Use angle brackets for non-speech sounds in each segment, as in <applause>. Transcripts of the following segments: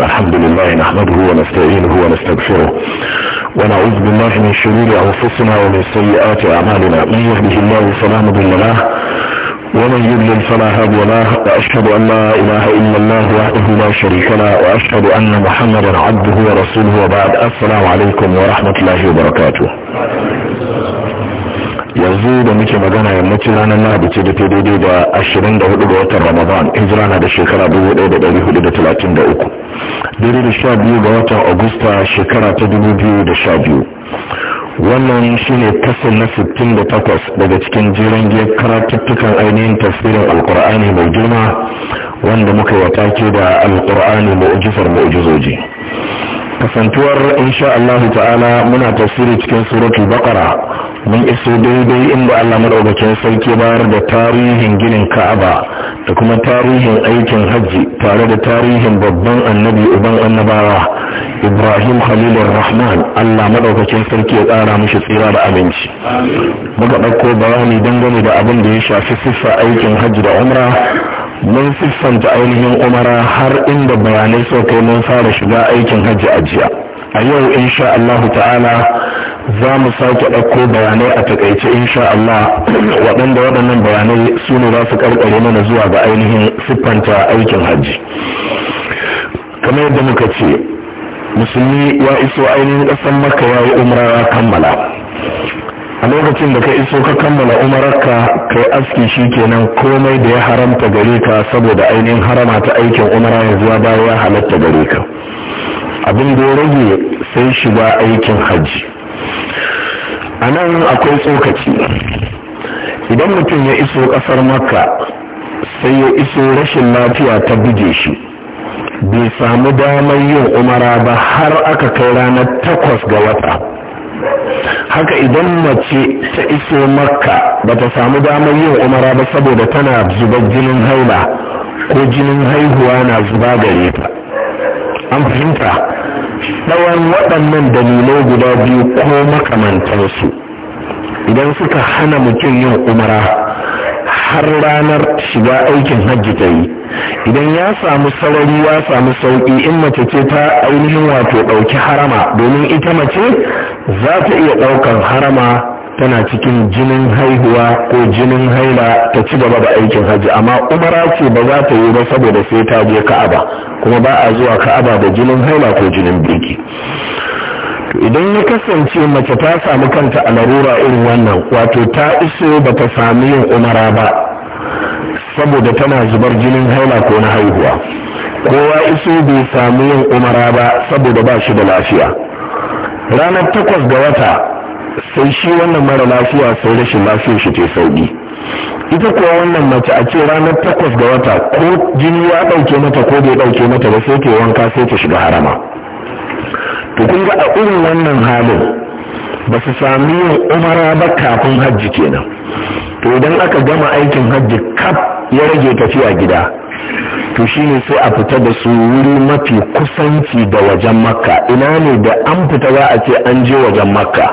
الرحيم الحمد لله نحمده ونستعينه ونستغفره ونعوذ بالله من شرور أنفسنا ومن سيئات أعمالنا من يهده الله فلا مضل له ومن يضلل فلا هادي له واشهد ان لا اله الا الله وحده لا شريك له واشهد ان محمدا عبده ورسوله وبعد السلام عليكم ورحمه الله وبركاته yanzu da muke magana yammacin ranar lahadi ce da ta daidai da 24 ga watan ramadan hijira na da shekara dubu daidai da sha biyu ga watan agusta shekara ta da sha biyu wannan shine kasar na sittin da takwas daga cikin jiran giyar karatuttukan ainihin tasirin alkur'ani mai girma wanda muka yi take da alkur'ani mai ujizoji kasantuwar insha Allah ta'ala muna tafsiri cikin suratul baqara mun iso daidai inda Allah madaukakin sarki bayar da tarihin ginin Ka'aba da kuma tarihin aikin hajji tare da tarihin babban annabi uban annabawa Ibrahim Khalilur Rahman Allah madaukakin sarki ya tsara mishi tsira da abinci muka dauko bayani dangane da abin da ya shafi siffa aikin hajji da umra mun siffanta ainihin umara har inda bayanai so kai mun fara shiga aikin hajji a jiya a yau insha Allah ta'ala za mu sake ɗauko bayanai a takaice insha Allah <clears throat> waɗanda waɗannan bayanai su ne za su ƙarƙare mana zuwa ga ainihin siffanta aikin hajji kamar yadda muka ce musulmi ya iso ainihin ƙasar maka ya yi umara ya kammala a lokacin da ka iso ka kammala umararka kai aski shi kenan komai da ya haramta gare ka saboda ainihin harama ta aikin umara yanzu ya bayan ya halatta gare ka abin da ya rage sai shiga aikin hajji a nan akwai tsokaci idan mutum ya iso kasar makka sai ya iso rashin lafiya ta buge shi bai samu damar yin umara ba har aka kai ranar takwas ga wata haka idan mace ta iso makka ba ta samu damar yin umara ba saboda tana zubar jinin haila ko jinin haihuwa na zuba gare ta an fahimta tsawon waɗannan dalilai guda biyu ko makamantarsu idan suka hana mutum yin umara har ranar shiga aikin hajji ta yi idan ya samu sarari ya samu sauƙi in mace ce ta ainihin wato ɗauki harama domin ita mace za ta iya ɗaukan harama tana cikin jinin haihuwa ko jinin haila ta ci gaba da aikin hajji amma umara ce ba za ta yi ba saboda sai ta je ka'aba kuma ba a zuwa ka'aba da jinin haila ko jinin biki to idan ya kasance mace ta samu kanta a larura irin wannan wato ta iso ba ta sami yin umara ba saboda tana zubar jinin haila ko na haihuwa kowa iso bai sami yin umara ba saboda ba shi da lafiya ranar takwas ga wata sai shi wannan mara lafiya sai rashin lafiyar shi ke sauki ita kuwa wannan mace a ce ranar takwas ga wata ko jini ya ɗauke mata ko bai ɗauke mata ba sai ke wanka sai ta shiga harama to kun ga a irin wannan halin ba su sami yin umara ba kafin hajji kenan to idan aka gama aikin hajji kaf ya rage tafiya gida to shi ne sai a fita da su wuri mafi kusanci da wajen makka ina ne da an fita za a ce an je wajen makka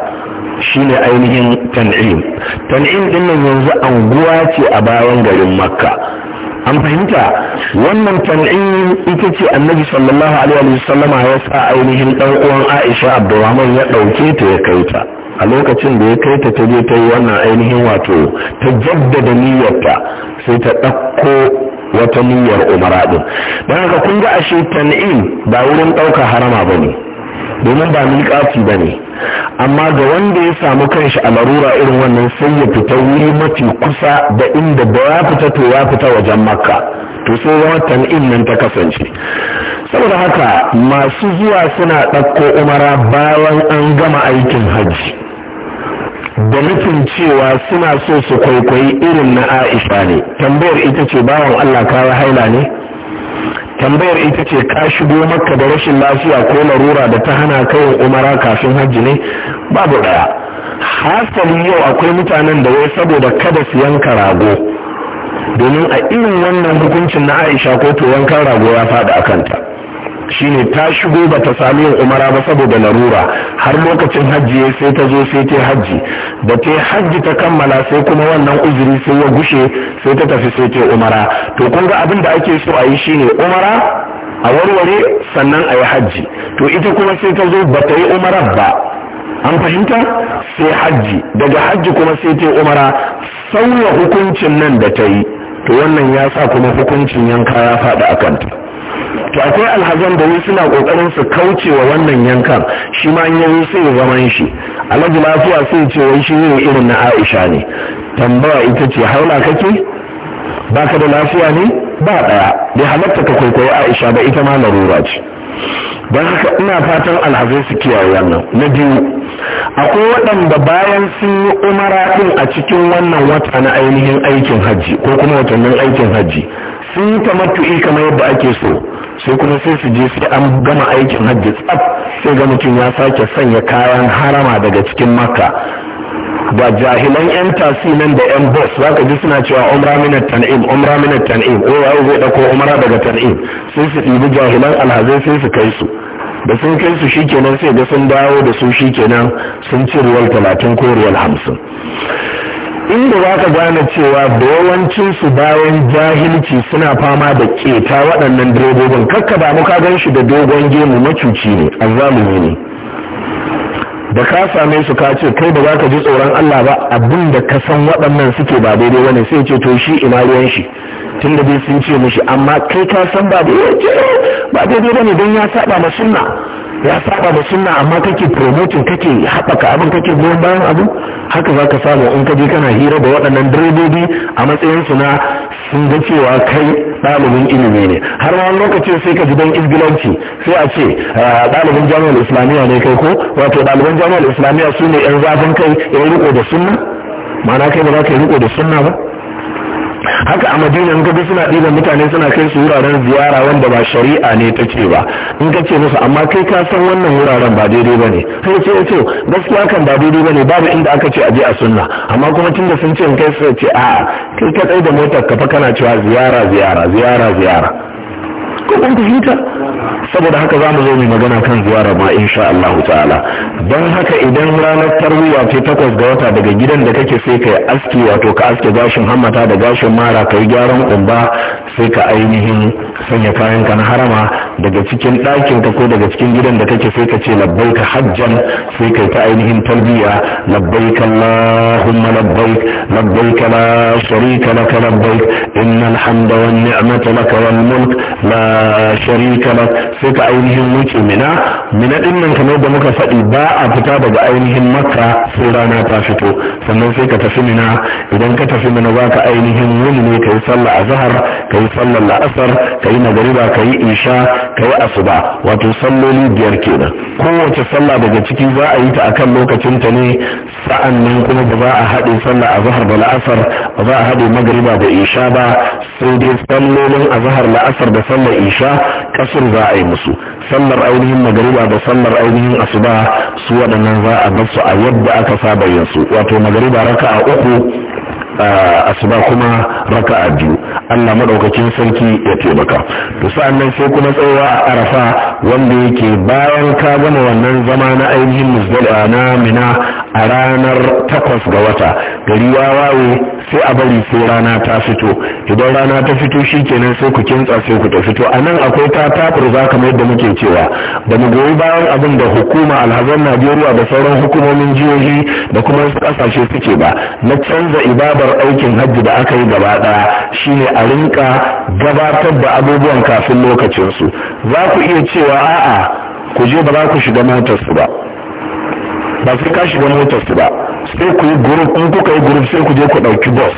Shi ne ainihin tan'im tan'im dinnan yanzu anguwa ce a bayan garin makka an fahimta wannan tan'in ita ce annabi sallallahu alaihi wa sallama ya sa ainihin dan uwan Aisha Abdurrahman ya dauke ta ya kai ta a lokacin da ya kai ta ta je ta yi wannan ainihin wato ta jaddada ta sai ta dauko wata niyyar umara din dan haka kun ga ashe tan'in ba wurin dauka harama bane domin ba miƙafi bane amma ga wanda ya samu kanshi a larura irin wannan sai ya fita wuri mafi kusa da inda ba ya fita to ya fita wajen makka to sai watan tan'in nan ta kasance saboda haka masu zuwa suna ɗauko umara bayan an gama aikin hajji da nufin cewa suna so su kwaikwayi irin na aisha ne tambayar ita ce bawan allah kawo haila ne tambayar ita ce ka shigo makka da rashin lafiya ko larura da ta hana kayan umara kafin hajji ne babu daya hasali yau akwai mutanen da wai saboda kada su yanka rago domin a irin wannan hukuncin na aisha ko to yankan rago ya faɗi a kanta shine ta shigo ba ta sami umara ba saboda larura har lokacin hajji ya sai ta zo sai ta hajji da ta hajji ta kammala sai kuma wannan uzuri sai ya gushe sai ta tafi sai ta umara to kun ga abin da ake so a yi shine umara a warware sannan a yi hajji to ita kuma sai ta zo ba ta yi umarar ba an fahimta sai hajji daga hajji kuma sai ta yi umara sauya hukuncin nan da ta yi to wannan ya sa kuma hukuncin yanka ya faɗi a kanta to akwai alhazan da wasu suna kokarin su kauce wa wannan yankan shi ma in sai ya zaman shi alhaji lafiya sai ce wai shi ne irin na aisha ne Tambawa ita ce haula kake baka da lafiya ne ba daya bai halatta ka kwaikwayi aisha ba ita ma larura ce don haka ina fatan alhazai su kiyaye wannan na biyu akwai waɗanda bayan sun yi umara a cikin wannan wata na ainihin aikin hajji ko kuma watannin aikin hajji sun yi tamattu'i kamar yadda ake so sai kuma sai su je sai an gama aikin hajji tsaf sai ga mutum ya sake sanya kayan harama daga cikin makka da jahilan yan tasi nan da yan bus za ka ji suna cewa umra minat tan'im umra minat tan'im o ya zai dako umra daga tan'im sun su ɗibi jahilan alhazai sun su kai su da sun kai su shikenan sai ga sun dawo da su shikenan sun ci ruwal talatin ko ruwal hamsin inda za ka gane cewa da su bayan jahilci suna fama da keta waɗannan direbobin kakka ba mu ka gan shi da dogon gemu macuci ne azzalumi ne da ka same su ka ce kai ba za ka ji tsoron Allah ba abin da ka san waɗannan suke ba daidai wani sai ce to shi ina ruwan shi tun da sun ce mushi amma kai ka san ba daidai ba daidai bane don ya saba ma sunna ya saba da sunna amma kake promoting kake haɓaka abin kake goyon bayan abu haka za ka samu in ka je kana hira da waɗannan direbobi a matsayinsu na sun ga cewa kai ɗalibin ilimi ne har wani lokacin sai ka ji don izgilanci sai a ce ah, ɗalibin jami'ar islamiyya ne kai ko wato ɗalibin jami'ar islamiyya su ne 'yan zafin kai 'yan riko da sunna ma'ana kai ba za ka yi riko da sunna ba haka a madina in kaga suna ɗiban mutane suna kai su wuraren ziyara wanda ba shari'a ne ta ce ba in ka ce musu amma kai ka san wannan wuraren ba daidai ba ne sai ce ce eh gaskiya kan ba daidai ba ne babu inda aka ce a je a sunna amma kuma tunda sun ce in kai su ce a kai ka tsaye da motar ka kana cewa ziyara ziyara ziyara ziyara ko kun fahimta saboda haka za mu zo mai magana kan ziyara ma sha Allah ta'ala don haka idan ranar tarwiya ce takwas ga wata daga gidan da kake sai kai aski wato ka aske gashin hammata da gashin mara kai gyaran kumba sai ka ainihin sanya kayan ka na harama daga cikin ɗakin ka ko daga cikin gidan da kake sai ka ce labbai ka hajjan sai kai ta ainihin talbiya labbaika Allahumma labbai ka la sharika laka labbai innal hamda wan ni'mata laka wal mulk la sharika sai ka ainihin wuce mina mina din nan kamar da muka faɗi ba a fita daga ainihin makka sai rana ta fito sannan sai ka tafi mina idan ka tafi mina za ka ainihin wuni ne ka yi sallah a zahar ka yi sallar la'asar ka yi magariba ka yi isha ka yi asuba wato salloli biyar kenan kowace sallah daga ciki za a yi ta akan lokacin ta ne sa'an nan kuma ba za a haɗe sallah a zahar da la'asar ba za a haɗe magariba da isha ba sai dai sallolin a zahar la'asar da sallar isha kasur za a yi musu sallar ainihin magariba da sallar ainihin asuba su waɗannan za a bar su a yadda aka saba yin su wato magariba raka'a uku asuba kuma raka a biyu Allah maɗaukakin sarki ya taimaka to sa'annan sai kuma tsayawa a arafa wanda yake bayan ka gama wannan zama na ainihin musdalifa na mina a ranar takwas ga wata gari ya waye sai a bari sai rana ta fito idan rana ta fito shi kenan sai ku kintsa sai ku ta fito a nan akwai ta takur za kama yadda muke cewa ba mu goyi bayan abin da hukuma alhazan najeriya da sauran hukumomin jihohi da kuma kasashe suke ba na canza ibabar. aikin hajji da aka yi gaba ɗaya ne a rinka gabatar da abubuwan kafin lokacinsu za ku iya cewa a'a ku je ba za ku shiga motarsu ba ba sai ka shiga motarsu ba sai ku yi in kuka yi guruf sai ku je ku ɗauki bus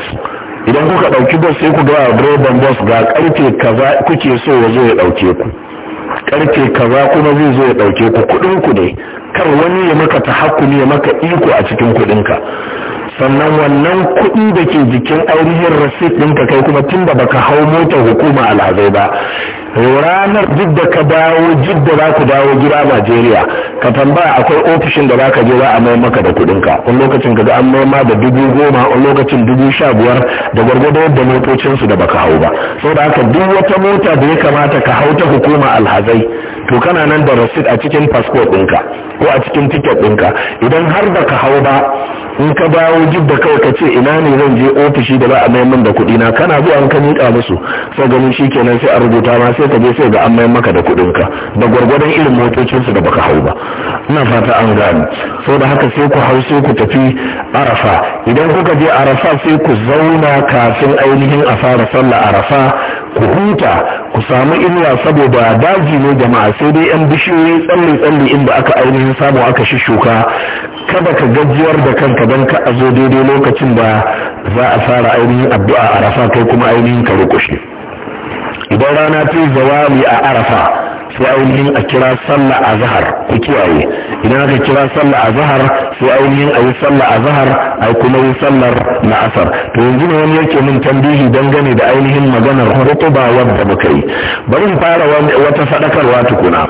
idan kuka ɗauki bus sai ku gaba direban bus ga karfe kaza kuke so ya zo ya ɗauke ku karfe kaza kuma zai zo ya ɗauke ku kuɗin ku ne kar wani ya maka ta tahakkumi ya maka iko a cikin kuɗinka sannan wannan kuɗi da ke jikin ainihin rasit ɗinka kai kuma tun da baka hau mota hukuma alhazai ba ranar duk da ka dawo da za ku dawo gida najeriya ka tambaya akwai ofishin da za ka je za a mai maka da kuɗinka wani lokacin ka ga an mai ma da dubu goma wani lokacin dubu sha biyar da gwargwado da motocinsu da baka hau ba saboda haka duk wata mota da ya kamata ka hau ta hukuma alhazai to kana nan da rasit a cikin fasfo ɗinka ko a cikin tiket ɗinka idan har baka hau ba in ka dawo da kawai ka ce ina ne zan je ofishi da za a mai min da kuɗi na kana zuwa an ka miƙa musu sai ganin shi kenan sai a rubuta ma sai ka je sai ga an mai maka da kuɗin ka da gwargwadon irin motocin su da baka hau ba ina fata an gane da haka sai ku hau sai ku tafi arafa idan kuka je arafa sai ku zauna kafin ainihin a fara sallah arafa ku huta ku samu inuwa saboda daji ne jama'a sai dai yan bishiyoyi tsalle tsalle inda aka ainihin samu aka shishuka kada ka gajiyar da kanka don ka a zo daidai lokacin da za a fara ainihin addu'a a arafa kai kuma ainihin ka rukushe idan rana ta zawali a arafa sai ainihin a kira sallah a zahar ku kiyaye idan aka kira sallah a zahar sai ainihin a yi sallah a zahar a kuma yi sallar la'asar to yanzu ne wani yake min tambihi dangane da ainihin maganar hutuba wadda muka yi bari mu fara wata faɗakarwa tukuna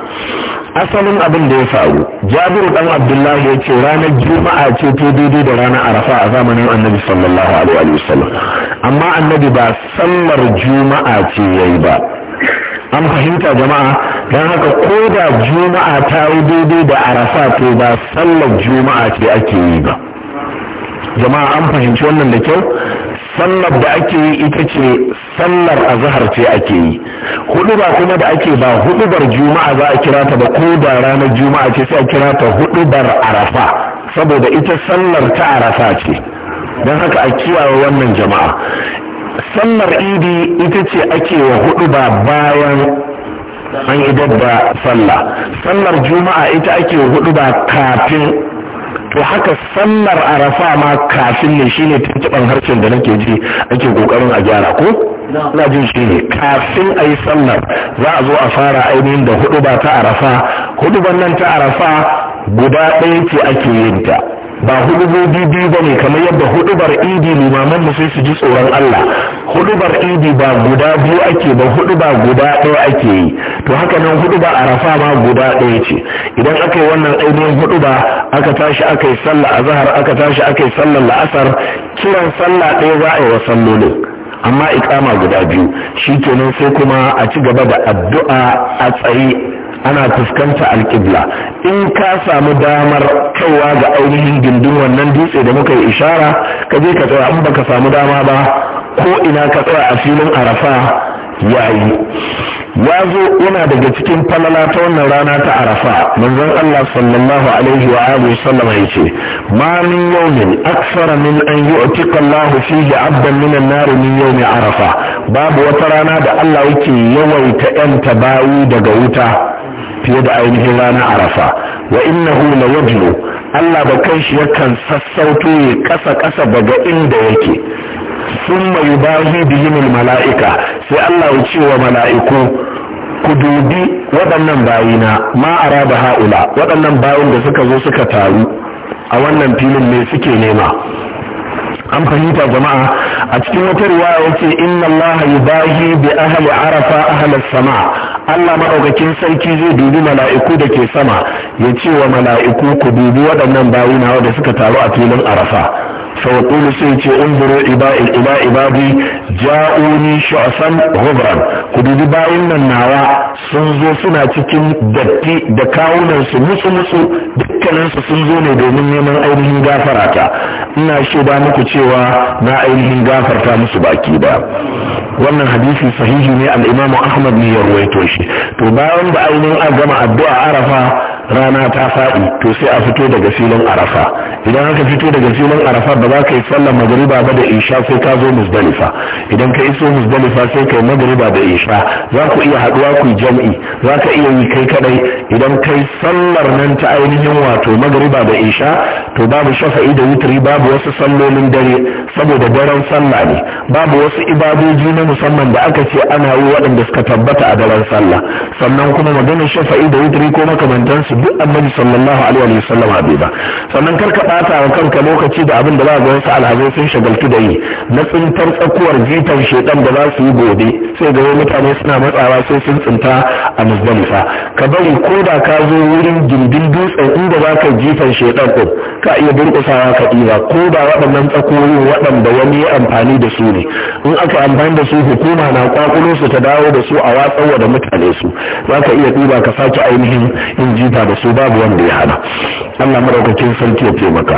asalin abin da ya faru jabiru dan abdullahi ya ce ranar juma'a ce ta daidai da ranar arafa a zamanin annabi sallallahu alaihi wasallam amma annabi ba sallar juma'a ce yayi ba an fahimta jama'a don haka ko da juma'a ta yi daidai da arafa to ba sallar juma'a ce ake yi ba jama'a an fahimci wannan da kyau sallar da ake yi ita ce sallar azahar ce ake yi hudu ba kuma da ake ba huɗubar juma'a za a kira ta ba ko da ranar juma'a ce sai a kira ta arafa saboda ita sallar ta arafa ce don haka a kiyaye wannan jama'a Sannar idi ita ce ake wa hudu ba bayan an idar da sallah sannar juma'a ita ake hudu ba kafin to haka sallar arafa ma kafin ne shine tuntuban harshen da nake ji ake kokarin a gyara ko na jin shi ne kafin a yi sannar za a zo a fara ainihin da hudu ba ta arafa hudu nan ta arafa guda ɗaya ce ake yin ta ba hudubobi biyu ba ne kamar yadda hudubar idi limaman mu sai su ji tsoron Allah hudubar idi ba guda biyu ake ba huduba guda ɗaya ake yi to haka nan huduba arafa ma guda ɗaya ce idan aka yi wannan ainihin huduba aka tashi aka yi sallah azhar aka tashi aka yi sallar la'asar kiran sallah ɗaya za a yi wa sallolin amma ikama guda biyu shi kenan sai kuma a ci gaba da addu'a a tsaye ana fuskanta alƙibla in ka samu damar kaiwa ga ainihin gindin wannan dutse da muka yi ishara ka je ka tsaya in baka samu dama ba ko ina ka tsaya a filin arafa yayi ya zo yana daga cikin falala ta wannan rana ta arafa manzon Allah sallallahu alaihi wa alihi sallam ya ce ma min yawmin aksara min an yu'tika Allahu fihi 'abdan min an-nar min yawmi arafa babu wata rana da Allah yake yawaita 'yan tabawi daga wuta fiye da ainihin ranar arafa wa na la yajlu Allah kan shi yakan sassauto ya kasa kasa daga inda yake Sun mai yubahi bihimin mala'ika sai Allah ya ce wa mala'iku ku dubi waɗannan bayina ma araba ha'ula waɗannan bayin da suka zo suka taru a wannan filin ne suke nema an fahimta jama'a a cikin wata riwaya yace inna Allah yubahi bi ahli arafa ahli sama Allah madaukakin sarki zai dubi mala'iku da ke sama ya ce wa mala'iku ku dubi waɗannan bayina wanda suka taru a filin arafa فيقول سيتي انظروا إلى عبادي جاءوني شعثا غبرا كدودي باين من نعوى سنزو سنة تكين دتي دكاونا سمسو مسو دكنا سنزو ندومن يمن أينهم غافراتا إنا شدا مكتشوا نا أينهم غافرتا مسباكي دا wannan hadisi sahihi ne al-imamu ahmad ne ya ruwaito shi to bayan da ainihin an gama addu'a arafa rana ta faɗi to sai a fito daga filin arafa idan aka fito daga filin arafa ba za ka yi sallar magariba ba da isha sai ka zo musdalifa idan ka iso musdalifa sai ka yi magariba da isha za ku iya haɗuwa ku yi jam'i za ka iya yi kai kadai idan ka yi sallar nan ta ainihin wato magariba da isha to babu shafa'i da wutri babu wasu sallolin dare saboda daren sallah ne babu wasu ibadoji na musamman da aka ce ana yi waɗanda suka tabbata a daren sallah sannan kuma maganar shafa'i da wutri ko makamantansu duk annabi sallallahu alaihi wa sallama bai ba sannan kar ka bata wa kanka lokaci da abin da za ga wasu alhazai sun shagaltu da yi na tsintar tsakuwar jitan shedan da za su yi gobe sai ga mutane suna matsawa sai sun tsinta a musdalifa ka bari ko da ka zo wurin gindin dutsen inda za ka jifan shedan ko ka iya durƙusawa ka ɗiba ko da waɗannan tsakoyin waɗanda wani ya amfani da su ne in aka amfani da su hukuma na kwakulo su ta dawo da su a watsarwa da mutane su za ka iya ɗiba ka sake ainihin yin jifa da su babu wanda ya hana Allah maraukakin sarki ya taimaka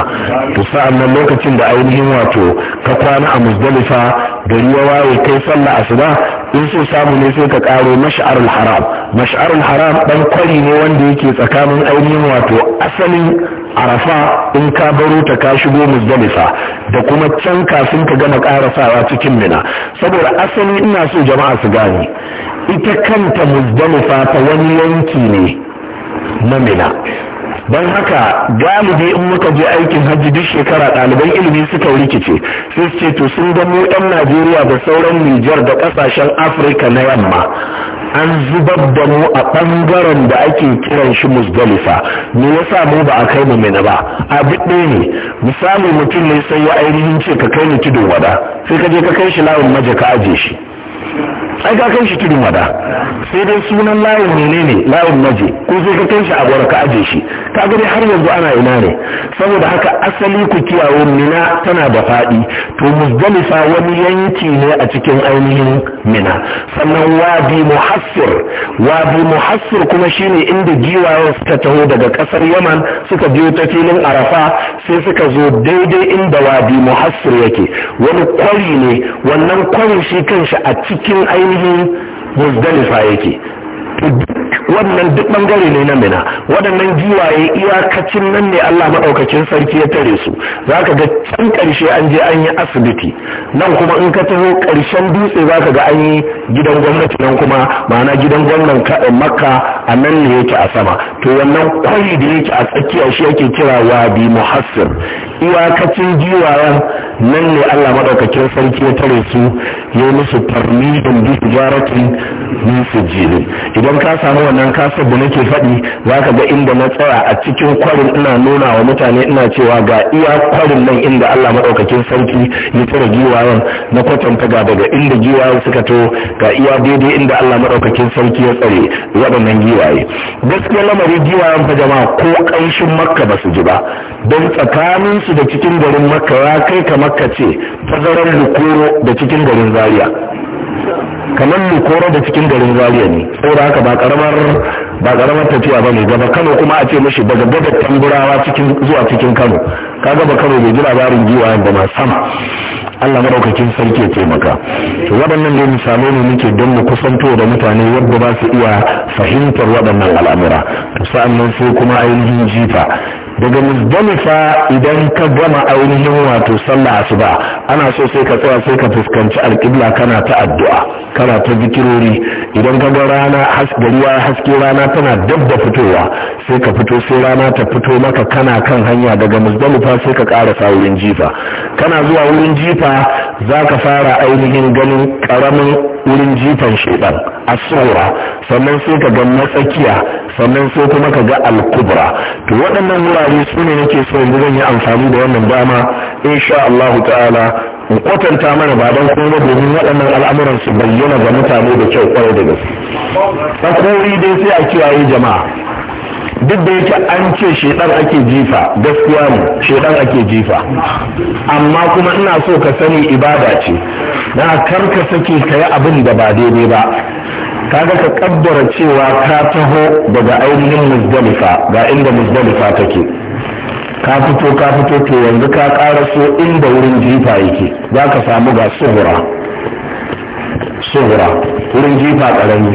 to sa'an nan lokacin da ainihin wato ka kwana a muzdalifa gari ya waye kai sallah asuba in so samu ne sai ka karo mash'arul haram mash'arul haram dan kwari ne wanda yake tsakanin ainihin wato asalin arafa in ka baro ta ka shigo muzdalifa da kuma can kafin ka gama karasawa cikin mina saboda asali ina so jama'a su gane ita kanta muzdalifa ta wani yanki ne mamina don haka galibi in muka je aikin hajji duk shekara ɗaliban ilimi suka rikice sai su ce to sun ga ɗan najeriya da sauran nijar da ƙasashen afirka na yamma an zubar da mu a ɓangaren da ake kiran shi musdalifa me yasa mu ba a kai mu ba a duk ne misali mutum ne sai ya ainihin ce ka kai ni tudun wada sai ka je ka kai shi lawan maje ka aje shi ai ka kan shi tudun wada sai dai sunan layin ne layin maje ko sai ka kan shi a gwara ka aje shi ka ga har yanzu ana ina ne saboda haka asali ku kiyawo mina tana da faɗi to muzdalifa wani yanki ne a cikin ainihin mina sannan wadi muhassir wadi muhassir kuma shine inda giwayen suka taho daga kasar yaman suka biyo ta filin arafa sai suka zo daidai inda wadi muhassir yake wani kwari ne wannan kwarin shi kanshi a cikin ainihin muzdalifa yake wannan duk bangare ne na mina waɗannan giwaye iyakacin nan ne Allah maɗaukacin sarki ya tare su za ka ga can ƙarshe an je an yi asibiti nan kuma in ka taho ƙarshen dutse za ka ga an yi gidan gwamnati nan kuma ma'ana gidan gwamnan makka a nan ne yake a sama to wannan kwari da yake a tsakiya shi yake kira wadi muhassir iyakacin jiwayen nan ne Allah maɗaukakin sarki ya tare su ya musu tarmihin bi su min ne idan ka samu wannan kasar da nake faɗi za ka ga inda na tsaya a cikin kwarin ina nuna wa mutane ina cewa ga iya kwarin nan inda Allah maɗaukakin sarki ya tare jiwayen na kwatanta ga daga inda jiwayen suka to ga iya daidai inda Allah maɗaukakin sarki ya tsare waɗannan giwaye gaskiya lamari jiwayen fa jama'a ko ƙanshin makka ba su ji ba don tsakaninsu shi da cikin garin makka ya kai ka makka ce tazarar lukoro da cikin garin Zariya kamar lukoro da cikin garin zariya ne saboda haka ba karamar ba karamar tafiya ba ne gaba kano kuma a ce mashi daga gadar tamburawa cikin zuwa cikin kano ka gaba kano bai ji labarin jiwa da ma sama Allah maraukakin sarki ya taimaka to waɗannan ne misalai ne muke don mu kusanto da mutane yadda ba su iya fahimtar waɗannan al'amura to sa'annan sai kuma ainihin jifa daga musdalifa idan ka gama ainihin wato sallah asuba ana so sai ka tsaya sai ka fuskanci alƙibla kana ta addu'a kana ta zikirori idan ka ga rana gari ya haske rana tana dab da fitowa sai ka fito sai rana ta fito maka kana kan hanya daga musdalifa sai ka ƙarasa wurin jifa kana zuwa wurin jifa za ka fara ainihin ganin ƙaramin wurin jifan shaidan asura sannan sai ka ga matsakiya sannan sai kuma ka ga alkubra to waɗannan wura wurare su ne nake so yanzu zan yi amfani da wannan dama insha Allah ta'ala in kwatanta mana ba don kuma domin waɗannan al'amuran su bayyana ga mutane da kyau kwarai da gaske. kori dai sai a kiyaye jama'a. duk da yake an ce shedan ake jifa gaskiya ne shedan ake jifa amma kuma ina so ka sani ibada ce na kar ka sake ka yi abin da ba daidai ba kaga ka kaddara cewa ka taho daga ainihin muzdalifa ga inda muzdalifa take ka fito ka fito to yanzu ka karaso inda wurin jifa yake za ka samu ga suhura suhura wurin jifa karami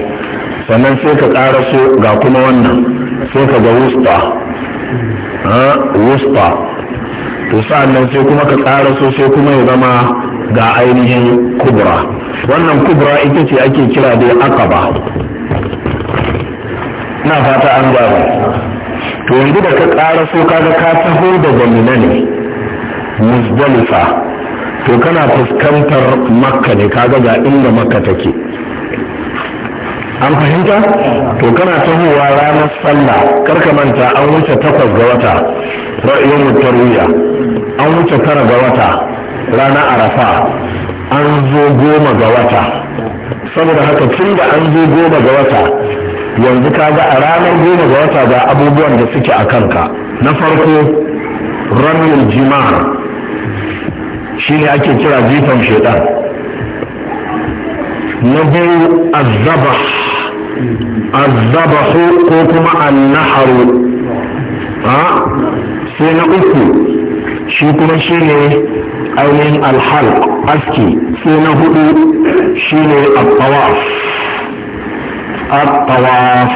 sannan sai ka karaso ga kuma wannan sai ka ga wusta wusta to sa'an nan sai kuma ka tsara so sai kuma ya zama ga ainihin kubra wannan kubra ita ce ake kira dai akaba na fata an gaba to yanzu da ka ƙara so kaga ka taho daga mina ne musdalifa to kana fuskantar makka ne kaga ga inda makka take an fahimta to kana tahowa ranar sallah karka manta an wuce takwas ga wata ra'ayin tarwiya an wuce tara ga wata ranar arafa an zo goma ga wata saboda haka tun da an zo goma ga wata yanzu ka ga a ranar goma ga wata ga abubuwan da suke a kanka na farko ranar jima'a shine ake kira jifan shaidan na biyu azzaba azzabahu ko kuma annaharu ha sai na uku shi kuma shi ne ainihin alhal aski sai na hudu shi ne attawaf attawaf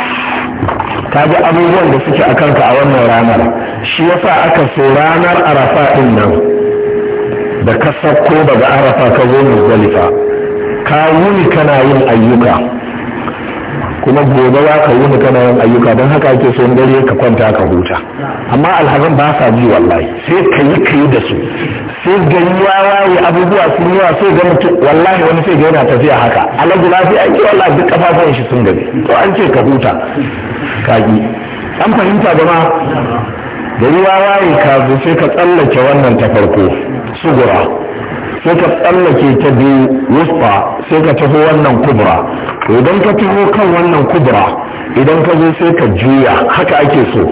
ta ji abubuwan da suke a kanka a wannan ranar shi yasa aka so ranar arafa din nan da ka sako daga arafa ka zo zalifa. ka wuni kana yin ayyuka kuma gobe za ka wuni kana yin ayyuka don haka ake so dare ka kwanta ka huta amma alhazan ba sa ji wallahi sai ka yi ka yi da su sai gani ya waye abubuwa sun yawa sai ga mutum wallahi wani sai ga yana tafiya haka alaji lafiya ki wallahi duk kafafan shi sun gabe to an ce ka huta ka yi an fahimta gama da ruwa waye ka zo sai ka tsallake wannan ta farko sugura sai ka tsallake ta biyu wuspa, sai ka taho wannan kubra idan ka taho kan wannan kubra idan ka zo sai ka juya haka ake so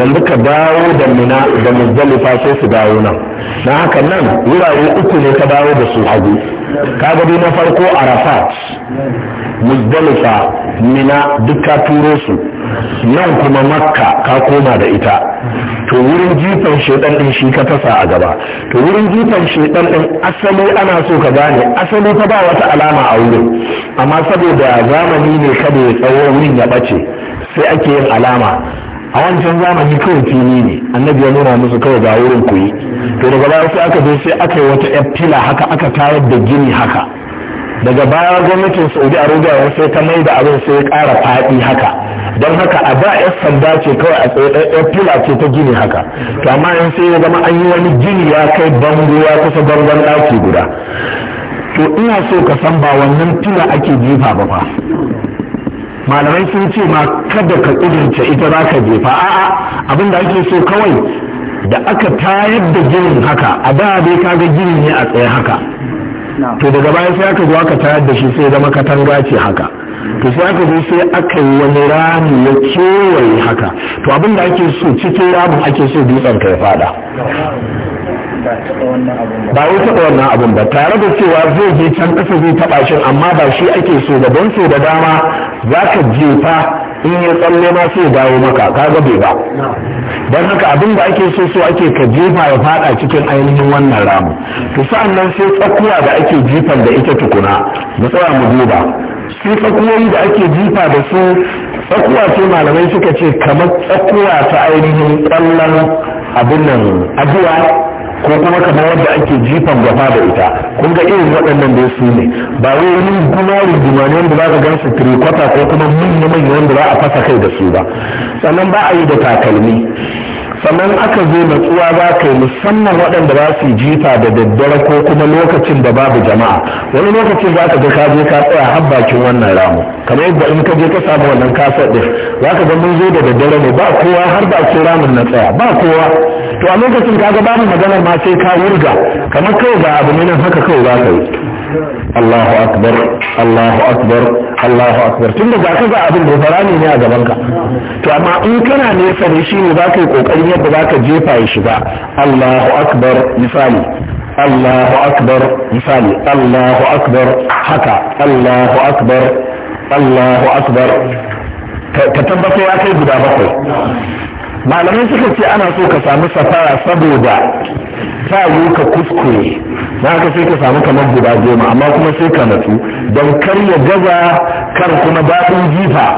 yanzu ka dawo da mina da muzdalifa sai su dawo nan na haka nan wurare uku ne ka dawo da su hagu kaga bi na farko arafat muzdalifa mina duk ka turo su nan kuma makka ka koma da ita to wurin jifan shedan din shi ka tasa a gaba to wurin jifan shedan din asali ana so ka gane asali ta ba wata alama a wurin amma saboda zamani ne kada ya tsawo wurin ya bace sai ake yin alama a wancan zamani kawai fili ne annabi ya nuna musu kawai ga wurin ku to daga baya sai aka zo sai aka yi wata yar fila haka aka tayar da gini haka daga baya gwamnatin saudi arabia sai ta mai da abin sai ya kara faɗi haka don haka a ba yar sanda ce kawai a tsaye yar fila ce ta gini haka to amma yan sai ya zama an yi wani gini ya kai bango ya kusa bangon ɗaki guda to ina so ka san ba wannan fila ake jifa ba fa malamai sun ce ma kada ka kudurce ita za ka jefa a'a abin da ake so kawai da aka tayar da ginin haka a da dai kaga ginin ne a tsaye haka to daga baya sai aka zo aka tayar da shi sai zama katanga ce haka to sai aka zo sai aka yi wani rami ya kewaye haka to abin da ake so cikin ramin ake so dutsen ka ya fada ba ya taɓa wannan abun ba tare da cewa zai je can ƙasa zai taɓa shi amma ba shi ake so da don so da dama za ka jefa in ya tsalle ma sai dawo maka ka gabe ba don haka abin da ake so so ake ka jefa ya faɗa cikin ainihin wannan ramu to sa'an nan sai tsakuwa da ake jifan da ita tukuna mu tsaya mu duba sai tsakuwoyi da ake jifa da su tsakuwa ce malamai suka ce kamar tsakuwa ta ainihin tsallan abin nan abuwa ko kuma kamar wadda ake jifan gaba da ita kun ga irin waɗannan da su ne ba wai wani gumari gumari wanda za ka gansu tirikwata ko kuma manya manya wanda za a fasa kai da su ba sannan ba a yi da takalmi sannan aka zo natsuwa za ka yi musamman waɗanda ba su jifa da daddare ko kuma lokacin da babu jama'a wani lokacin za ka ga ka je ka tsaya har bakin wannan ramu kamar yadda in ka je ka samu wannan kasar ɗin za ka ga mun zo da daddare ne ba kowa har bakin ramin na tsaya ba kowa to a lokacin ka ga babu maganar ma sai ka wurga kamar kawai ga abu ne nan haka kawai za ka yi الله أكبر الله أكبر الله أكبر تند ذاك ذا أبن غفراني يا جبانك فما أن يفعل شيء ذاك يقول أن يبذاك جيفا يشبع الله أكبر مثالي الله أكبر مثالي الله أكبر حكا الله أكبر الله أكبر كتب في بدا بخير malamai suka ce ana so ka samu safara saboda ta yi ka kuskure na haka sai ka samu kamar guda goma amma kuma sai ka natsu don kar gaza kar kuma daɗin jifa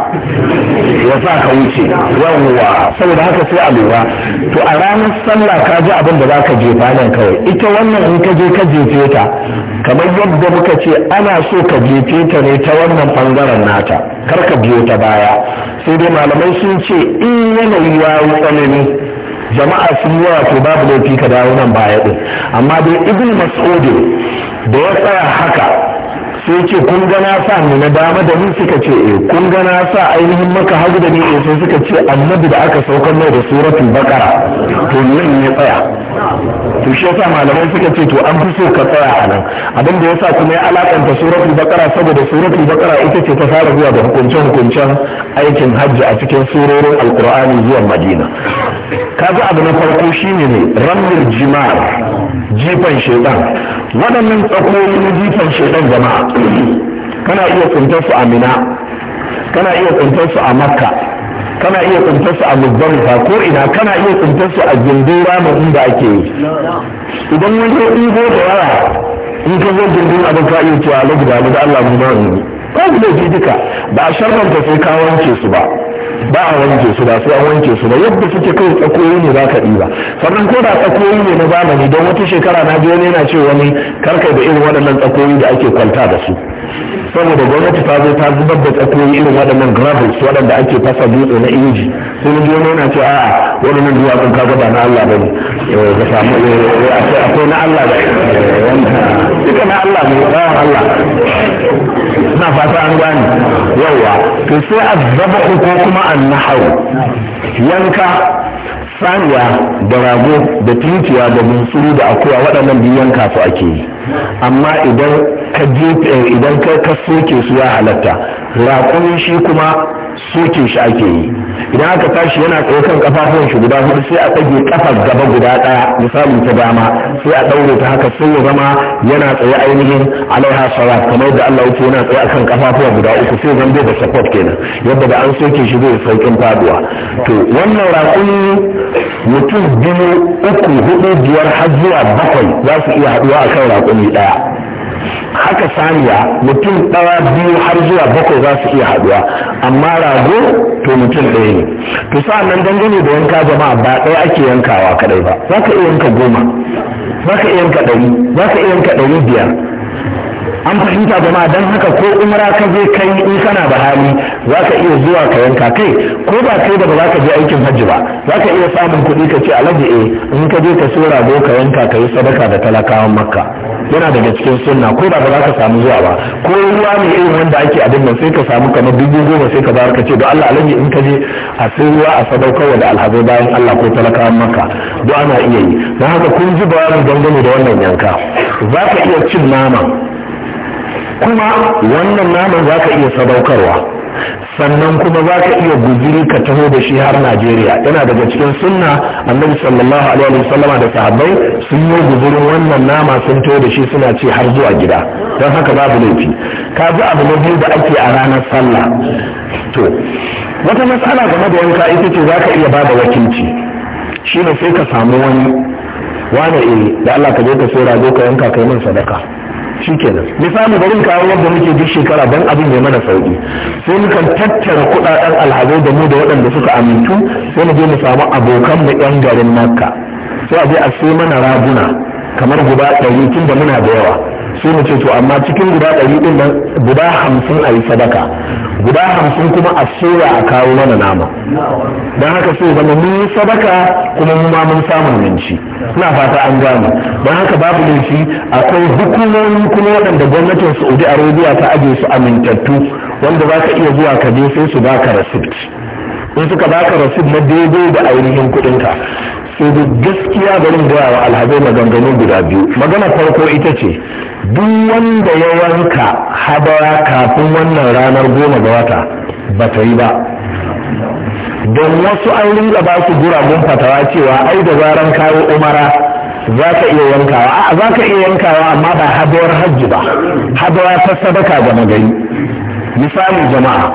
ya sa ka wuce yawwa saboda haka sai a lura to a ranar sallah ka ji abin da za ka jefa nan kawai ita wannan in ka je ka jefe ta kamar yadda muka ce ana so ka jefe ta ne ta wannan bangaren nata kar ka biyo ta baya sai dai malamai sun ce in yanayi ya yi tsanani jama'a sun yawa to babu laifi ka dawo nan baya ɗin. amma dai ibn mas'udin da ya tsaya haka sai ce kun ga na sa ni na dama da ni suka ce eh kun ga sa ainihin maka hagu da ni eh, sai suka ce annabi da aka saukar mai da suratul baqara to nan ya tsaya to shi yasa malamai suka ce to an fi so ka tsaya a nan abin da yasa kuma ya alakanta suratul baqara saboda suratul baqara ita ce ta fara zuwa da hukuncen hukuncen aikin hajji a cikin surorin alqur'ani zuwa madina kaga abu na farko shine ne ramil jimar jifan shaidan waɗannan tsakonin jifan shaidan jama'a kana iya tsuntar su a mina kana iya tsuntar su a makka kana iya tsuntar su a muzdalifa ko ina kana iya tsuntar su a gindura mai inda ake yi idan wani ya ɗigo da yawa in ka zo gindin abin ka iya cewa alaji da Allah mu ma ba su da duka ba a sharmanta sai kawance su ba ba a wanke su ba sai an wanke su ba yadda suke kai tsakoyi ne za ka ba sannan ko da tsakoyi ne na zamani don wata shekara na wani yana ce wani karkai da irin waɗannan tsakoyi da ake kwanta da su saboda gwamnati ta zo ta zubar da tsakoyi irin waɗannan gravels waɗanda ake fasa dutse na inji sai na wani yana ce a'a waɗannan duwatsun ka gaba na Allah ba ne ga eh, samu eh, eh, akwai na Allah ba duka na Allah ne bayan Allah na fata an gani yawa to sai a zaba ko kuma an nahau yanka saniya da rago da tinkiya da bunsuru da akuwa waɗannan biyu yanka su ake yi amma idan ka soke su ya halatta rakon shi kuma soke shi ake yi idan aka tashi yana tsaye kan kafafuwan shi guda hudu sai a tsage kafar gaba guda ɗaya misali ta dama sai a ɗaure ta haka sai ya zama yana tsaye ainihin alaiha sara kamar da Allah yake yana tsaye akan kafafuwa guda uku sai zan bai da support kenan yadda da an soke shi zai saukin faduwa to wannan raƙumi mutum biyu uku hudu biyar har zuwa bakwai za su iya haɗuwa akan raƙumi ɗaya haka saniya mutum ɗaya biyu har zuwa bakwai za su iya haɗuwa amma rago to mutum ɗaya ne to nan dangane da yanka jama'a ba ɗaya ake yankawa kadai ba za ka iya yanka goma za iya yanka ɗari za iya yanka ɗari biyar an fahimta jama'a don haka ko umara ka zai kai in kana da hali za ka iya zuwa ka yanka kai ko ba kai da ba za ka je aikin hajji ba za ka iya samun kuɗi ka ce alhaji eh, in ka je ka so rago ka yanka ka yi sadaka da talakawan makka yana daga cikin sunna ko da ba za ka samu zuwa ba ko ruwa ne irin wanda ake abin nan sai ka samu kamar dubu goma sai ka zara ka ce don Allah alaji in ka je a sai a sadaukar wa da alhazai bayan Allah ko talakawan maka don ana iya yi na haka kun ji bayanin dangane da wannan yanka za ka iya cin nama kuma wannan naman za ka iya sadaukarwa sannan kuma za ka iya guziri ka taho da shi har najeriya yana daga cikin sunna annabi sallallahu alaihi wasallama da sahabbai sun yi guzirin wannan nama sun taho da shi suna ce har zuwa gida don haka babu laifi ka ji abu na biyu da ake a ranar sallah to wata matsala game da yanka ita ce za ka iya ba da wakilci shine sai ka samu wani wane eh, da Allah ka je ka sai rago ka yanka kai min sadaka Shikenan kenan misali bari in kawo muke duk shekara don abin ya mana sauki sai mukan tattara kudaden alhazai da mu da waɗanda suka amintu sai mu je mu samu abokan mu yan garin makka sai a je a sai mana raguna kamar guda ɗari tun da muna da yawa sai mu ce to amma cikin guda ɗari ɗin nan guda hamsin a yi sadaka guda hamsin kuma a soya a kawo mana nama don haka sai zama mun yi sadaka kuma mu ma mun samun minci ina fata an gane don haka babu laifi akwai hukumomi kuma waɗanda gwamnatin saudi arabia ta ajiye su amintattu wanda za ka iya zuwa ka je sai su ba ka rasit in suka baka rasit na daidai da ainihin kuɗinka. da gaskiya garin gaya wa alhazai maganganu guda biyu magana farko ita ce duk wanda ya wanka habara kafin wannan ranar goma ga wata ba ta yi ba don wasu an ringa ba su guragun fatawa cewa ai da zaran kawo umara za ka iya yankawa a za ka iya yankawa amma ba hadawar hajji ba hadawa ta sadaka ga magani misali jama'a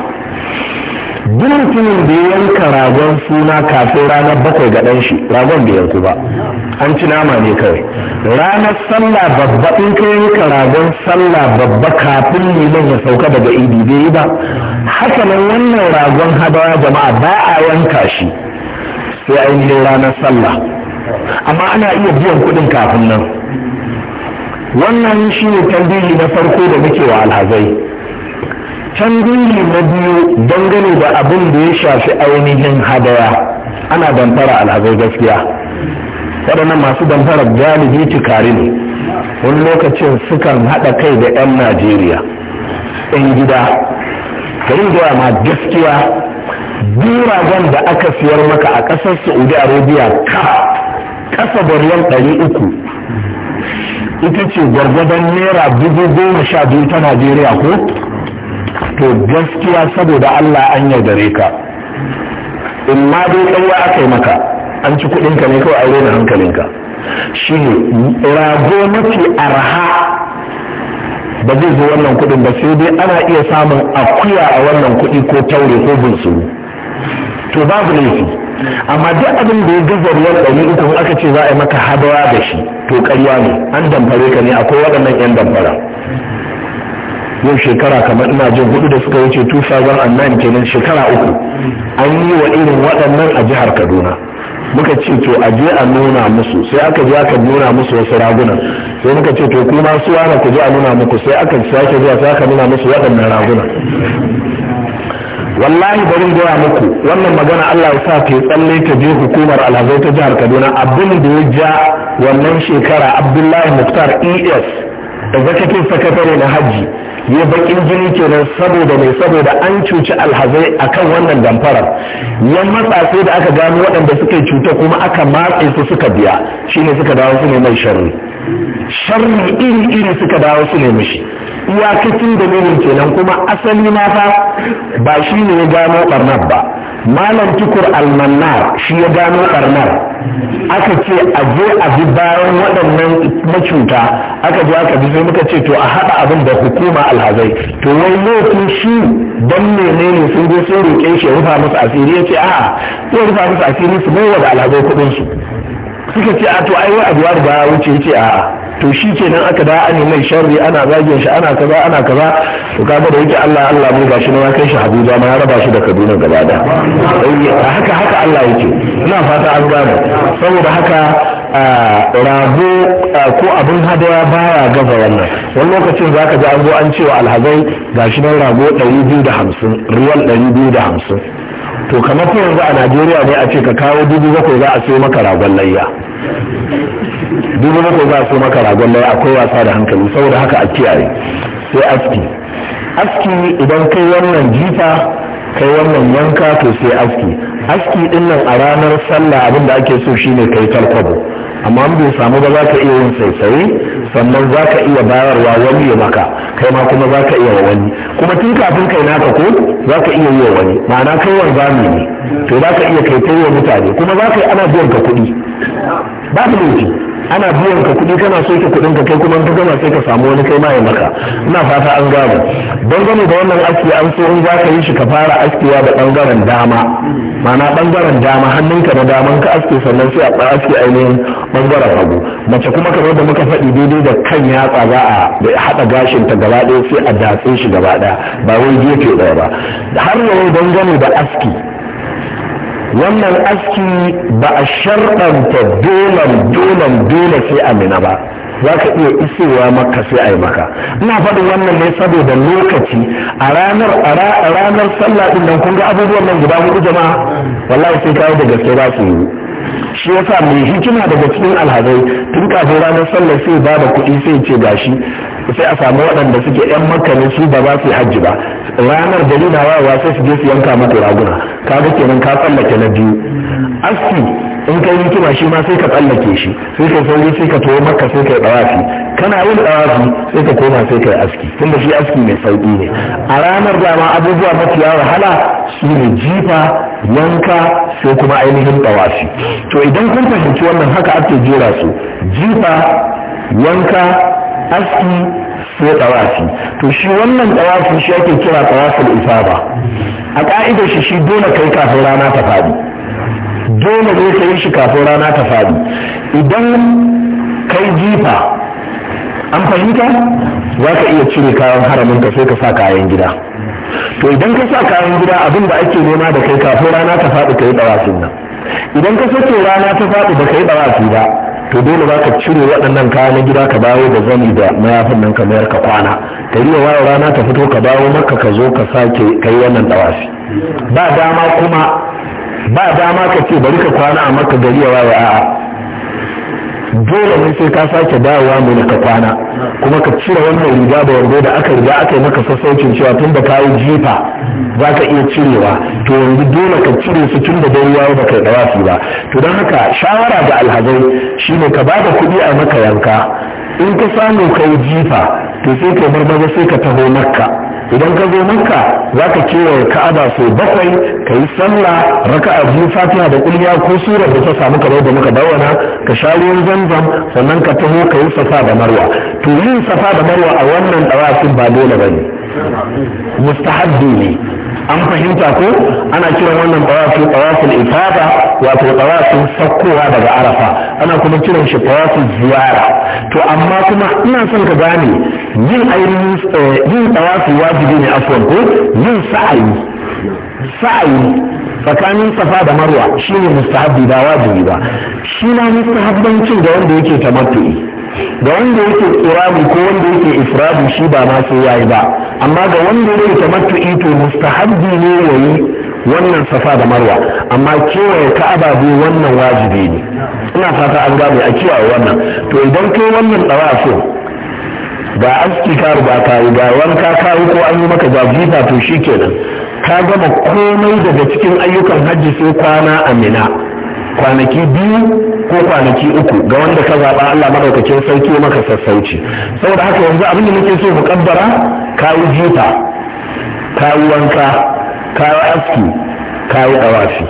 duk mutumin da ya yanka ragon suna kafin ranar bakwai ga ɗan shi ragon bai yanku ba an ci nama ne kawai ranar sallah babba in ka yanka ragon sallah babba kafin liman ya sauka daga idi bai yi ba hasanan wannan ragon hadawa jama'a ba a yanka shi sai ainihin ranar sallah amma ana iya biyan kuɗin kafin nan wannan shi ne tambayi na farko da muke wa alhazai can gungi na biyu dangane da abin da ya shafi ainihin hadaya ana damfara al'adar gaskiya waɗannan masu damfara galibi tukari ne wani lokacin sukan haɗa kai da 'yan najeriya 'yan gida garin da ma gaskiya biragen da aka siyar maka a ƙasar saudi arabia ka ƙasa da ruwan ɗari uku ita ce gwargwadon naira dubu goma sha biyu ta najeriya ko to gaskiya saboda Allah an yaudare ka in ma dai ƙarya aka yi maka an ci kuɗinka ne kawai aure na hankalinka shi ne rago mafi arha ba zai zo wannan kuɗin ba sai dai ana iya samun akuya a wannan kuɗi ko taure ko bunsuru to babu laifi amma duk abin da ya gaza ruwan ɗari uku aka ce za a yi maka hadawa da shi to ƙarya ne an damfare ka ne akwai waɗannan 'yan damfara yau shekara kamar ina jin hudu da suka wuce 2009 kenan shekara uku an yi wa irin waɗannan a jihar kaduna muka ce to a je a nuna musu sai aka je aka nuna musu wasu raguna sai muka ce to kuma su ana ku je a nuna muku sai aka sake zuwa sai aka nuna musu waɗannan raguna. wallahi barin gaya muku wannan magana Allah ya sa ta tsalle ta je hukumar alhazai ta jihar Kaduna abin da ya ja wannan shekara Abdullahi Muktar ES executive secretary na Hajji ya bakin jini kenan saboda mai saboda an cuci alhazai a kan wannan damfarar yan matsa da aka gano waɗanda suka cuta kuma aka matse su suka biya shine suka dawo su ne mai sharri sharri iri iri suka dawo su ne mishi iyakacin dalilin kenan kuma asali na fa ba shi ne ya gano ɓarnar ba malam tukur almannar shi ya gano karnar aka ce a je a bi bayan waɗannan macuta aka je aka bi sai muka ce to a haɗa abin da hukuma alhazai to wai lokacin shi dan menene sun je sun roƙe shi ya rufa musu asiri ya ce a'a zai rufa musu asiri su mai wa da alhazai kuɗin su suka ce a to ai wa abuwa da wuce ya ce a'a to shi kenan aka da ani mai sharri ana zagin shi ana kaza ana kaza to kaga da yake Allah Allah mu gashi na kai shi Abuja ma ya raba shi da Kaduna gaba da haka haka Allah yake ina fata an gane saboda haka rago ko abin hadaya baya gaza wannan wani lokacin za ka ji an zo an cewa alhazai gashi nan ɗari 250 riyal 250 to kamar fa yanzu a najeriya ne a ce ka kawo dubu bakwai za a siyo maka ragon layya dubu bakwai za a so maka ragon layya akwai wasa da hankali saboda haka a kiyaye sai aski aski idan kai wannan jifa kai wannan yanka to sai aski aski din a ranar sallah abin da ake so shine kai talkwabo amma in bai samu ba za ka iya yin saisaye sannan za ka iya bayarwa wani ya maka kai ma kuma za ka iya wa wani kuma tun kafin kai naka ko za ka iya yi wa wani ma'ana kai wanzami ne to za ka iya kai wa mutane kuma za ka yi ana biyan ka kuɗi ba laifi ana biyan ka kuɗi kana so soke kuɗin ka kai kuma ka gama sai ka samu wani kai ma ya maka ina fata an gano dangane da wannan aski an so in zaka yi shi ka fara askiwa da bangaren dama ma'ana bangaren dama hannunka na daman ka aske sannan sai a aski ainihin bangaren hagu mace kuma kamar da muka faɗi daidai da kan yatsa za a haɗa gashin ta gaba ɗaya sai a datse shi gaba ɗaya ba wai gefe ɗaya ba har yau dangane da aski wannan aski ba a sharɗanta dolan dolan dole sai amina ba za ka iya isowa maka sai a yi maka ina faɗin wannan ne saboda lokaci a ranar a ranar sallah ɗin nan kun ga abubuwan nan guda hudu jama'a wallahi sai kawo da gaske ba su yi shi ya yasa mai hikima daga cikin alhazai tun kafin ranar sallar sai ba da kuɗi sai ce gashi sai a samu waɗanda suke yan makka su ba za su yi hajji ba ranar dalila wawa sai su je su yanka mata raguna kaga kenan ka tsallake na biyu aski in yi hikima shi ma sai ka tsallake shi sai ka sauri sai ka tawo maka sai ka yi dawafi kana yin ɗawafi sai ka koma sai ka yi aski tunda shi aski mai sauki ne a ranar dama abubuwa mafiya wahala su ne jifa yanka sai kuma ainihin dawafi to idan kun fahimci wannan haka ake jera su jifa yanka aski sai dawafi to shi wannan ɗawafi shi ake kira dawafin Isaba? a ƙa'idar shi shi dole kai kafin rana ta faɗi dole ne ka shi kafin rana ta faɗi idan kai jifa an fahimta za ka iya cire kayan haramin ka sai ka sa kayan gida to idan ka sa kayan gida abin da ake nema da kai kafin rana ta faɗi ka yi ɗawasin nan idan ka sake rana ta faɗi ba ka yi ɗawasi ba to dole za ka cire waɗannan kaya na gida ka dawo da zani da mayafin nan ka mayar ka kwana ka yi wa rana ta fito ka dawo maka ka zo ka sake ka yi wannan ɗawasi ba dama kuma ba dama ka ce bari ka kwana a maka gari ya waye a'a dole ne sai ka sake dawowa mu ka kwana kuma ka cire wannan riga da wando da aka riga aka yi maka sassaucin cewa tun da ka yi jifa za ka iya cirewa to yanzu dole ka cire su tun da dare ba ka dawa su ba to don haka shawara ga alhazai shine ka bada kuɗi a maka yanka in ka samu kai jifa to sai ka marmaza sai ka taho makka idan ka zo makka za ka kewaye ka'aba sau bakwai ka yi sallah raka'a biyu fatiha da kulliya ko surar da ta samu kamar da muka dawana ka sha ruwan zamzam sannan ka taho ka yi safa da marwa to yin safa da marwa a wannan dawafin ba dole ba ne mustahabbi ne an fahimta ko ana kiran wannan tawafin al ifada wato tawafin sakkowa daga arafa ana kuma kiran shi tawafin ziyara to amma kuma ina son ka gane yin ainihin eh, yin tawafi wajibi ne afwan ko yin sa'ayi sa'i tsakanin safa da marwa shine mustahabbi da wajibi ba shi na mustahabbancin da wanda yake tamattu'i ga wanda yake kirani ko wanda yake ifradi shi ba ma sai yayi ba amma ga wanda yake tamattu to mustahabbi ne yayi wannan safa da marwa amma kewaye ka'aba bai wannan wajibi ne ina fata an gane a kiyaye wannan to idan kai wannan so ga aski ka riga ka yi ga wanka ka yi ko an yi maka jajifa to shikenan ka gama komai daga cikin ayyukan hajji sai kwana amina kwanaki biyu ko kwanaki uku ga wanda ka zaɓa Allah madaukakin wa maka sassauci saboda haka yanzu abin da muke so mu kaddara kayi jifa kayi wanka kayi aski kayi dawafi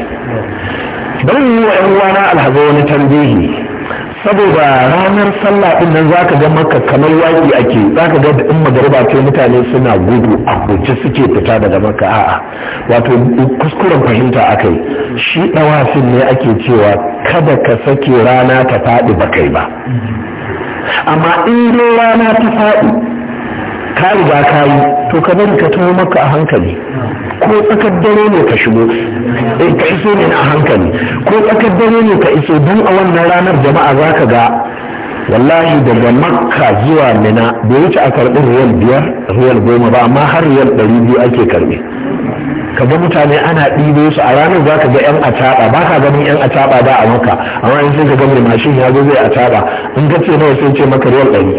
don yi wa 'yan uwana alhazo wani tambihi saboda ranar sallah din nan zaka ga maka kamar yaki ake zaka ga in magariba ce mutane suna gudu a guje suke fita daga maka a'a wato kuskuren fahimta akai shi dawafin ne ake cewa kada ka sake rana ta faɗi ba kai ba amma in rana ta faɗi ka riga ka yi to ka bari ka tuno maka a hankali ko tsakar dare ne ka shigo eh, ka iso ne a hankali ko tsakar dare ne ka iso don a wannan ranar jama'a za ka ga wallahi daga makka zuwa mina bai wuce a karbi riyal biyar riyal goma ba amma har riyal ɗari biyu ake karbi ka ga mutane ana ɗibo su a ranar za ka ga 'yan a taɓa. ba ka ganin 'yan a taɓa da a maka amma in sai ka ga mai mashin ya zo zai taɓa. in ka ce nawa sai ce maka riyal ɗari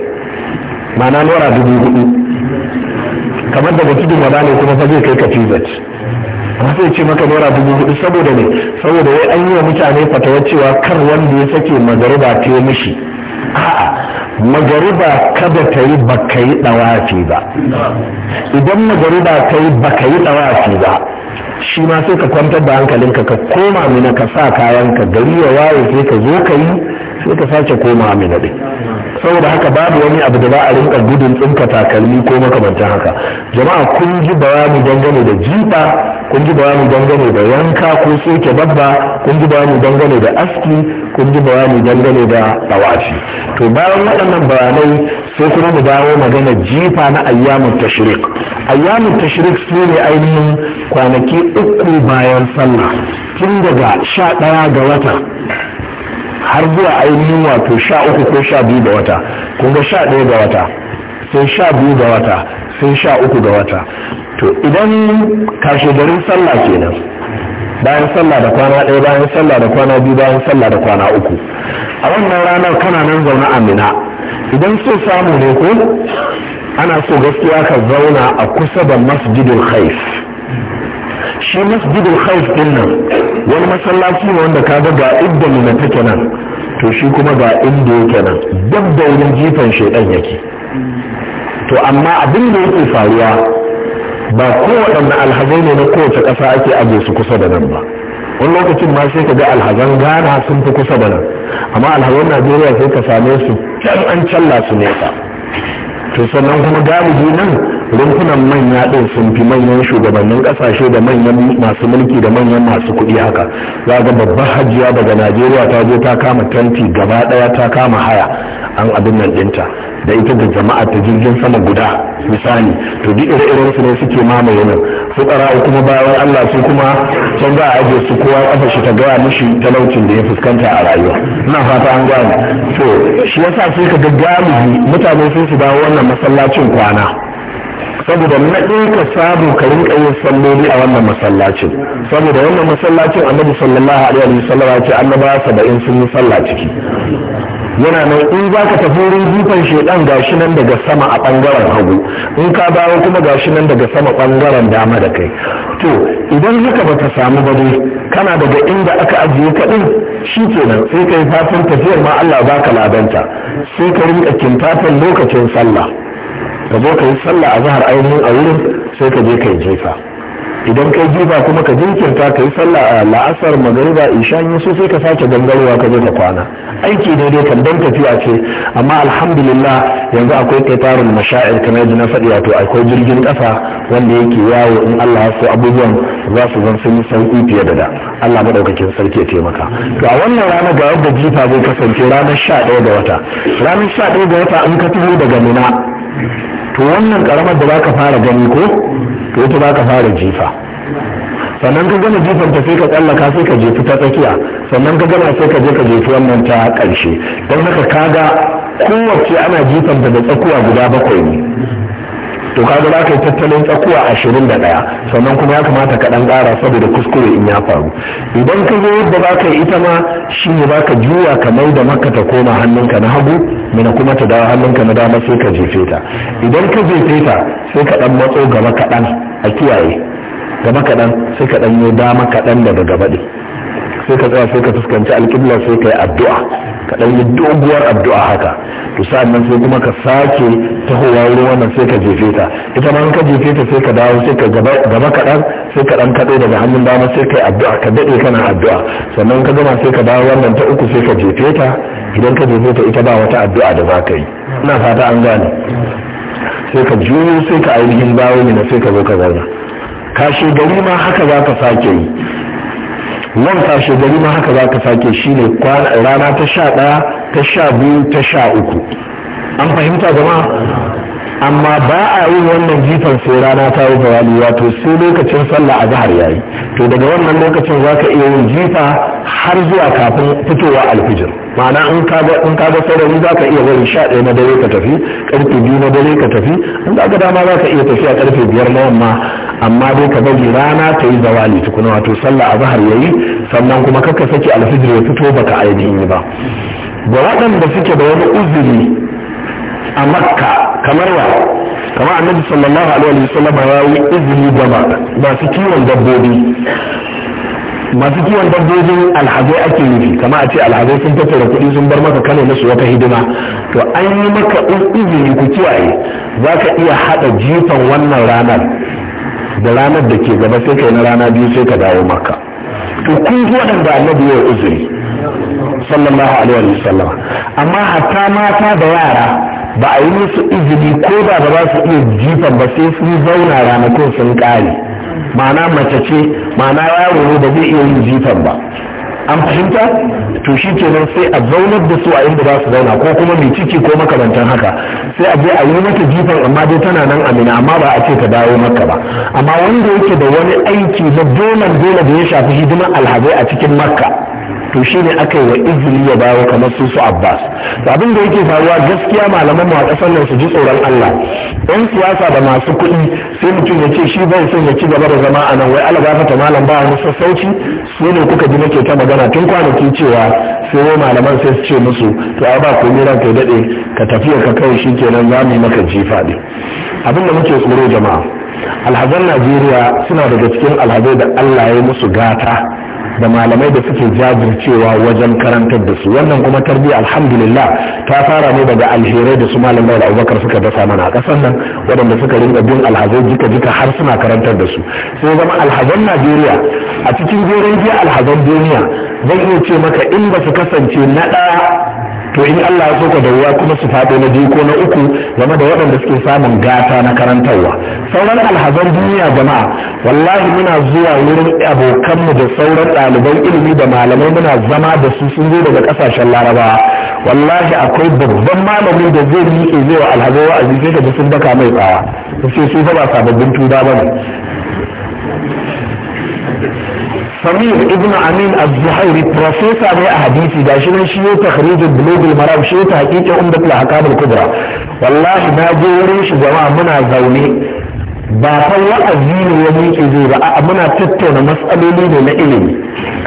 ma'ana naira dubu hudu kamar daga tudun wada ne kuma fa zai kai ka tibet ba sai ce maka naira dubu hudu saboda ne saboda wai an yi wa mutane fatawar cewa kar wanda ya sake magariba ta yi mishi a'a magariba kada ta yi baka yi dawafi ba idan magariba ta yi baka yi dawafi ba shi ma sai ka kwantar da hankalinka ka koma mina ka sa ka gari ya waye sai ka zo ka yi sai ka sace koma mina din saboda haka babu wani abu da za a rinka gudun tsinka takalmi ko makamantan haka jama'a kun ji bayani dangane da jifa kun ji bayani dangane da yanka ko soke babba kun ji bayani dangane da aski kun ji bayani dangane da tsawaci to bayan waɗannan bayanai sai kuma mu dawo magana jifa na ayyamun tashrik ayyamun tashrik su ne ainihin kwanaki uku bayan sallah tun daga sha ɗaya ga wata har zuwa ainihin wato sha uku ko sha biyu ga wata kun ga sha ɗaya ga wata sai sha biyu ga wata sai sha uku ga wata to idan kashe garin sallah kenan bayan sallah da kwana ɗaya bayan sallah da kwana biyu bayan sallah da kwana uku a wannan ranar kana nan zaune a mina idan so samu ne ko ana so gaskiya ka zauna a kusa da masjidul khaif shi masjidul khaif din nan wani masallaci ne wanda kaga ga idda mina kenan nan to shi kuma ga inda yake nan duk da wurin jifan shaidan yake to amma abin da yake faruwa ba kowaɗanne alhazai ne na kowace ƙasa ake ajiye su kusa da nan ba wani lokacin ma sai ka ga alhazan gana sun fi kusa da nan amma alhazan najeriya sai ka same su can an calla su nesa to sannan kuma galibi nan rumfunan manya ɗin sun fi manyan shugabannin ƙasashe da manyan masu mulki da manyan masu kuɗi haka za ga babbar hajiya daga najeriya ta zo ta kama tanti gaba ɗaya ta kama haya an abin nan ɗinta da ita da jama'a ta jirgin sama guda misali to duk ire-iren su ne suke mamaye nan fukara kuma bayan allah su kuma can za a ajiye su kowa kafa shi ta gaya mishi talaucin da ya fuskanta a rayuwa ina fata an gane to shi yasa sai ka ga galibi mutane sun su dawo wannan masallacin kwana saboda na ka sabu ka rinka yin salloli a wannan masallacin saboda wannan masallacin annabi sallallahu alaihi wa ya ce annabawa in sun yi sallah ciki yana nan in za ka tafi wurin jifan shedan gashi nan daga sama a bangaren hagu in ka dawo kuma gashinan daga sama bangaren dama da kai to idan haka ba ta samu ba dai kana daga inda aka ajiye ka din shi kenan sai kai fatan tafiyar ma Allah ba ka labanta sai ka rinka kintatan lokacin sallah ka zo ka yi sallah a zahar ainihin a wurin sai ka je ka yi jefa idan kai jifa kuma ka jinkirta ka yi sallah a la'asar magariba isha yin sai ka sake gangarwa ka je ka kwana aiki daidai kan dan tafiya ce amma alhamdulillah yanzu akwai kaitarun mashair kamar yadda na faɗi wato akwai jirgin ƙasa wanda yake yawo in Allah ya so abubuwan za su zan sun yi sauƙi fiye da da Allah madaukakin sarki ya taimaka to a wannan rana ga yadda jifa zai kasance ranar sha ɗaya ga wata ranar sha ɗaya ga wata in ka taho daga mina to wannan karamar da za ka fara gani ko to ita za ka fara jifa sannan ka gama jifan ta sai ka tsallaka sai ka jefi ta tsakiya sannan ka gama sai ka je ka jefi wannan ta ƙarshe don haka kaga kowace ana jifan ta da tsakuwa guda bakwai ne to kaga za ka yi tattalin tsakuwa ashirin da ɗaya sannan kuma ya kamata ka ɗan ƙara saboda kuskure in ya faru idan ka zo yadda za ka yi ita ma shi ne za ka juya ka mai da maka ta koma hannunka na hagu mina kuma ta dawo hannunka na dama sai ka jefe ta idan ka jefe ta sai ka ɗan matso gaba kaɗan a kiyaye gaba kaɗan sai ka ɗan yi dama kaɗan daga gaba ɗin sai ka tsaya sai ka fuskanci alƙibla sai ka yi addu'a ka ɗan yi doguwar addu'a haka to sa'an nan sai kuma ka sake tahowa wurin wannan sai ka jefe ta ita ma in ka jefe ta sai ka dawo sai ka gaba kaɗan sai ka ɗan kaɗo daga hannun dama sai ka yi addu'a ka daɗe kana addu'a sannan ka gama sai ka dawo wannan ta uku sai ka jefe ta idan ka jefe ta ita ba wata addu'a da za ka yi ina fata an gane sai ka juyo sai ka ainihin dawo ne sai ka zo ka zauna kashe gari ma haka za ka sake yi wanka shi gari ma haka za ka sake shi ne rana ta sha ɗaya ta sha biyu ta sha uku an fahimta gama amma ba a yin wannan jifan sai rana ta yi zawali wato sai lokacin sallah azhar yayi to daga wannan lokacin zaka iya yin jifa har zuwa kafin fitowa alfijir ma'ana in ka ga in ka ga zaka iya wani shaɗe na dare ka tafi karfe biyu na dare ka tafi in da ga dama zaka iya tafiya karfe biyar na yamma amma dai ka bari rana ta yi zawali tukuna wato sallah azhar yayi sannan kuma kakka saki alfijir ya fito baka ainihin ba ga waɗanda suke da wani uzuri a makka kamar wa kamar annabi sallallahu alaihi wa sallam ya yi izini ga masu kiwon dabbobi masu kiwon dabbobin alhazai ake yi kamar a ce alhazai sun tattara kuɗi sun bar maka kano na su wata hidima to an yi maka izini ku kiwaye za ka iya haɗa jifan wannan ranar da ranar da ke gaba sai kai na rana biyu sai ka dawo maka to kun waɗanda annabi ya uzuri sallallahu alaihi wa sallam amma hatta mata da yara ba a yi musu izini ko da ba za su iya jifan ba sai sun zauna ranakun sun kare ma'ana mace ce ma'ana yaro ne ba zai iya yin jifan ba an fahimta to shi kenan sai a zaunar da su a inda za su zauna ko kuma mai ciki ko makamantan haka sai a je a yi mata jifan amma dai tana nan amina amma ba a ce ta dawo maka ba amma wanda yake da wani aiki na dole dole da ya shafi hidimar alhazai a cikin makka to ne aka yi wa izini ya dawo kamar su su abbas to abin da yake faruwa gaskiya malaman mu a nan su ji tsoron allah yan siyasa da masu kuɗi sai mutum ya ce shi bai son ya ci gaba da zama a nan wai ala gafata malam ba wani sassauci su ne kuka ji nake ta magana tun kwanaki cewa sai wai malaman sai su ce musu to a ba ku ran kai daɗe ka tafiya ka kai shi kenan za mu yi maka jifa ne abin da muke tsoro jama'a alhazan najeriya suna daga cikin alhazai da allah ya yi musu gata da malamai da suke jajircewa wajen karantar da su wannan kuma tarbiyya alhamdulillah ta fara ne daga alherai da su malamai da abubakar suka dasa mana a ƙasar nan waɗanda suka rinka bin alhazai jika jika har suna karantar da su sai zama alhazan najeriya a cikin jerin alhazan duniya zan iya ce maka in ba su kasance na ɗaya to in Allah ya so ka da wuya kuma su faɗo na biyu ko na uku game da waɗanda suke samun gata na karantarwa sauran alhazan duniya jama'a wallahi muna zuwa wurin abokanmu da sauran ɗaliban ilimi da malamai muna zama da su sun zo daga ƙasashen larabawa wallahi akwai babban malami da zai rike zai wa alhazan wa'azi sai ka ji sun daka mai tsawa ce su ba sababbin tuda ba ne samir ibn amin az-zuhairi profesa ne a hadisi da shi ne shi ya takhrijul bulugul maram shi ya tahqiqi umdatul ahkamul kubra wallahi na je wurin shi jama'a muna zaune ba fa wa'azi ne ya miƙe zai ba a muna tattauna matsaloli ne na ilimi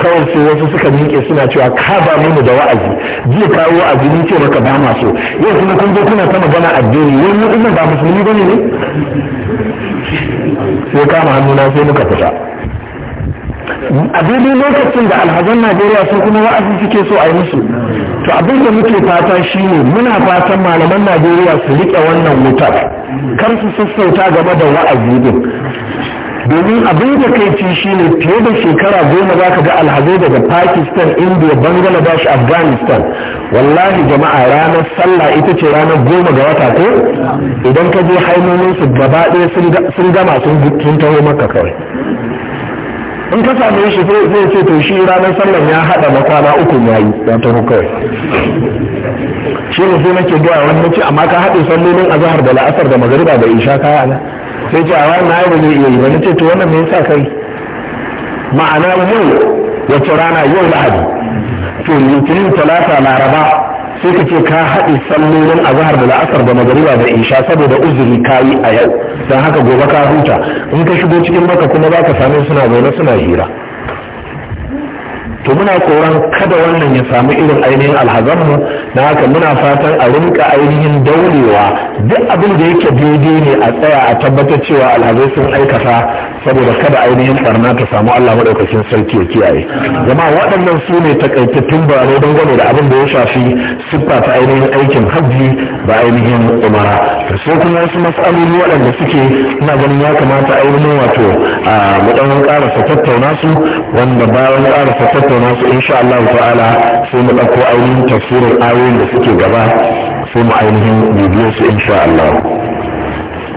kawai sai wasu suka miƙe suna cewa ka ba mu da wa'azi jiya kawo wa'azi ni ce ba ma so yau kuma kun zo kuna ta magana addini wani mutum ba musulmi bane ne sai kama hannuna sai muka fita a daidai lokacin da alhazan najeriya sun kuma wa'azi suke so a yi musu to abinda muke fata shi ne muna fatan malaman najeriya su riƙe wannan wutar kar su sassauta game da wa'azi din domin abin da kai ci ne fiye da shekara goma za ka ga alhazai daga pakistan india bangladesh afghanistan wallahi jama'a ranar sallah ita ce ranar goma ga wata ko idan ka je su gaba ɗaya sun gama sun taho maka kawai in ka same shi sai zai ce to shi ranar sallan ya hada da uku ya yi ya taho kawai shi ne sai nake gaya wani ce amma ka haɗe sallolin azahar da la'asar da magariba da isha kaya na sai ce a wani na ba zai iya yi wani nace to wannan mai sa kai ma'ana yau wace rana yau lahadi to litinin talata laraba sai ka ce ka haɗe sallolin azhar da la'asar da magariba da isha saboda uzuri ka yi a yau don haka gobe ka huta in ka shigo cikin maka kuma za ka same suna zaune suna hira to muna tsoron kada wannan ya samu irin ainihin alhazanmu na haka muna fatan a rinka ainihin daurewa duk abin da yake daidai ne a tsaya a tabbatar cewa alhazai sun aikata saboda kada ainihin barna ta samu Allah maɗaukakin sarki ya kiyaye zama waɗannan su ne takaitattun bayanai dangane da abin da ya shafi siffa ta ainihin aikin hajji da ainihin umara to sai kuma wasu matsaloli waɗanda suke ina ganin ya kamata ainihin wato a mu dan karasa tattauna su wanda bayan karasa tattauna su insha Allah ta'ala sai mu ɗauko ainihin tafsirin ayoyin da suke gaba sai mu ainihin bibiyo su insha Allah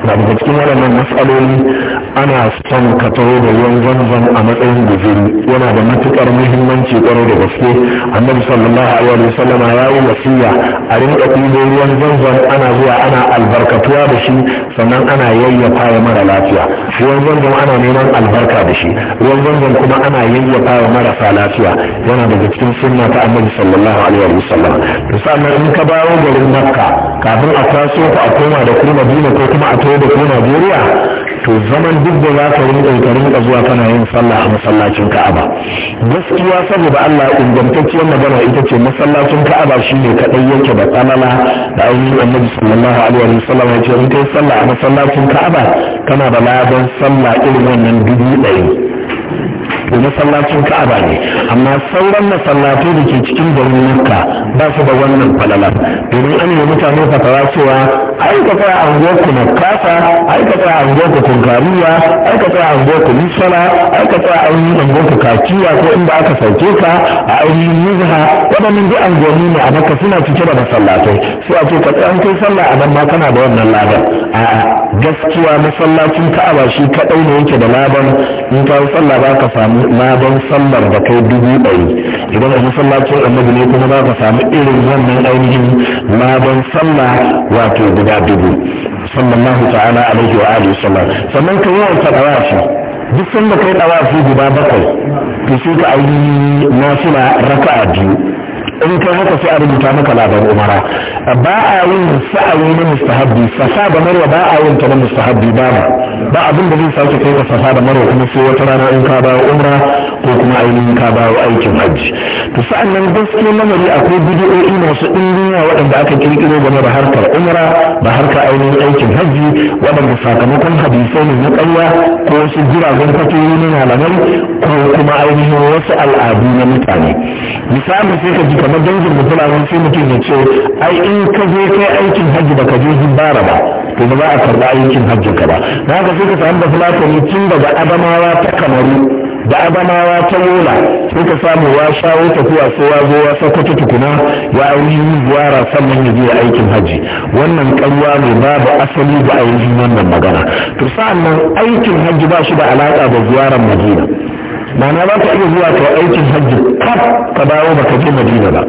da daga cikin waɗannan matsaloli ana son ka taho da ruwan zanzan a matsayin guzuri yana da matukar muhimmanci kwarai da gaske annabi sallallahu alaihi wa sallama ya yi wasiya a rinka ɗibo ruwan zanzan ana zuwa ana albarkatuwa da shi sannan ana yayyafa ya mara lafiya ruwan zanzan ana neman albarka da shi ruwan zanzan kuma ana yayyafa ya marasa lafiya yana daga cikin sunna ta annabi sallallahu alaihi wa sallama sannan in ka bawo garin makka kafin a taso ku a koma da kuma madina ko kuma a ko da ko najeriya to zaman duk da za ka rinka ka rinka zuwa kana yin sallah a masallacin ka'aba gaskiya saboda allah ingantacciyar magana ita ce masallacin ka'aba shi ne kaɗai yake da tsanana da ainihin annabi sallallahu alaihi wa sallam ya ce in kai sallah a masallacin ka'aba kana da ladan sallah irin wannan dubu daya. to masallacin ka'aba ne amma sauran masallatu da ke cikin garin makka ba su da wannan falala domin an yi mutane fatawa cewa ai ka tsaya a unguwar ku makasa ai ka a ku kunkariya ai ka a ku misala ai ka a ku kakiya ko inda aka sauke ka a ainihin nizha waɗannan duk unguwanni ne a makka suna cike da masallatai sai a ce ka tsaya an kai sallah a nan ma kana da wannan ladan a gaskiya masallacin ka'aba shi kaɗai ne yake da laban in ka yi sallah ba ka samu don sallar da kai dubu ɗari idan a masallacin annabi ne kuma za ka samu irin wannan ainihin don sallah wato guda dubu sallallahu ta'ala alaihi wa alihi sallam sannan ka yi yawan tadawashi duk sanda kai dawashi guda bakwai to sai ka ainihin nafila raka'a biyu in kai haka sai a rubuta maka labar umara ba a yin sa'ayi na mustahabbi fasa da marwa ba a yin ta na mustahabbi ba ba ba abin da zai sake kai ka fasa da marwa kuma sai wata rana in ka bawo umra ko kuma ainihin ka bawo aikin hajji to sa'an nan gaskiya lamari akwai bidiyoyi masu ɗimbin waɗanda aka kirkiro game da harkar umra da harkar ainihin aikin hajji waɗanda sakamakon hadisai ne na ƙarya ko wasu jiragen fatoyi na malamai ko kuma ainihin wasu al'adu na mutane misali sai ka ji kamar zama dangin da fulani sai mutum ya ce ai in ka je kai aikin hajji baka je zubara ba to ba za a karɓi aikin hajji ka ba na ga sai ka samu da fulani tun daga adamawa ta kamaru da adamawa ta yola sai ka samu ya shawo tafiya sai ya zo ya sakwata tukuna ya ainihin ziyara sannan ya je aikin hajji wannan ƙarya ne babu asali da ainihin wannan magana to sa'an nan aikin hajji ba shi da alaƙa da ziyarar madina ma'ana za ka iya zuwa kai aikin hajji kaf ka dawo baka je madina ba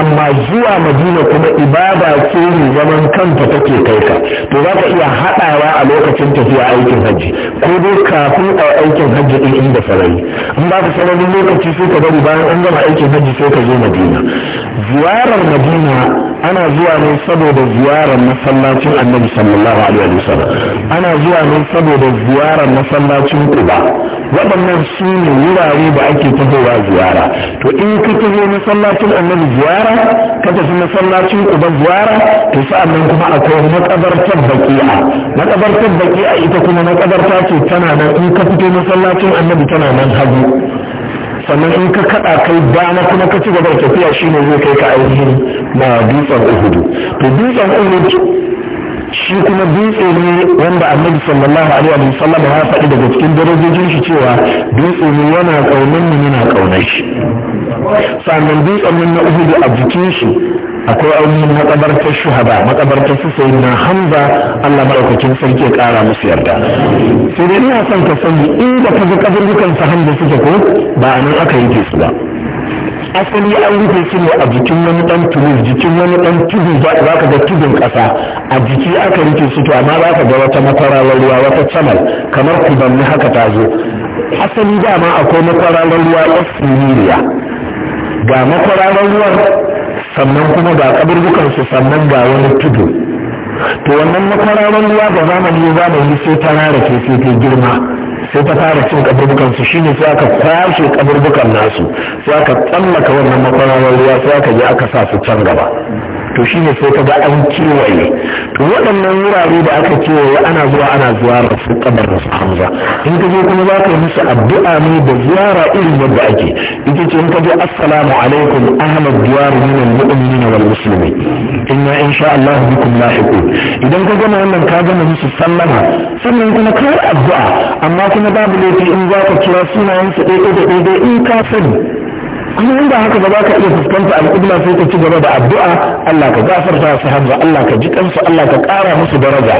amma zuwa madina kuma ibada ce ne zaman kanta take kai ka to za ka iya haɗawa a lokacin tafiya aikin hajji ko dai kafin a aikin hajji ɗin inda sarari in ba ka sararin lokaci sai ka bari bayan an gama aikin hajji sai ka zo madina ziyarar madina ana zuwa ne saboda ziyarar masallacin annabi sallallahu alaihi wasallam ana zuwa ne saboda ziyarar masallacin kuba waɗannan su ne wurare da ake tafowa ziyara to in ka taho masallacin annabi alhaji ziyara ka tafi masallacin uba ziyara to sa'annan kuma akwai makabartar baki'a makabartar baki'a ita kuma makabarta ce tana nan in ka fito masallacin annabi tana nan hagu sannan in ka kaɗa kai dama kuma ka ci gaba da tafiya ne zai kai ka ainihin na dutsen uhudu to dutsen uhudu shi kuma dutse ne wanda annabi sallallahu alaihi wa sallam ya faɗi daga cikin darajojin shi cewa dutse ne yana ƙaunar mu yana kaunar shi sannan dutsen nan na uhudu a jikin shi akwai aunin makabartar shuhada makabartar su sai na hamza allah maɗaukakin sarki ya ƙara musu yarda sai dai ina son ka sani inda ka ga kaburbukan hamza suke ko ba a nan aka yi su ba asali an rufe shi ne a jikin wani dan tudu jikin wani dan tudu za ka ga tudun kasa a jiki aka rufe su to amma za ka ga wata makwararwar ruwa wata camal kamar kubanni haka ta zo asali dama akwai makwararwar ruwa yan siririya ga makwararwar ruwan sannan kuma ga kaburbukansu sannan ga wani tudu to wannan makwararwar ruwa da zamani zamani sai ta rara sai ta girma sai ta fara cin kaburbukan su shine sai aka kwashe kaburbukan nasu sai aka tsallaka wannan makwararar ruwa sai aka aka sa su can gaba to shine sai kaga ga an kewaye to waɗannan wurare da aka kewaye ana zuwa ana ziyarar su kabar da su hamza in ka je kuma za ka yi musu addu'a ne da ziyara irin yadda ake ita ce in ka je assalamu alaikum ahmad diyar min al-mu'minin wal muslimin inna insha Allah bikum lahiqun idan ka gama wannan ka gama musu sallama sannan kuma yi addu'a amma kuma babu laifi in za ka kira sunayen su ɗaya da ɗaya in ka sani kuma in haka ba za ka iya fuskanta al'umma sai ka ci gaba da addu'a Allah ka gafarta su hamza Allah ka ji kansu Allah ka ƙara musu daraja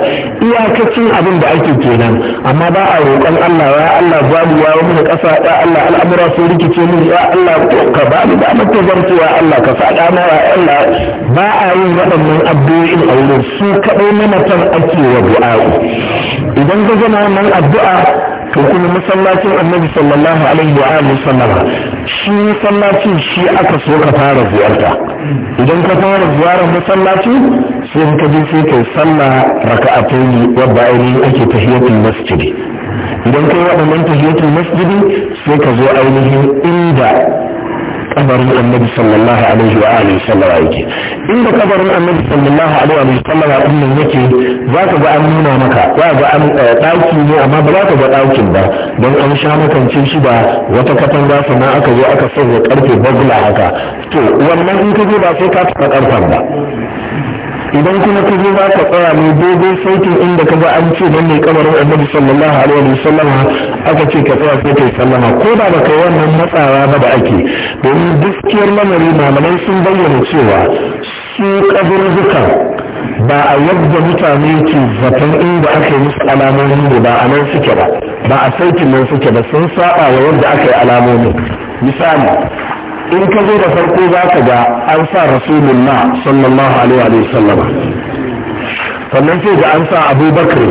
iyakacin abin da ake kenan amma ba a roƙon Allah ya Allah babu ya mu ƙasa ya Allah al'amura sun rikice mu ya Allah ka ba da mata zartu ya Allah ka sa da mara Allah ba a yin waɗannan addu'o'in aure su kaɗai mamatan ake wa du'a idan ka zama addu'a to kuma masallacin annabi sallallahu alaihi wa alihi shi masallacin shi aka so ka fara ziyarta idan ka fara ziyarar masallaci sai ka je sai kai sallah raka'atayn wadda ainihin ake tahiyatul masjidi idan kai waɗannan tahiyatul masjidi sai ka zo ainihin inda kabarin annabi sallallahu alaihi wa alihi sallama yake inda kabarin annabi sallallahu alaihi wa alihi sallama din yake za ka ga an nuna maka za ga an daki eh, ne amma ba za ka ga dakin ba don an sha makance shi ba wata katanga sannan aka zo aka sanya karfe bagula haka to wannan in ka je ba sai ka taɓa karfen ba idan kuma ka zo za ka tsaya mai dogon saitin inda ka ga an ce nan ne kabarin annabi sallallahu alaihi wa sallam aka ce ka tsaya sai kai sallama ko da baka yi wannan matsawa ba da ake domin gaskiyar lamari malamai sun bayyana cewa su kaburzuka ba a yadda mutane ke zaton inda aka yi musu alamomi ne ba a nan suke ba ba a sautin nan suke ba sun saba wa yadda aka yi alamomi misali in ka zo da farko za ka ga an sa rasulullah sallallahu alaihi wa sallam sannan sai da an sa abubakar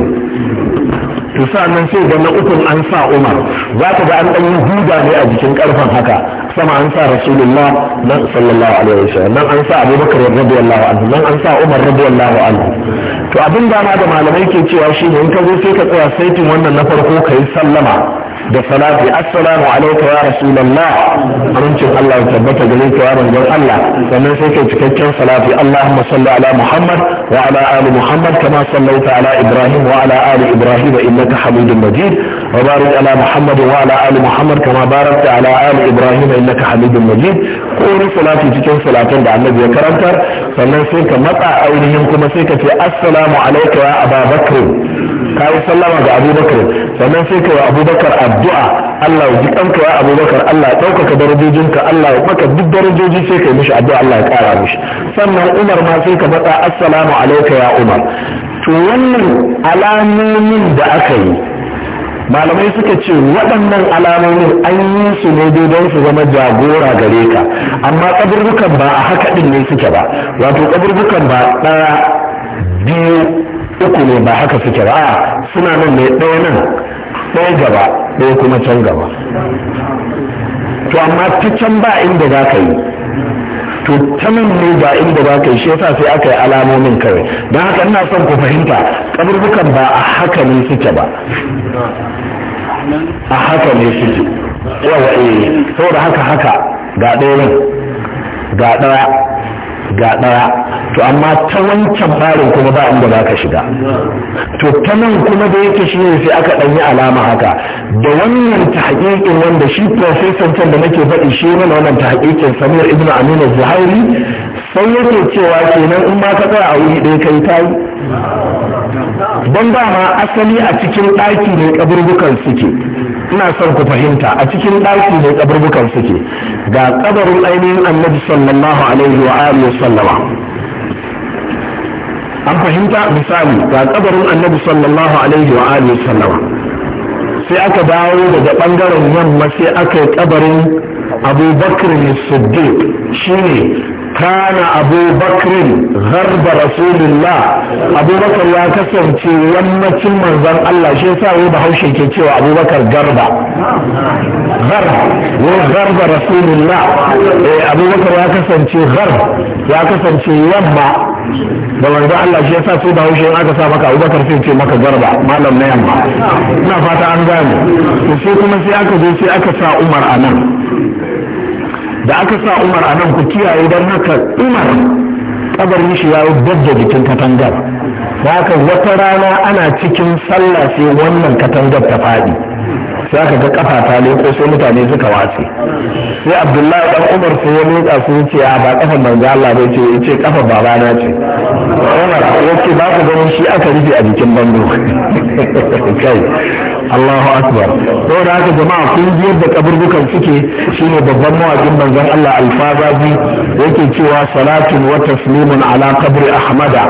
to sannan sai da na ukun an sa umar za ka ga an ɗan yi huda ne a jikin ƙarfen haka sama an sa rasulullah nan sallallahu alaihi wa sallam nan an sa abubakar radiyallahu anhu nan an sa umar radiyallahu anhu to abin da da malamai ke cewa shi ne in ka zo sai ka tsaya saitin wannan na farko ka yi sallama da salati assalamu alaikum ya rasulullah amincin Allah ya tabbata gare ka ya manzon Allah sannan sai kai cikakken salati Allahumma salli ala Muhammad wa ala ali Muhammad kama sallaita ala Ibrahim wa ala ali Ibrahim innaka Hamidum Majid wa barik ala Muhammad wa ala ali Muhammad kama barakta ala ali Ibrahim innaka Hamidum Majid ko salati cikin salatin da Annabi ya karantar sannan sai ka matsa ainihin kuma sai ka ce assalamu alaikum ya Abubakar ka yi sallama ga abubakar sannan sai ka yi abubakar addu'a allah ya ji kanka ya abubakar allah ya ɗaukaka darajojinka allah ya maka duk darajoji sai ka yi mishi addu'a allah ya ƙara mishi sannan umar ma sai ka matsa assalamu alaika ya umar to wannan alamomin da aka yi malamai suka ce waɗannan alamomin an yi su ne don su zama jagora gare ka amma kaburbukan ba a haka ɗin ne suke ba wato kaburbukan ba ɗaya biyu uku ne ba haka suke ba suna nan ne ɗaya nan ɗaya gaba ɗaya kuma can gaba to amma ta can ba inda za ka yi to ta nan ne ba inda ka yi shi yasa sai aka yi alamomin kawai don haka ina son ku fahimta ƙabirbukan ba a haka ne suke ba a haka ne suke yawa eh saboda haka haka ga ɗaya nan ga ɗaya ga ɗaya to amma ta wancan ɓarin kuma ba inda za ka shiga to ta nan kuma da yake shi sai aka ɗanyi alama haka da wannan ta haƙiƙin wanda shi profesan can da nake baɗi shi mana wannan ta haƙiƙin samir ibn aminu zuhairi sai yake cewa kenan in ma ka tsaya a wuri ɗaya kai ta yi don ba ma asali a cikin ɗaki ne ƙaburbukan suke ina son ku fahimta a cikin ɗaki ne kaburbukan suke ga kabarin ainihin annabi sallallahu alaihi wa alihi sallama an fahimta misali ga kabarin annabi sallallahu alaihi wa alihi sallama sai aka dawo daga bangaren yamma sai aka yi kabarin abubakar siddiq shine kana abu bakrin garba rasulullah abubakar ya kasance yammacin manzon allah shi yasa wai bahaushe ke cewa abubakar garba garba eh, ya kasance garba yamma da manzon allah shi yasa su bahaushe in aka sa maka abubakar sai ce maka garba malam na yamma ina fata an gane to sai kuma sai aka zo sai aka sa umar anan. da aka sa umar a nan ku kiyaye don haka umar kabar shi ya yi dabda jikin katangar haka wata rana ana cikin sallah sai wannan katangar ta faɗi sai aka ga kafa ta leko sai mutane suka wace sai abdullahi dan umar sai ya leƙa su ce a ba kafa manzo Allah bai ce ya ce kafa babana ce umar ya ce ba ku ganin shi aka rufe a jikin bango <laughs> kai Allahu akbar saboda haka jama'a kun ji yadda kaburbukan suke shine babban mawaƙin manzon Allah alfazazi yake cewa salatun wa taslimun ala qabri ahmada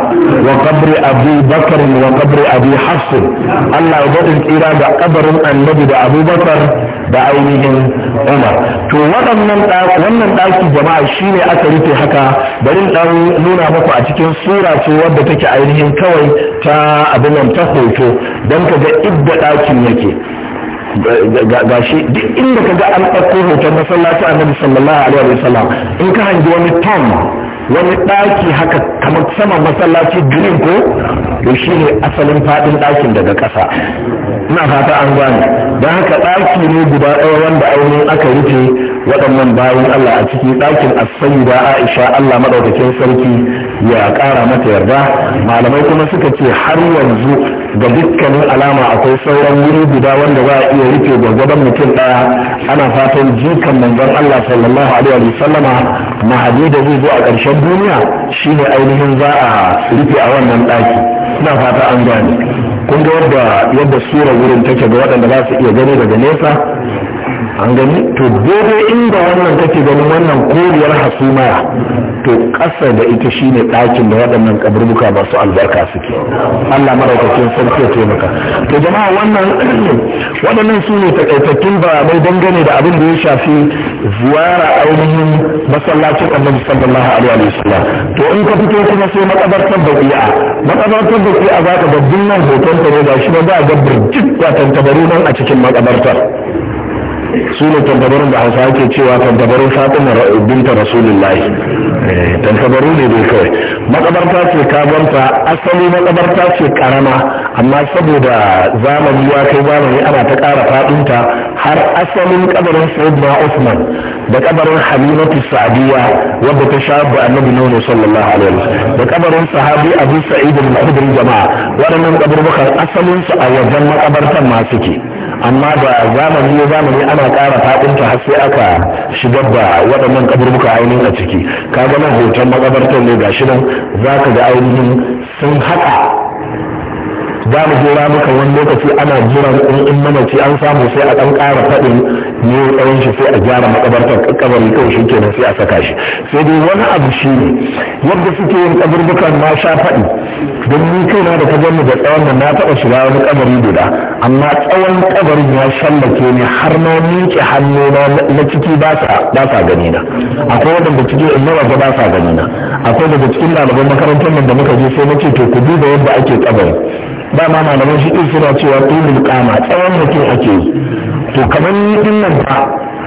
wa qabri abu bakr wa qabri abi hafs Allah ya bada tsira da kabarin annabi da abubakar da ainihin umar to waɗannan wannan ɗaki jama'a shine aka rufe haka bari dan nuna muku a cikin sura ce wadda take ainihin kawai ta abin nan ta hoto dan ka ga idda ɗakin yake ga shi duk inda ka ga an ɗauko hoton masallaci annabi sallallahu alaihi wa sallam in ka hangi wani tom wani ɗaki haka kamar saman masallaci green ko to shi ne asalin faɗin ɗakin daga ƙasa ina fata an gane don haka ɗaki ne guda ɗaya wanda ainihin aka rufe waɗannan bayan Allah a ciki ɗakin as da Aisha Allah madaukakin sarki ya ƙara mata yarda malamai kuma suka ce har yanzu ga dukkanin alama akwai sauran wuri guda wanda za a iya rufe gwargwadon mutum ɗaya ana fatan jikan manzon Allah sallallahu alaihi wa sallama mahadi da zai zo a ƙarshen duniya shine ainihin za a rufe a wannan ɗaki ina fata an gane kun ga yadda yadda sura wurin take ga waɗanda za su iya gani daga nesa an gani to daidai inda wannan kake gani wannan koriyar hasumaya to ƙasa da ita shine ɗakin da waɗannan kaburbuka su albarka suke Allah maraukakin sarki ya taimaka to jama'a wannan <clears throat> waɗannan su ne takaitattun bayanai dangane da abin da ya shafi ziyara ainihin masallacin annabi sallallahu alaihi wasallam to in ka fito kuma sai makabartar baqi'a makabartar baqi'a za ka ga nan hoton ta ne gashi ba za a ga burjik watan tabaru nan a cikin makabartar su ne tantabarun da hausa ake cewa tantabarun fatima binta rasulullahi eh, tantabaru ne dai kawai makabarta ce kabanta asali makabarta ce karama amma saboda zamani ya kai zamani ana ta ƙara faɗinta har asalin kabarin sayyidina usman da kabarin halimatu sa'diya wadda ta sha da annabi nono sallallahu alaihi wasallam da kabarin sahabi abu sa'id al-khudri jama'a waɗannan kabarbukan asalin su a wajen makabartan ma suke amma da zamani ya zamani ana ƙara faɗinta har sai aka shigar da waɗannan kaburbuka ainihin a ciki kaga nan hoton makabartar ne ga shi nan za ka ga ainihin sun haƙa. za mu je ramuka wani lokaci ana jiran in in ci an samu sai a ɗan kara faɗin ne tsawon shi sai a gyara makabartar kabari kawai shi kenan sai a saka shi sai dai wani abu shi ne yadda suke yin kaburbukan ma sha faɗi don ni kai na da kajan mu da tsawon nan na taɓa shiga wani kabari guda amma tsawon kabarin ya shallake ni har na miƙe hannu na ciki ba sa gani na akwai waɗanda cikin in ba sa gani na akwai daga cikin ɗaliban makarantar nan da muka je sai na ce to ku duba yadda ake kabari ba ma malaman shi ɗin suna cewa ɗin kama tsawon mutum ake to kamar ni ɗin nan fa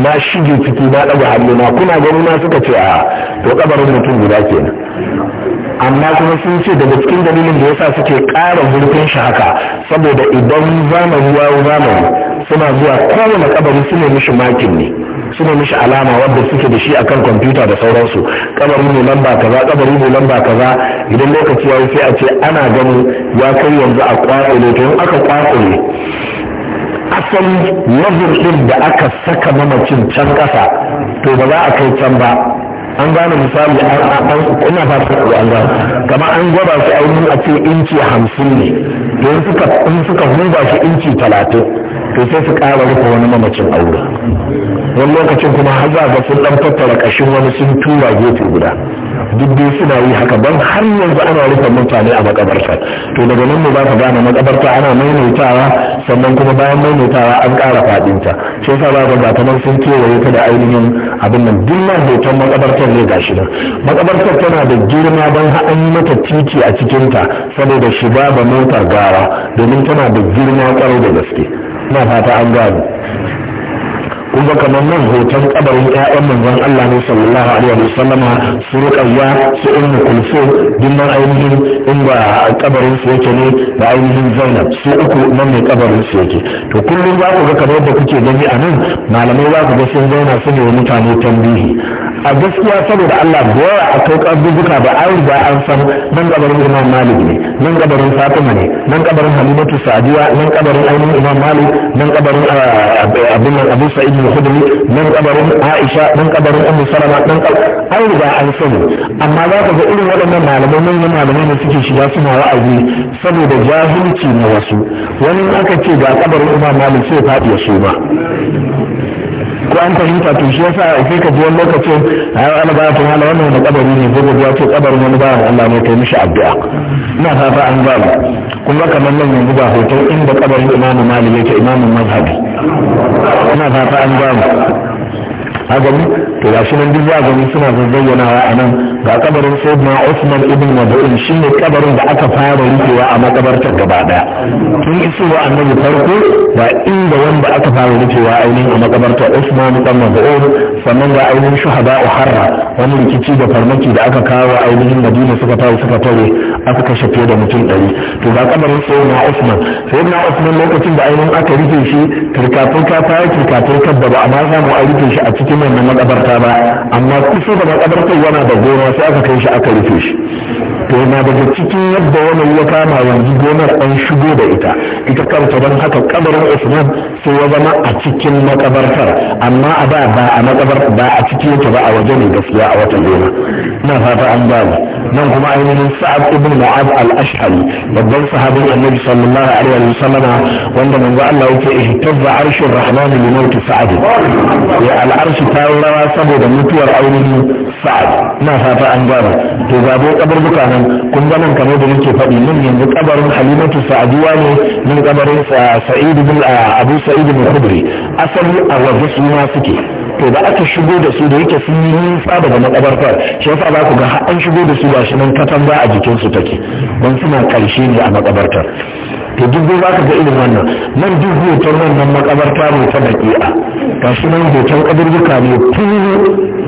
na shige ciki na ɗaga hannu na kuna gani na suka ce a to kabarin mutum guda kenan amma kuma sun ce daga cikin dalilin da yasa suke ƙara zurfin shi haka saboda idan zamani ya zamani suna zuwa kowane kabari su ne mishi makin ne su mishi alama wadda suke da shi akan kwamfuta da sauransu kabari ne lamba kaza kabari ne lamba kaza idan lokaci ya yi sai a ce ana gani ya kai yanzu a kwakwale to in aka kwakwale asali nazir ɗin da aka saka mamacin can kasa to ba za a kai can ba an gane misali ina fata an gane kamar an gwada su ainihin a ce inci hamsin ne to in suka in suka huba shi inci talatin to sai su ƙara rufe wani mamacin aure wani lokacin kuma har za ga sun ɗan tattara ƙashin wani sun tura gefe guda duk dai suna yi haka ban har yanzu ana rufe mutane a makabarta to daga nan ne za ka gane makabarta ana maimaitawa sannan kuma bayan maimaitawa an ƙara faɗinta shi yasa za ga kamar sun kewaye ta da ainihin abin nan duk hoton makabarta makabartar ne nan makabartar tana da girma don an yi mata titi a cikinta saboda shiga da motar gara domin tana da girma tsaro da gaske na fata an gano kun kamar nan hoton kabarin ƴaƴan manzon Allah ne sallallahu alaihi wa sallam su ruqayya su ummu kulsum din nan ainihin inda kabarin su yake ne da ainihin Zainab su uku nan ne kabarin su yake to kullum za ku ga kamar da kuke gani a nan malamai za ku ga sun zauna su ne mutane tambihi a gaskiya saboda Allah da yawa a kai kabubuka ba an ba an san nan kabarin Imam Malik ne nan kabarin Fatima ne nan kabarin Halimatu Sa'diya nan kabarin ainihin Imam Malik nan kabarin ah, abin Abu Sa'id al-khudri nan kabarin aisha nan kabarin ummu salama nan an riga an sani amma za ka ga irin waɗannan malamai manyan malamai ne suke shiga suna wa'azi saboda jahilci na wasu wani aka ce ga kabarin umar malik sai faɗi ya suma ko an fahimta to shi yasa sai ka ji wani lokacin ai ana ba ta hala wannan wani kabari ne ko ya ce kabarin wani bayan Allah ne kai mishi addu'a ina fata an gaba kuma kamar nan yanzu ba hoton inda kabarin imamu malik yake imamun mazhabi ina fata an gano a gani to ga shi nan duk za gani suna zazzayyanawa a nan ga kabarin sayyidina Usman ibn Mad'un shine kabarin da aka fara rikewa a makabartar gaba daya tun isowa annabi farko ga inda wanda aka fara rikewa ainihin a makabartar Usman ibn Mad'un sannan ga ainihin shuhada Harra wani rikici da farmaki da aka kawo ainihin Madina suka tawo suka tare aka kashe fiye da mutum ɗari to ga kabarin sayyidina Usman sayyidina Usman lokacin da ainihin aka rike shi turka turka ta turka turka da ba a ma samu a rike shi a cikin manyan makabarta ba amma kusa da makabartar yana da gona sai aka kai shi aka rufe shi to na daga cikin yadda wani ya kama yanzu gonar an shigo da ita ita kanta don haka kabarin usman sai ya zama a cikin makabartar amma a da ba a makabar ba a cikin yake ba a waje ne gaskiya a watan goma na fata an gane nan kuma ainihin sa'ad ibn mu'ad al-ashhari babban sahabin annabi sallallahu alaihi wa sallama wanda manzo Allah yake ihtazza arshur rahman li maut sa'ad ya al-arsh ta rawa saboda mutuwar ainihin sa'ad na fata an ba to gabo kabarbuka na nan kun ga nan kamar da nake faɗi nan yanzu kabarin halimatu sa'adiya ne nan kabarin sa'id bin abu sa'id bin khudri asali a waje suna suke to da aka shigo da su da yake sun yi nisa daga makabartar shi yasa za ku ga an shigo da su shi nan katanga a jikinsu take don suna karshe ne a makabartar to duk zai baka ga irin wannan nan duk hoton na makabarta ne ta daƙiƙa ga shi nan hoton kaburbuka ne tun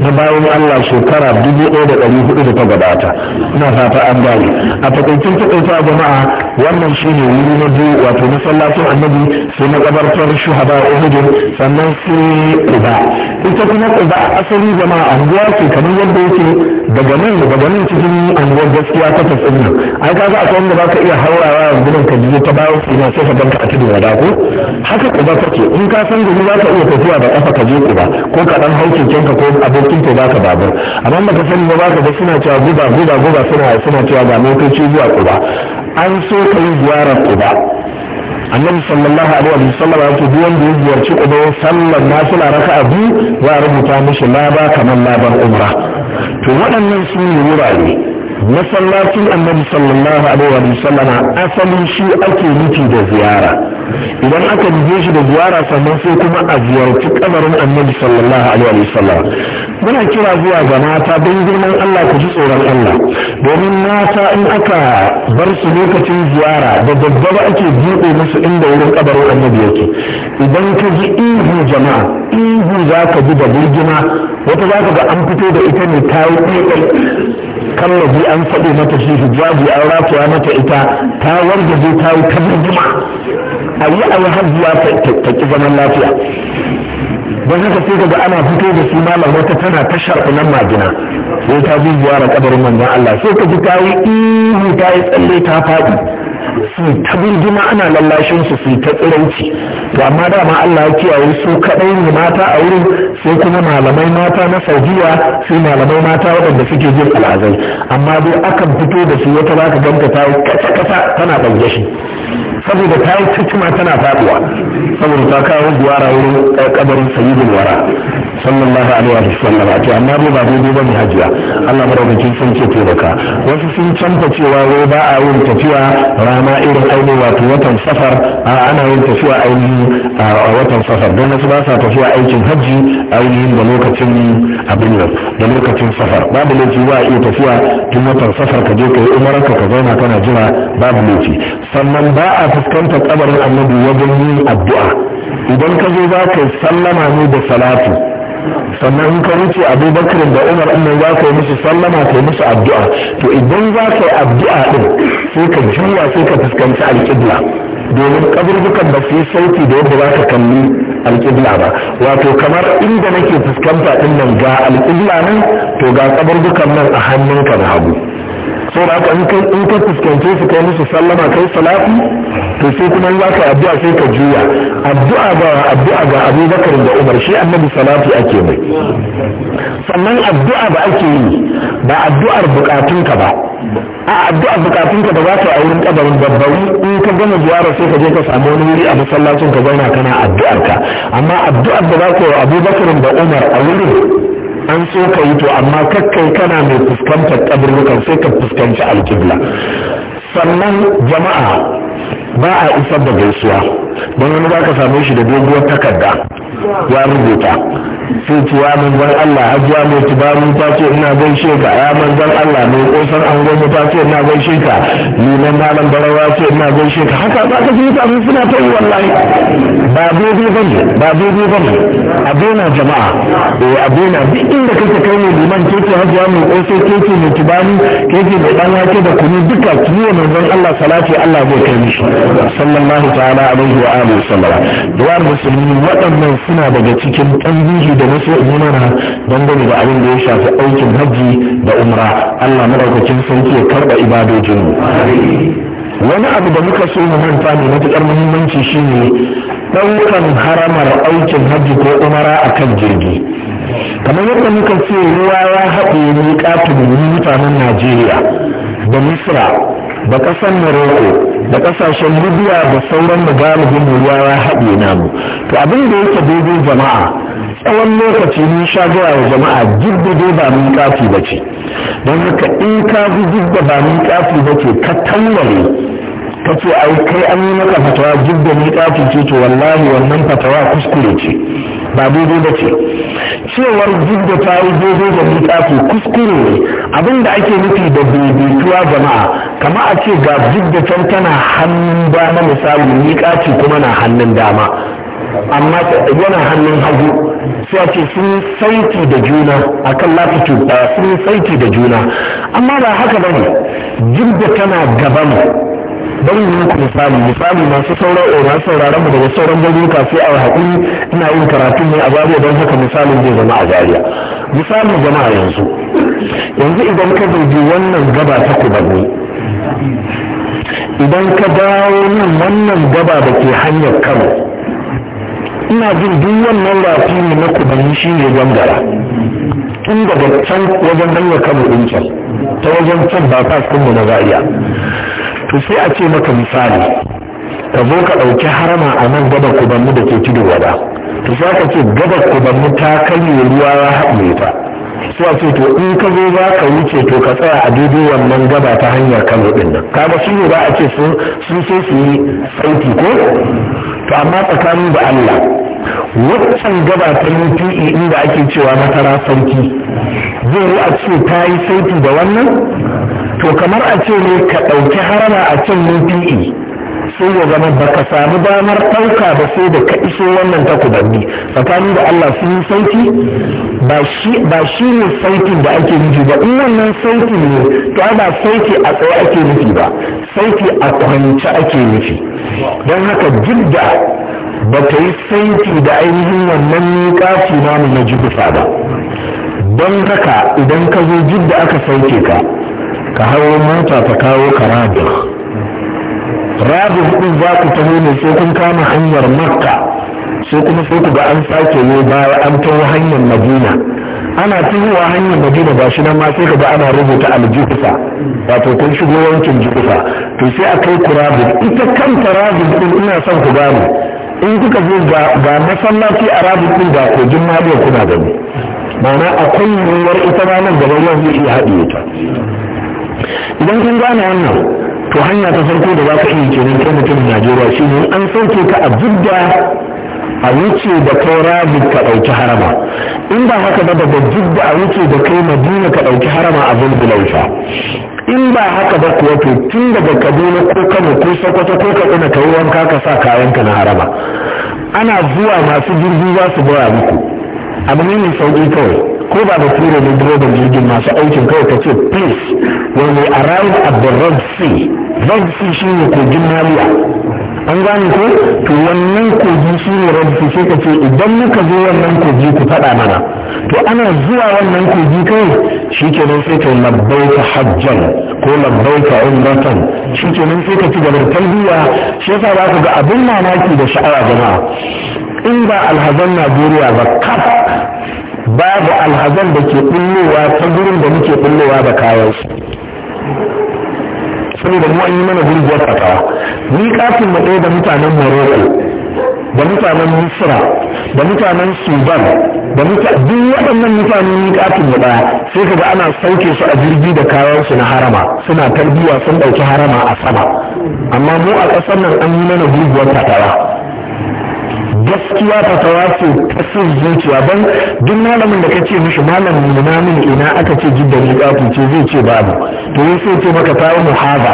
na bayan Allah shekara dubu ɗaya da ɗari hudu da ta gabata ina fata an gane a takaicin takaita jama'a wannan shi ne wuri na biyu wato masallacin annabi sai makabartar shuhada uhudin sannan sai kuba ita kuma kuba asali jama'a anguwa ce kamar yadda yake daga nan daga nan cikin anguwar gaskiya ta tafi nan ai kaga akwai wanda baka iya haurawa yanzu ka biyu ta bayan kuma sai ka ganka a tudun wada ko haka kuma kake in ka san gobe za ka iya tafiya da kafa ka je ku ba ko ka dan hau keken ka ko abokin ka baka babur amma baka sani ba baka ga suna cewa guba guba guba suna suna cewa ga motoci zuwa kuma an so ka yi ziyarar kuma annabi sallallahu alaihi wa sallam ya ce duk wanda ya ziyarci kuma sallar nafila raka'a biyu za a rubuta mishi laba kamar labar umra to waɗannan su ne wurare masallacin annabi sallallahu alaihi wa sallama asalin shi ake nufi da ziyara idan aka nufe shi da ziyara sannan sai kuma a ziyarci kabarin annabi sallallahu alaihi wa sallama muna kira zuwa ga mata don girman Allah ku ji tsoron Allah domin mata in aka bar su lokacin ziyara da daddaba ake buɗe musu inda wurin kabarin annabi yake idan ka ji ihu jama'a ihu za ka ji da birgima wata za ka ga an fito da ita ne ta yi an faɗo mata shi hijabi an rataya mata ita ta wanda zai ta yi kamar jima a yi a wahabiya ta ki zaman lafiya don haka sai daga ana fito da su malam wata tana ta nan magina sai ta bi ziyara kabarin manzon Allah sai ka ji ta yi ihu ta yi tsalle ta faɗi su ta birgima ana lallashin su su ta tsiranci to amma dama Allah ya kiyaye su kadai ne mata a wurin sai kuma malamai mata na Saudiya sai malamai mata waɗanda suke jin al'azai amma dai akan fito da su wata zaka ganta ta kasa kasa tana ɗauke saboda ta yi tana faduwa saboda ta kawo guwara wurin kabarin sayidin wara sallallahu alaihi wa sallam to amma bai ba daidai bane hajiya Allah madaukakin sun ce to daka wasu sun canza cewa wai ba a yin tafiya rana irin aini wato watan safar a ana yin tafiya aini a watan safar don wasu ba sa tafiya aikin hajji ainihin da lokacin abin nan da lokacin safar babu laifi ba a iya tafiya tun watan safar ka je ka yi ka ka zauna kana jira babu laifi sannan ba a fuskantar kabarin annabi wajen yin addu'a idan ka zo za ka yi sallama ne da salatu sannan in ka wuce abubakar da umar nan za ka yi musu sallama ka yi musu addu'a to idan za ka yi addu'a din sai ka juya sai ka fuskanci alƙibla domin kaburbukan ba su yi sauti da yadda za ka kalli alƙibla ba wato kamar inda nake fuskanta din nan ga alƙibla nan to ga kaburbukan nan a hannunka da hagu sai da haka in ka fuskance su kai musu sallama kai salati to sai kuma za ka addu'a sai ka juya addu'a ga addu'a ga Abu Bakar da Umar shi annabi salati ake mai sannan addu'a da ake yi ba addu'ar bukatunka ba a addu'ar bukatunka da za ka a wurin kabarin babbawi in ka gama ziyara sai ka je ka samu wani wuri a masallacin ka zauna kana addu'arka amma addu'ar da za ka yi Abu Bakar da Umar a wurin an so ka yi to amma kakkai kana mai fuskantar kaburbukan sai ka fuskanci alkibla sannan jama'a ba a isar da gaisuwa don wani za ka same shi da doguwar takarda ya rubuta sai ce ya manzan Allah zuwa mai tubaru ta ce ina gaishe ka ya manzan Allah mai kosan angon ta ce ina gaishe ka liman malam barawa ce ina gaishe ka haka za ka ji tafi suna ta yi wallahi ba daidai ba ne ba daidai ba ne a daina jama'a eh a daina duk inda kake kai ne liman keke hajiya mai koso keke mai tubaru keke mai dan wake da kunu duka kiyo manzan Allah salati Allah zai kai mishi sallallahu ta'ala alaihi wa alihi sallama duwar musulmi waɗannan suna daga cikin tambihi da wasu imana dangane da abin da ya shafi aikin hajji da umra Allah madaukakin sarki ya karɓa ibadojin wani abu da muka so mu manta ne matuƙar muhimmanci shine ɗaukan haramar aikin hajji ko umara akan jirgi kamar yadda muka ce ruwa ya haɗe ne ƙatun mutanen najeriya da misra da ƙasar morocco da ƙasashen libya da sauran da galibin mu ya haɗe namu to abin da yake daidai jama'a tsawon lokaci mun sha gaya wa jama'a jirgide ba mun kafi ba ce don haka in ka bi ba mun kafi ba ce ka tangare ka ce ai kai an yi maka fatawa duk da miƙafi ce to wallahi wannan fatawa kuskure ce ba daidai ba ce cewar duk da ta yi daidai da miƙafi kuskure ne abinda da ake nufi da daidaituwa jama'a kama a ce ga duk da can tana hannun na misali miƙafi kuma na hannun dama amma yana hannun hagu sai a ce sun saiti da juna a kan latitude sun saiti da juna amma ba haka ba ne duk tana gaba mu bari yi muku misali misali masu sauran eh, masu sauraron mu daga sauran garuruka kafi a haƙuri ina yin karatu ne a zariya don haka misalin zai zama a zariya misali a yanzu yanzu idan ka zai wannan gaba ta kubanni idan ka dawo nan wannan gaba da ke hanyar kano ina jin duk wannan rafi ne na kubanni shi ne gangara tun daga can wajen hanyar kano ɗin can ta wajen can ba ta kuma na zariya to sai a ce maka misali ka zo ka ɗauki harama a nan gaba kubanmu da ke tudu wada to sai ka ce gaba kubanmu ta kalli ruwa ya haɗe ta sai a ce to in ka zo za ka wuce to ka tsaya a daidai wannan gaba ta hanyar kano ɗin nan kaga shi ne ba a ce sun so su yi sauti ko to amma tsakanin da Allah waccan gaba ta UPE inda ake cewa matara sauki zai yi a ce ta yi sauti da wannan to kamar a ce ne ka ɗauki harama a can UPE sai ya zama ba ka samu damar ɗauka ba sai da ka iso wannan takubanni tsakanin da Allah sun yi sauki ba shi ne saukin da ake nufi ba in wannan sauki ne to ba sauki a tsaye ake nufi ba sauki a kwance ake nufi don haka duk da ba ta yi sauki da ainihin wannan miƙafi namu na jibusa ba don haka idan ka zo jidda aka sauke ka ka hawo mota ta kawo ka rabi rabi hudun za ku taho ne sai kun kama hanyar makka sai kuma sai ku ga an sake ne baya an taho hanyar madina ana tuhuwa hanyar madina ba shi nan ma sai ga ana rubuta aljuhusa wato kun shigo wankin juhusa to sai a kai ku rabi ita kanta rabin din ina son ku gane in kuka zo ga masallaci a rabi ɗin ga kogin maliya kuna gani ma'ana akwai yiwuwar ita ma nan gaba ruwan zai iya haɗiye ta idan kun gane wannan to hanya ta farko da za ka iya kenan kai mutum najeriya shi ne an sauke ka a zubda a wuce da kai ka ɗauki harama in ba haka ba daga zubda a wuce da kai madina ka ɗauki harama a zulbulauta in ba haka ba kuwa to tun daga kaduna ko kano ko sokoto ko katsina ka yi wanka ka sa kayanka na harama ana zuwa masu jirgi za su baya muku abu ne mai sauƙi kawai ko ba da tsere ne direban jirgin masu aikin kawai ta ce please when we arrive at the red sea red sea shine kogin maliya an gane ko to wannan kogi shi ne rabbi sai ka ce idan muka zo wannan kogi ku faɗa mana to ana zuwa wannan kogi kai shi ke nan sai ka ka hajjan ko labbaika umratan shi nan sai ka ci gaba da talbiya shi yasa za ku ga abin mamaki da sha'awa jama'a in ba alhazan najeriya ba kafa babu alhazan da ke bullowa ta gurin da muke bullowa da kayan su saboda mu an yi mana gurguwar fatawa ni kafin mu ɗaya da mutanen morocco da mutanen misra da mutanen sudan da duk waɗannan mutane ni kafin mu ɗaya sai kaga ana sauke su a jirgi da kayan su na harama suna tarbiya sun ɗauki harama a sama amma mu a ƙasar nan an yi mana gurguwar fatawa gaskiya ta ce ta sun zuciya ban duk malamin da kace mishi malam nuna min ina aka ce jidda miƙafi ce zai ce babu to yai sai ce maka tawo muhaba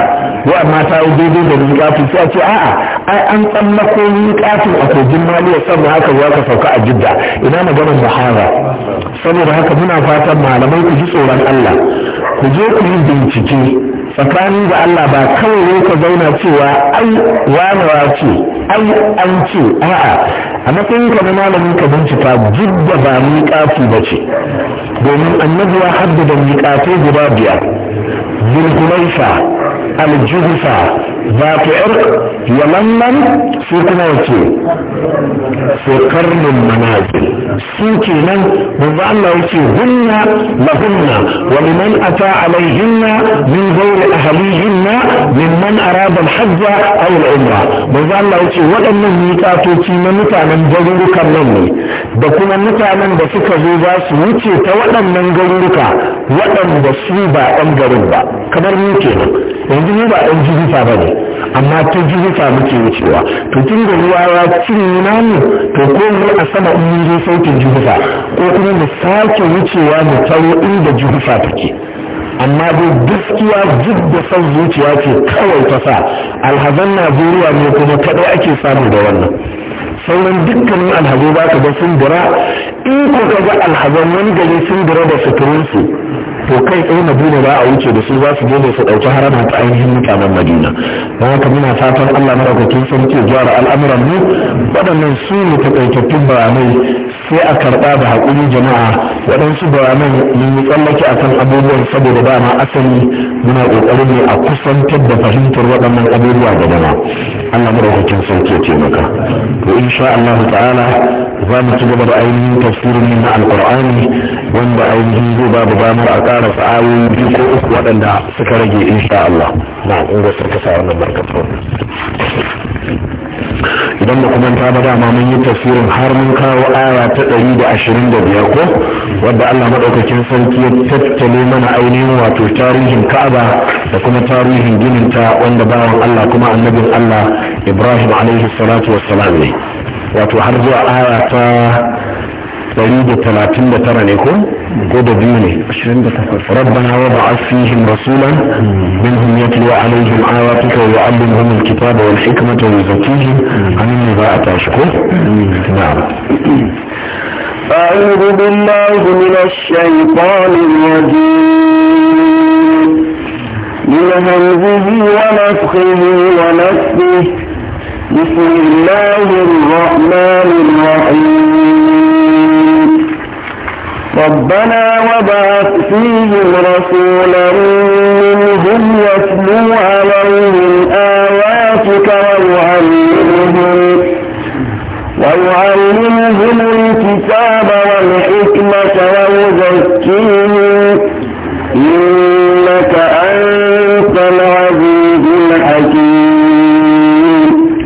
wa amma tawo daidai da miƙafi sai a ce a'a ai an tsallako miƙafin a kogin maliya san haka za ka sauka a jidda ina maganar muhaba saboda haka muna fatan malamai ku ji tsoron Allah ku je ku yi bincike tsakani da Allah ba kawai ne ka zauna cewa ai wanewa ce ai an ce a'a a matsayin ka na malamin ka bincika jidda ba miƙafi ba ce domin annabi ya haddada miƙatai guda biyar zulhulaifa aljuhufa za ta yar yamannan su kuma wace su karnin manazil su kenan manzo Allah yace hunna lahunna wa liman ata alaihinna min ghairi ahlihinna mimman arada al-hajj aw al-umra manzo Allah yace waɗannan miƙatoci na mutanen garurukan nan ne da kuma mutanen da suka zo za su wuce ta waɗannan garuruka waɗanda su ba ɗan garin ba kamar mu kenan yanzu ba ɗan jihifa ba ne amma ta jihifa muke wucewa to tun da ruwa ya cinye namu to ko mu a sama in mun je sautin jihifa ko kuma mu sake wucewa mu taro inda ta take amma dai gaskiya duk da son zuciya ce kawai ta sa alhazan najeriya ne kuma kaɗai ake samu da wannan sauran dukkanin alhazai ba ka ga sun dira in ko ka ga alhazan wani gari sun dira da suturinsu to kai tsaye madina za a wuce da su za su je su ɗauki harama ta ainihin mutanen madina don haka muna fatan allah maɗaukakin sarki gyara al'amuran mu waɗannan su ne taƙaitattun bayanai sai a karɓa da haƙuri jama'a waɗansu bayanan mun yi tsallake akan abubuwan saboda ba ma asali muna ƙoƙarin ne a kusantar da fahimtar waɗannan abubuwa da dama allah maɗaukakin sarki ya taimaka to insha allah ta'ala za mu ci gaba da ainihin tafsirin na alƙur'ani wanda ainihin zai babu damar a karasa ayoyi biyu ko uku waɗanda suka rage insha Allah na wannan barkatu idan da kuma ta bada dama mun yi tafsirin har mun kawo aya ta ɗari da ashirin da biyar ko wadda Allah maɗaukakin sarki ya tattale mana ainihin wato tarihin Ka'aba da kuma tarihin ginin ta wanda bawan Allah kuma annabin Allah Ibrahim alaihi salatu wassalam ne wato har zuwa aya ta 139 ne ko ko da biyu ne rabbana wa ba'ath fihim rasulan minhum yatlu alaihim ayatika wa yu'allimuhum alkitaba wal hikmata wa yuzakkihim amin ne ba a tashi ko na'am أعوذ بالله من الشيطان الرجيم من همزه ونفخه ونفخه بسم الله الرحمن الرحيم ربنا وبعث فيهم رسولا منهم يتلو عليهم آياتك ويعلمهم ويعلمهم الكتاب والحكمة ويزكيهم إنك أنت العزيز الحكيم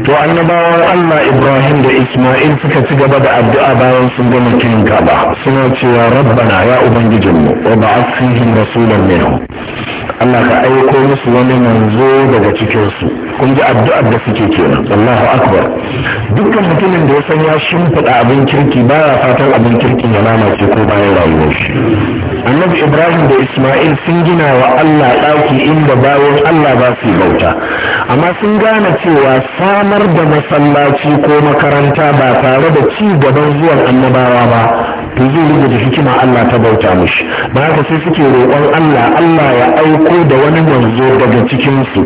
وأنبا الله إبراهيم Ismail suka ci gaba da addu'a bayan sun gama kiran kaba suna cewa Rabbana ya ubangijinmu wa ba'ath fihim rasulan minhum Allah ka aiko musu wani manzo daga cikin su kun ji addu'ar da suke kenan Allahu akbar dukkan mutumin da ya san ya shimfiɗa abin kirki baya fatan abin kirki ya lalace ko bayan rayuwar shi Annabi Ibrahim da Ismail sun gina wa Allah ɗaki inda bayan Allah ba su bauta amma sun gane cewa samar da masallaci ko makaranta ba tare da ci gaban zuwan annabawa ba to zai rubuta hikima Allah ta bauta mushi ba haka sai suke roƙon Allah Allah ya aiko da wani manzo daga cikin su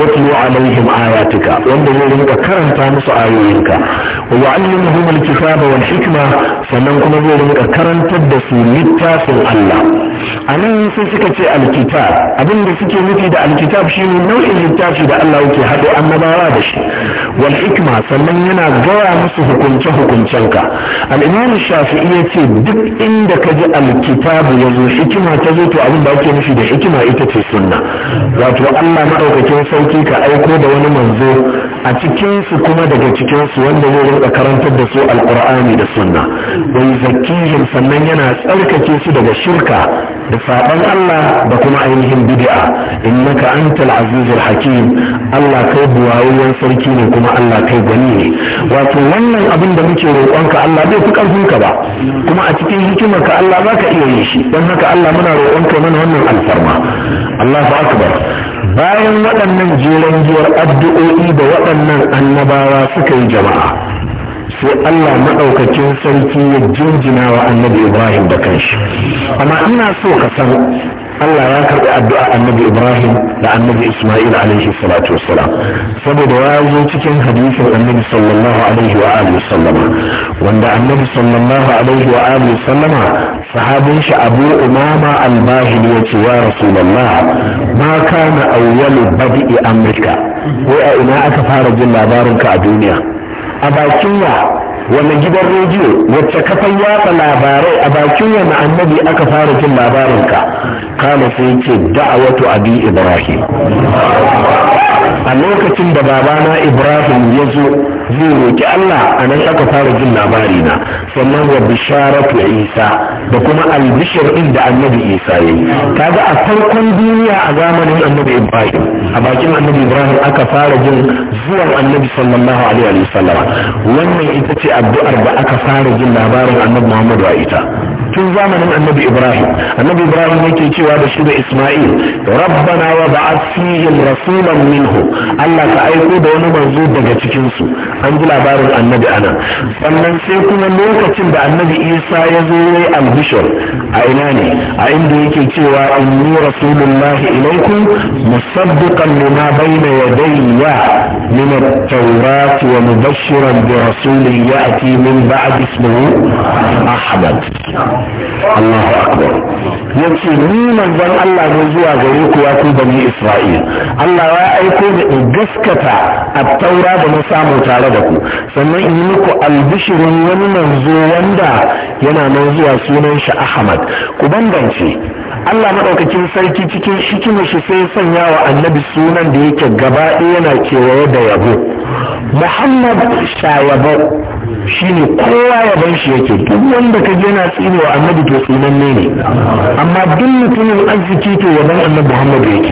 yatlu alaihim ayatika wanda zai rinka karanta musu ayoyinka wa yu'allimuhum alkitaba wal hikma sannan kuma zai rinka karantar da su littafin Allah anan sai suka ce alkitab abin da suke nufi da alkitab shine nau'in littafi da Allah yake haɗo annabawa da shi wal hikma sannan yana gaya musu hukunce hukuncenka al-imam shafi'i ce duk inda ka ji alkitabu ya zo hikima ta zo to abin da ake nufi da hikima ita ce sunna wato allah maɗaukakin sauki ka aiko da wani manzo a cikinsu kuma daga cikinsu wanda zai rinka karantar da su alkur'ani da sunna wai zakihim sannan yana tsarkake su daga shirka da saɓan allah da kuma ainihin bid'a innaka antal azizul hakim allah kai buwayayyen sarki ne kuma allah kai gwani ne wato wannan abin da muke roƙonka allah bai fi ƙarfinka ba kuma a cikin hikimar ka Allah za ka iya yin shi don haka Allah muna roƙon ka mana wannan alfarma Allahu akbar bayan waɗannan jeren giyar addu'o'i da waɗannan annabawa suka yi jama'a sai Allah maɗaukakin sarki ya jinjina wa annabi Ibrahim da kanshi amma ina so ka san Allah ya karɓi addu'a annabi Ibrahim da annabi Ismail alaihi salatu wassalam saboda ya zo cikin hadisin annabi sallallahu alaihi wa alihi sallama wanda annabi sallallahu alaihi wa alihi sallama sahabin shi Abu Umama al-Bahili yace ya Rasulullah ma kana awwalu bad'i amrika wai a ina aka fara jin labarin ka a duniya a bakin wa wani gidan rediyo wacce kafan yatsa labarai a bakin wani annabi aka fara jin labarinka kama sai ce da'awatu abi ibrahim a lokacin da babana ibrahim ya zo zai roki allah a nan aka fara jin labari na sannan wa bisharatu isa da kuma albishir din da annabi isa ya yi kaga a farkon duniya a zamanin annabi ibrahim a bakin annabi ibrahim aka fara jin zuwan annabi sallallahu alaihi wa sallama wannan ita ce addu'ar da aka fara jin labarin annabi muhammadu a ita tun zamanin annabi ibrahim annabi ibrahim yake cewa da shi da isma'il rabbana wa ba'ath fihim rasulan minhu allah ka aiko da wani manzo daga cikin su an ji labarin annabi ana sannan sai kuma lokacin da annabi isa ya zo yayi albishir a ina ne a inda yake cewa inni rasulullahi ilaikum musaddiq مصدقا لما بين يدي من التوراة ومبشرا برسول يأتي من بعد اسمه احمد الله اكبر يمشي مين من الله نزوى غيرك ياكو بني اسرائيل الله رأيكو بقسكة التوراة بمساء متعرضكو سنة انكو البشر ومن زوى يندى ينا نزوى سنة احمد كبندنشي Allah maɗaukakin sarki cikin hikimar shi sai sanya wa annabi sunan da yake gaba ɗaya yana kewaye da yabo Muhammad shayabo shine kowa ya ban shi yake duk wanda ka yana tsine wa annabi to sunan ne amma duk mutumin arziki to ya ban annabi muhammad yake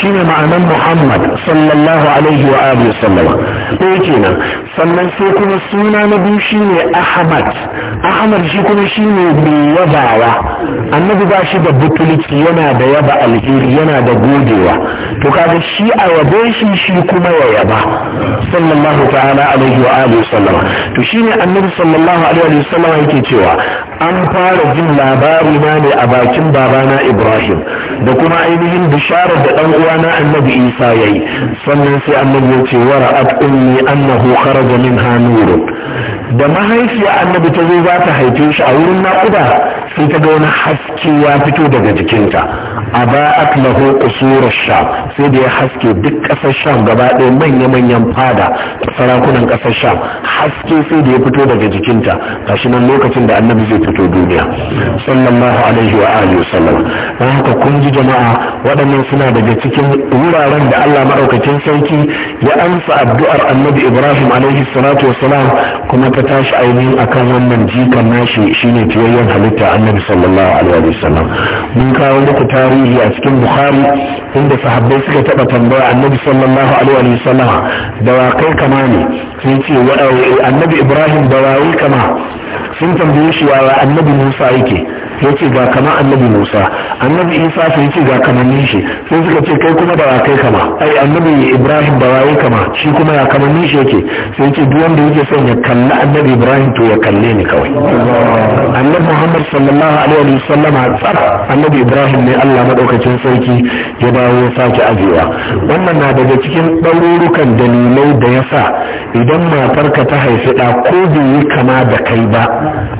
shine ma'anan muhammad sallallahu alaihi wa alihi sallama ko nan sannan sai kuma suna na biyu shine ahmad ahmad shi kuma shine mai yabawa annabi ba shi da butulci yana da yaba alheri yana da godewa to kaga shi a yabe shi shi kuma ya yaba sallallahu ta'ala alaihi wa alihi sallama to shi shine annabi sallallahu alaihi wasallam yake cewa an fara jin labari na ne a bakin babana Ibrahim da kuma ainihin bisharar da dan uwana annabi Isa yayi sannan sai annabi ya ce wara'at ummi annahu kharaja minha ru. da mahaifiya annabi ta zo za ta haife shi a wurin naƙuda sai ta ga wani haske ya fito daga jikinta a ba aklahu kusurar sham sai da ya haske duk ƙasar sham gaba ɗaya manya-manyan fada sarakunan ƙasar sham haske sai da ya fito daga jikinta gashi nan lokacin da annabi zai fito duniya sallallahu alaihi wa alihi wasallam don haka kun ji jama'a waɗannan suna daga cikin wuraren da Allah maɗaukakin sarki ya amsa addu'ar annabi Ibrahim alaihi salatu wasalam kuma ta tashi ainihin akan wannan jikan nashi shine fiyayyen halitta annabi sallallahu alaihi wasallam mun kawo muku tarihi a cikin Bukhari inda sahabbai suka taɓa tambaya annabi sallallahu alaihi wasallam da wa kai kama ne sai ce eh, annabi Ibrahim ibrahim da waye kama sun tambaye shi yaya annabi musa yake ya ce ga kama annabi musa annabi isa sai ce ga kamannin shi sai suka ce kai kuma da wa kai kama ai annabi ibrahim da waye kama shi kuma ya kamannin shi yake sai ce duk wanda yake son ya kalli annabi ibrahim to ya kalle ni kawai annabi muhammad sallallahu alaihi wa sallama tsar annabi ibrahim ne allah madaukakin sarki ya dawo ya sake ajewa wannan na daga cikin ɗarurukan dalilai da ya sa idan matarka ta haifi ɗa ko bai yi kama da kai ba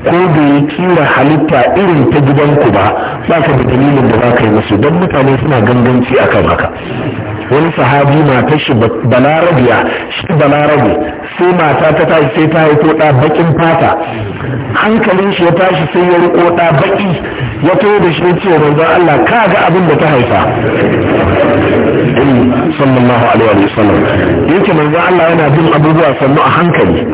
ko bai yi kira halitta irin ta gidanku ba ba ka da dalilin da za ka yi musu don mutane suna ganganci kan haka wani sahabi mata shi balarabiya shi Balarabi sai mata ta tashi sai ta haifo ɗa bakin fata hankalin shi ya tashi sai ya riko ɗa baki ya to da shi ce manzo Allah ka ga abin da ta haifa sallallahu alaihi wa sallam yake manzo Allah yana bin abubuwa sannu a hankali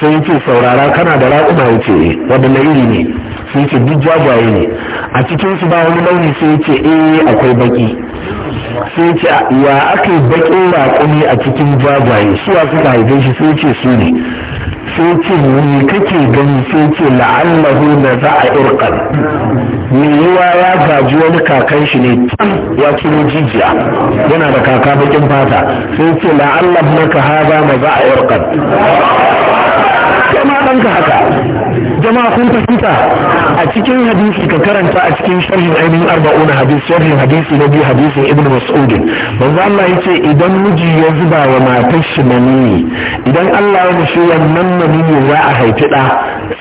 sai yace saurara kana da raƙuma yace wadanne iri ne sai ce duk jagwaye ne a cikin su ba wani launi sai ce eh akwai baki sai ce ya aka yi bakin raƙumi a cikin jagwaye suwa suka haife shi sai ce su ne sai ce ni kake gani sai ce la'allahu na za a irkan me yiwa ya gaji wani kakan shi ne can ya kiro jijiya yana da kaka bakin fata sai ce la'allahu ka haza na za a irkan kai ma ɗanka haka jama'a kun fahimta a cikin hadisi ka karanta a cikin sharhin ainihin arba'una hadis sharhin hadisi na biyu hadisin ibn mas'ud manzo Allah ce idan miji ya zuba wa matar shi maniyi idan Allah ya nufi wannan maniyi za a haifi ɗa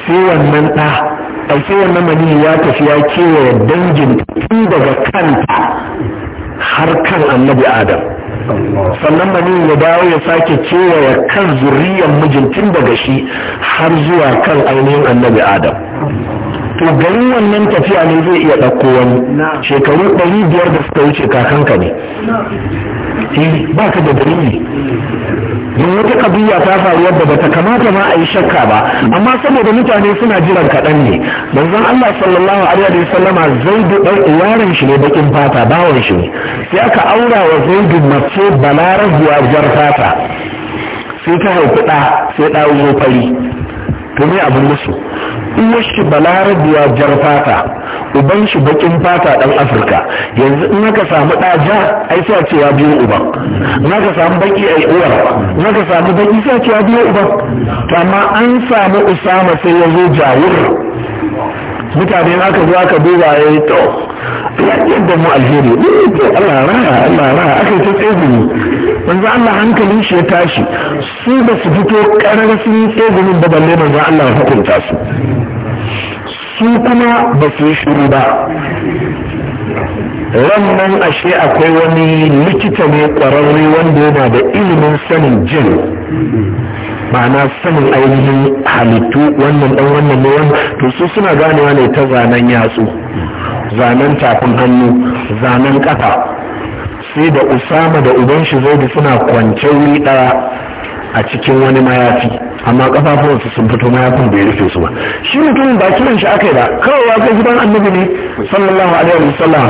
sai wannan ɗa sai wannan maniyi ya tafi ya kewaye dangin tun daga kanta har kan annabi adam sannan mani ya dawo ya sake kewaya kan zuriyar mijin tun daga shi har zuwa kan ainihin annabi adam to garin wannan tafiya ne zai iya ɗauko wani shekaru ɗari biyar da suka wuce kakanka ne eh, ba ka da dalili don wata kabiya ta faru wadda bata kamata ma a yi shakka ba amma saboda mutane suna jiran kaɗan ne manzon Allah sallallahu alaihi sallama zaidu ɗan yaron shi ne bakin fata bawan shi ne sai aka aura wa zaidu mace balarabuwa jar fata sai ta haifi ɗa sai ɗa zo fari to me abin musu in shi balarabiya jar fata uban shi bakin fata dan afirka yanzu in aka samu daja ai sai a ce ya biyo uban in aka samu baki ai uwar in aka samu baki sai a ce ya biyo uban to amma an samu usama sai ya zo jawur mutane aka zo aka duba ya yi to yadda mu alheri to Allah raha Allah raha aka ta tsegumi manzo Allah hankalin shi ya tashi su ba su fito karar sun yi tsegumin da balle manzo Allah ya hukunta su su kuma ba su yi shiru ba wannan ashe akwai wani likita ne kwararre wanda yana da ilimin sanin jin ma'ana sanin ainihin halittu wannan dan wannan ne to su suna ganewa ne ta zanen yatsu zanen tafin hannu zanen ƙafa sai da usama da uban shi zai suna kwance wuri ɗaya a cikin wani mayafi amma ƙafafuwansu sun fito mayafin bai rufe su ba shi mutumin ba kiran shi aka yi ba kawai ya kai gidan annabi ne sallallahu alaihi wa sallam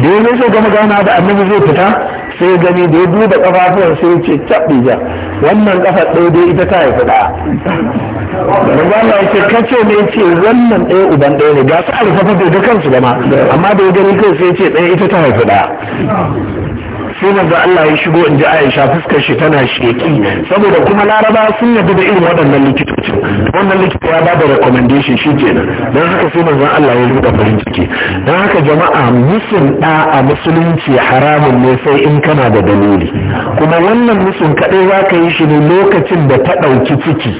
da ya zai gama gana da annabi zai fita sai ya gani da ya duba ƙafafuwan sai ya ce tabbi ja wannan kafa ɗaya dai ita ta haifi ɗaya manzo Allah yake kace ne ce wannan ɗaya uban ɗaya ne ga su alfafa bai da kansu ba ma amma da ya gani kai sai yace ɗaya ita ta haifi ɗaya sai manzo Allah ya shigo in ji Aisha fuskar shi tana sheki saboda kuma Laraba sun yadda da irin waɗannan likitoci wannan likita ya bada recommendation shi kenan don haka sai manzo Allah ya rubuta farin ciki don haka jama'a musun da a musulunci haramun ne sai in kana da dalili kuma wannan musun kaɗai za ka yi shi ne lokacin da ta ɗauki ciki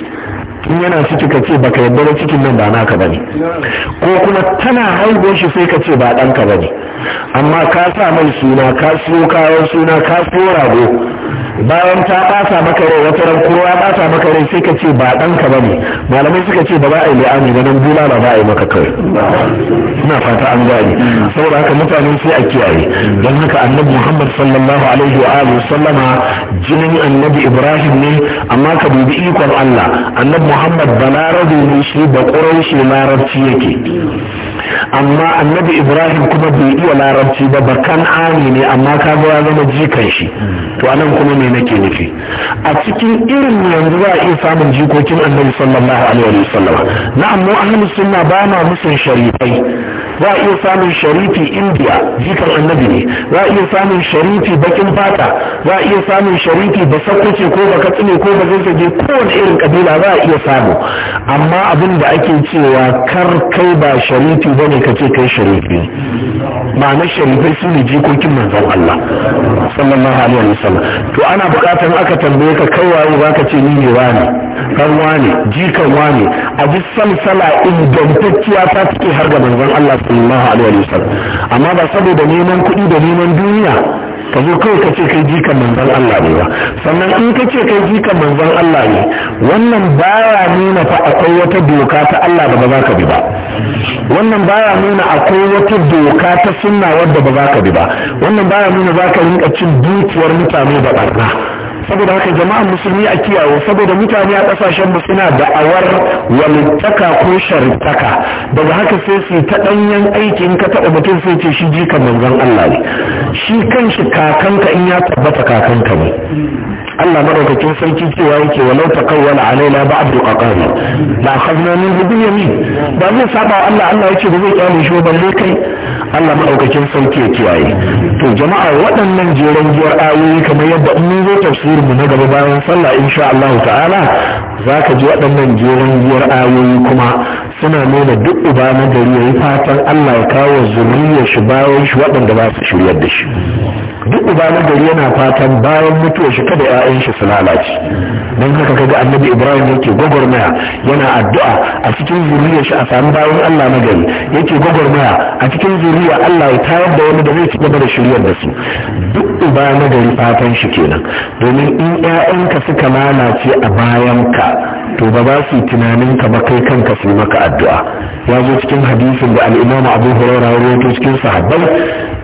in yana ciki ka ce baka yarda da cikin nan ba naka bane ko kuma tana haihuwar shi sai ka ce ba ɗanka bane amma ka sa mai suna ka siyo kayan suna ka siyo rago bayan ta ɓata maka rai wata ran kowa ɓata maka rai sai ka ce ba ɗanka ba ne malamai suka ce ba za a yi li'ani ba nan bula ba za a yi maka kawai ina fata an gane saboda haka mutane sai a kiyaye don haka annabi muhammad sallallahu alaihi wa alihi sallama jinin annabi ibrahim ne amma ka dubi ikon allah annabi muhammad balarabe ne shi da ƙuraishi larabci yake amma annabi ibrahim kuma bai iya larabci ba bakan ani ne amma ka ya zama jikan shi to anan kuma ne nake nufi a cikin irin yanzu za a iya samun jikokin annabi sallallahu alaihi wa na amma ahlus sunna ba ma musun sharifai za a iya samun sharifi indiya jikan annabi ne za a iya samun sharifi bakin fata za a iya samun sharifi ba sakwace ko ba katsine ko ba zazzage kowane irin kabila za a iya samu amma abin da ake cewa kar kai ba sharifi ba ne kace kai sharifi ma'anar sharifai su ne jikokin manzon Allah sallallahu alaihi wasallam to ana bukatar aka tambaye ka kai waye ba ka ce ni ne wani kan wani jikan wani a duk salsala ingantacciya ta take har ga manzon Allah sallallahu alaihi wasallam amma ba saboda neman kuɗi da neman duniya ka zo kawai ka ce kai jikan manzon Allah ne ba sannan in ka ce kai jikan manzon Allah ne wannan baya nuna fa akwai wata doka ta Allah da ba za ka bi ba wannan baya nuna akwai wata doka ta sunna wadda ba za ka bi ba wannan baya nuna za ka rinka cin dukiyar mutane da barna saboda haka jama'an musulmi a kiyaye saboda mutane a kasashen mu suna da'awar walittaka ko sharittaka daga haka sai su ta danyen aikin ka taɓa mutum sai ce shi jikan manzon Allah ne shi kanshi kakanka in ya tabbata kakanka ne Allah madaukakin sarki cewa yake walau takawwala alaina ba'du aqali la akhadna minhu bil yamin ba zai saba Allah Allah yace ba zai kyale shi balle kai Allah madaukakin sarki ya kiyaye to jama'a waɗannan jeran giyar ayoyi kamar yadda mun zo tafsiri mu na gaba bayan sallah insha Allah ta'ala za ka ji waɗannan jerin biyar ayoyi kuma suna nuna duk uba na gari ya yi fatan Allah ya kawo zuriyar shi bayan shi waɗanda ba su shiryar da shi duk uba na gari yana fatan bayan mutuwar shi kada ƴaƴan shi su lalace don haka kaga annabi ibrahim yake gwagwarmaya yana addu'a a cikin zuriyar shi a sami bayan allah na gari yake gwagwarmaya a cikin zuriya allah ya tayar da wani da zai ci gaba da shiryar da su duk uba na gari fatan shi kenan domin in ƴaƴanka suka lalace a bayan ka to ba za su tunanin ka ba kai kanka su maka addu'a ya zo cikin hadisin da al abu hurairah ya rawaito cikin sahabbai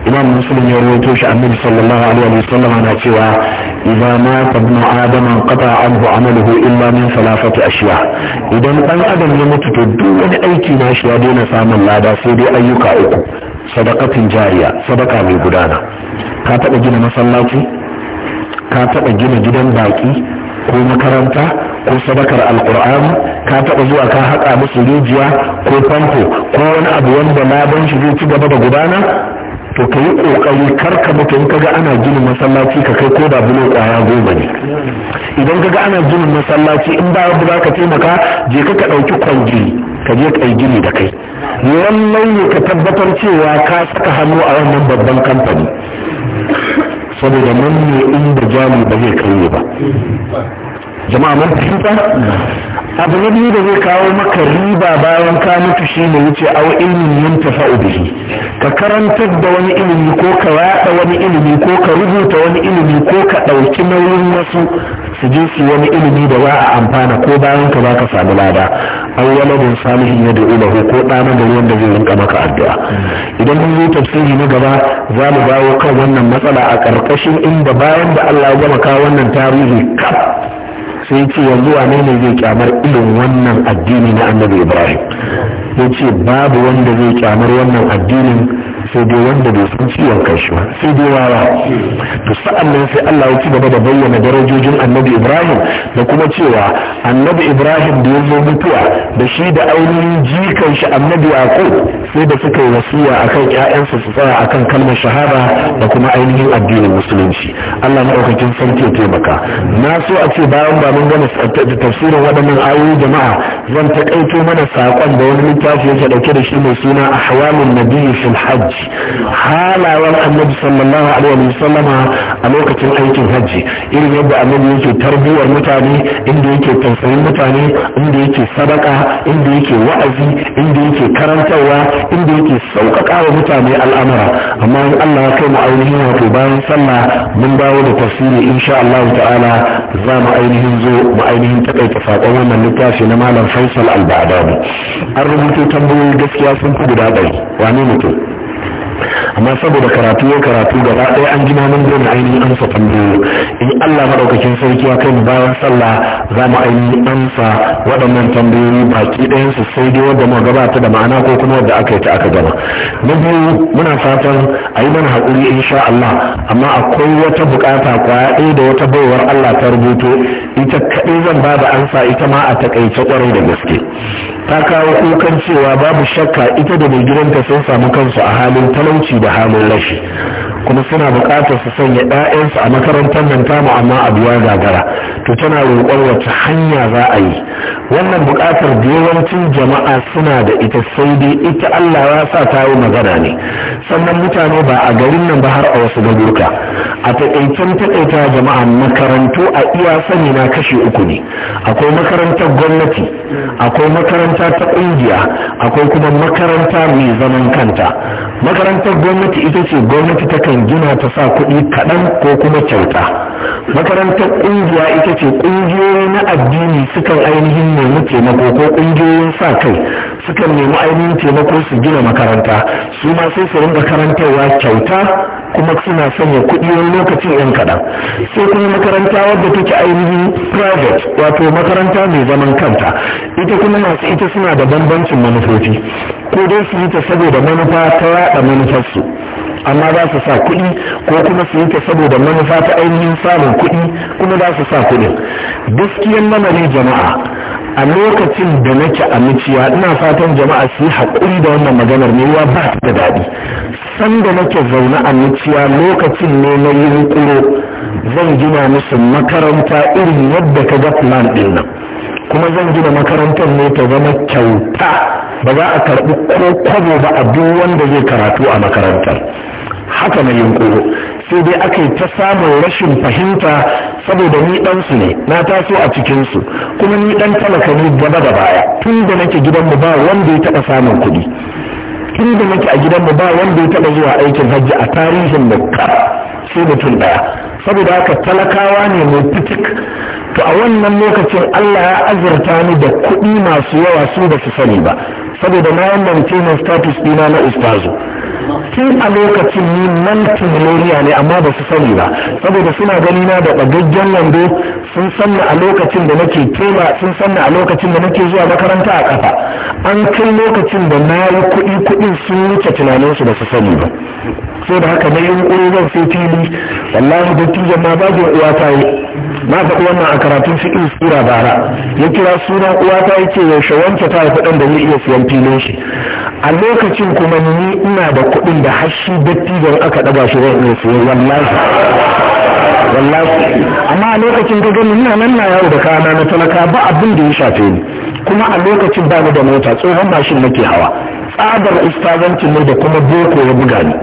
imam muslim ya rawaito shi annabi sallallahu alaihi wa sallam na cewa idza mata ibn adam qata anhu amaluhu illa min salafati ashiya idan dan adam ya mutu to duk wani aiki na shi ya daina samun lada sai dai ayyuka uku sadaqatin jariya sadaka mai gudana ka taba gina masallaci ka taba gina gidan baki ko makaranta ko sadakar alkur'ani ka taɓa zuwa ka haƙa musu rijiya ko famfo ko wani abu wanda laban shi zai ci gaba da gudana to ka yi ƙoƙari kar ka mutu in kaga ana ginin masallaci ka kai ko da bulo ƙwaya goma ne idan kaga ana ginin masallaci in ba za ka taimaka je ka ka ɗauki kwangi ka je ka yi gini da kai lallai ne ka tabbatar cewa ka saka hannu a wannan babban kamfani saboda nan ne inda jami ba zai kai ba jama'a mun fahimta abu ne biyu da zai kawo maka riba bayan ka mutu shi ne wuce aw ilmin yantafa bihi ka karantar da wani ilimi ko ka yaɗa wani ilimi ko ka rubuta wani ilimi ko ka ɗauki nauyin wasu su je su wani ilimi da za a amfana ko bayan ka za ka samu lada an waladin salihin ya da ulahu ko ɗana da ruwan da zai rinka maka addu'a idan mun yi tafsiri na gaba za mu dawo kan wannan matsala a ƙarƙashin inda bayan da Allah ya gama kawo wannan tarihi kaf sai ce yanzu wane ne zai kyamar irin wannan addini na annabi ibrahim ya ce babu wanda zai kyamar wannan addinin sai dai wanda bai san ciwon shi ba sai dai wawa to sa'an nan sai Allah ya ci gaba da bayyana darajojin annabi Ibrahim da kuma cewa annabi Ibrahim da ya zo mutuwa da shi da ainihin jikan shi annabi Yaqub sai da suka yi wasiya akan ƴaƴansu su tsaya akan kalmar shahada da kuma ainihin addinin musulunci Allah madaukakin sarki ya taimaka na so a ce bayan ba mun gama tafsirin waɗannan ayoyi jama'a zan taƙaito mana saƙon da wani littafi yake ɗauke da shi mai suna ahwalun nabiyyi fil hajj halawar annabi sallallahu alaihi wa a lokacin aikin hajji irin yadda annabi yake tarbuwar mutane inda yake tausayin mutane inda yake sadaka inda yake wa'azi inda yake karantarwa inda yake sauƙaƙa wa mutane al'amura amma in Allah ya kai mu ainihin wato bayan sallah mun dawo da tafsiri insha Allah ta'ala za mu ainihin zo mu ainihin taƙaita saƙon wannan littafi na malam Faisal Al-Ba'dawi an rubuto tambayoyi gaskiya sun fi guda ɗari wane mutum amma saboda karatu ya karatu gaba ɗaya an jima mun gona ainihin amsa tambayoyi in Allah maɗaukakin sarki ya kai mu bayan sallah za mu ainihin amsa waɗannan tambayoyi baki ɗayansu sai dai wadda mu gabata da ma'ana ko kuma wadda aka yi ta aka gama na biyu muna fatan a yi mana haƙuri sha Allah amma akwai wata buƙata kwaya ɗaya da wata baiwar Allah ta rubuto ita kaɗai zan ba da ansa ita ma a taƙaice ƙwarai da gaske ta kawo kukan cewa babu shakka ita da mai gidanta sun samu kansu a halin talauci da halin rashi kuma suna buƙatar su sanya ɗayansu a makarantar nan tamu amma a biya gagara to tana roƙon wacce hanya za a yi wannan buƙatar da yawancin jama'a suna da ita sai dai ita Allah ya sa ta yi magana ne sannan mutane ba a garin nan ba har a wasu gaburka a taƙaicen taƙaita jama'a makarantu a iya sani na kashe uku ne akwai makarantar gwamnati akwai makarantar makaranta ta ƙungiya akwai kuma makaranta mai zaman kanta makarantar gwamnati ita ce gwamnati ta kan gina ta sa kuɗi kaɗan ko kuma kyauta makarantar ƙungiya ita ce ƙungiyoyi na addini sukan ainihin nemi taimako ko ƙungiyoyin sa kai sukan nemi ainihin taimako su gina makaranta su ma sai su rinka karantarwa kyauta kuma suna sanya kuɗi wani lokacin yan kaɗan sai kuma makaranta wadda take ainihin private wato makaranta mai zaman kanta ita kuma masu ita suna da bambancin manufofi ko dai su yi ta saboda manufa ta yada manufarsu amma za su sa kuɗi ko kuma su yi ta saboda manufa ta ainihin samun kuɗi kuma za su sa kuɗi. gaskiyar lamarin jama'a a lokacin da nake a ina fatan jama'a su yi haƙuri da wannan maganar ne ruwa ba da daɗi sanda nake zaune a lokacin ne na yi hukuro zan gina musu makaranta irin yadda ka ga plan ɗin nan kuma zan gina makarantar ne ta zama kyauta ba za a karɓi ko kwabo ba a duk wanda zai karatu a makarantar haka na yunkuro sai dai aka yi ta samun rashin fahimta saboda ni ɗansu ne na taso a cikinsu kuma ni ɗan talaka ne gaba da baya tun da nake gidanmu ba wanda ya taɓa samun kuɗi tun da nake a gidanmu ba wanda ya taɓa zuwa aikin hajji a tarihin da sai mutum ɗaya saboda haka talakawa ne mai fitik to a wannan lokacin Allah ya azurta ni da kuɗi masu yawa su ba su sani ba saboda na yi maintenance status dina na ustazu Tun a lokacin ni multimilliya ne amma ba su sani ba saboda suna gani na da bagaggen wando sun sanna a lokacin da nake kema sun sanna a lokacin da nake zuwa makaranta a kafa an kai lokacin da na yi kuɗi kuɗi sun wuce tunaninsu ba su sani ba sai da haka na yunkuri zan sai fili wallahi dattijan ma ba zai uwa ta yi na faɗi wannan a karatun in sura bara ya kira sunan uwa ta yake yaushe wanke ta haifi ɗan da zai iya siyan filin shi a lokacin kuma ni ina da kuɗi kuɗin da hashi aka ɗaba shi zan iya siyo wallahi wallahi amma a lokacin ka gani ina nan na yawo da kana na talaka ba abin da ya shafe ni kuma a lokacin ba ni da mota tsohon mashin nake hawa tsabar ustazancin ne da kuma boko ya buga ni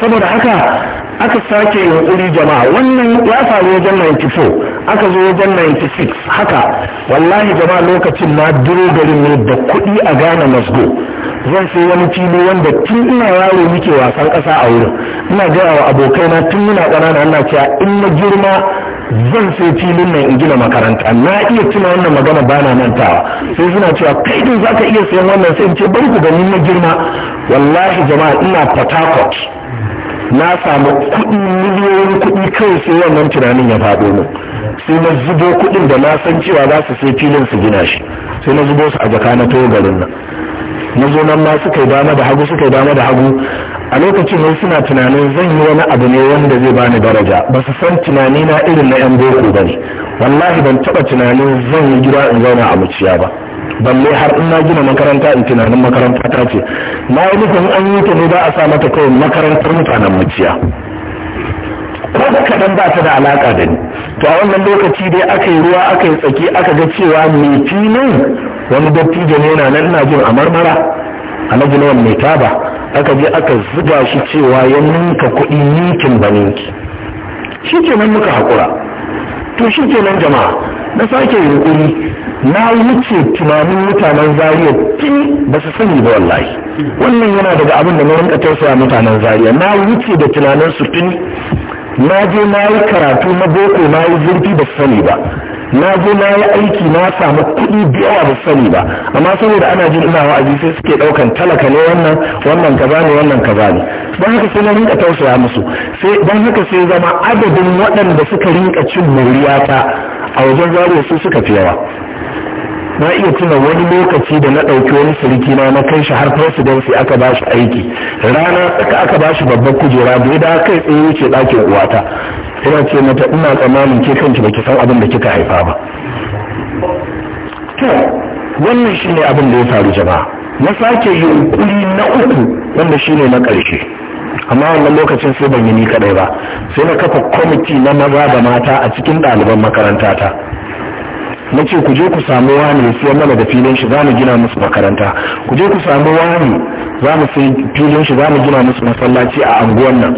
saboda haka aka sake yunkuri jama'a wannan ya faru wajen 94 aka zo wajen 96 haka wallahi jama'a lokacin na duro garin ne da kuɗi a gane masgo zan sai wani fili wanda tun ina yaro muke wasan ƙasa a wurin ina gaya wa abokaina tun muna ƙanana ana cewa in na girma zan sai filin nan in gina makaranta na iya tuna wannan magana bana mantawa sai suna cewa kai din zaka iya sayan wannan sai in ce bari ku da na girma wallahi jama'a ina port na samu kuɗi miliyoyin kuɗi kawai sai wannan tunanin ya faɗo mu sai na zubo kuɗin da na san cewa za su sai filin su gina shi sai na zubo su a jaka na toyo garin nan na zo nan ma suka yi dama da hagu suka yi dama da hagu a lokacin ne suna tunanin zan yi wani abu ne wanda zai bani daraja ba su san tunani na irin na yan boko ba ne wallahi ban taɓa tunanin zan yi gida in zauna a muciya ba balle har in na gina makaranta in tunanin makaranta ta ce na yi nufin an yi ta ne za a sa mata kawai makarantar mutanen muciya ko kaɗan ba ta da alaƙa da ni to a wannan lokaci dai aka yi ruwa aka yi tsaki aka ga cewa mai filin wani dattijo ne yana nan ina jin a marmara a najinawan mai taba aka je aka zuga shi cewa ya ninka kuɗi ninkin ba ninki shi kenan muka haƙura to shi kenan jama'a na sake yunƙuri na wuce tunanin mutanen zariya tun ba su sani ba wallahi wannan yana daga abin da na rinka tausaya mutanen zariya na wuce da tunanin su tun na je na yi karatu na boko na yi zurfi ba su sani ba na je na yi aiki na samu kuɗi da yawa ba sani ba amma saboda ana jin ina wa'azi sai suke ɗaukan talaka ne wannan wannan kaza ne wannan kaza ne don haka sai na rinka tausaya musu sai don haka sai zama adadin waɗanda suka rinka cin moriya ta a wajen zariya su suka fi yawa na iya tuna wani lokaci da na ɗauki wani siriki na na kai shi har presidency aka ba shi aiki rana aka aka ba shi babbar kujera ya da kai tsaye wuce ɗakin ta, ina ce mata ina tsammanin ke kanki baki san abin da kika haifa ba to wannan shine abin da ya faru jama'a na sake yunkuri na uku wanda shine na ƙarshe amma wannan lokacin sai ban yi ni kadai ba sai na kafa kwamiti na maza da mata a cikin ɗaliban makarantata. na ce ku je ku samu wani ya siya mana da filin shi za mu gina musu makaranta ku je ku samu wani za mu sai filin shi za mu gina musu masallaci a anguwan nan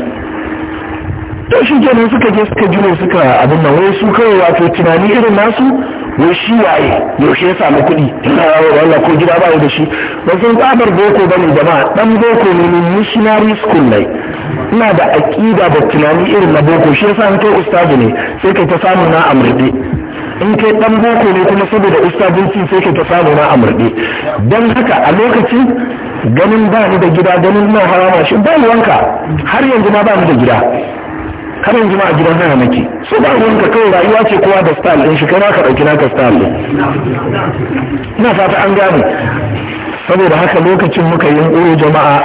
don shi kenan suka je suka jure suka abin nan wai su kawai wato tunani irin nasu wai shi waye yaushe ya samu kuɗi ina yawo da Allah ko gida ba da shi ba sun tsabar boko ba ne jama'a dan boko ne ne missionary school ne ina da aƙida da tunani irin na boko shi ya an kai ustazu ne sai kai ta samu na amurde in kai dan boko ne kuma saboda ustazanci sai kai ta samu na amurde Don haka a lokacin ganin ba ni da gida ganin na harama. shi ba wanka har yanzu na ba ni da gida har yanzu ma a gidan haya nake so ba wanka kawai rayuwa ce kowa da style din shi kai na ka na ka style din ina fata an gane saboda haka lokacin muka yi jama'a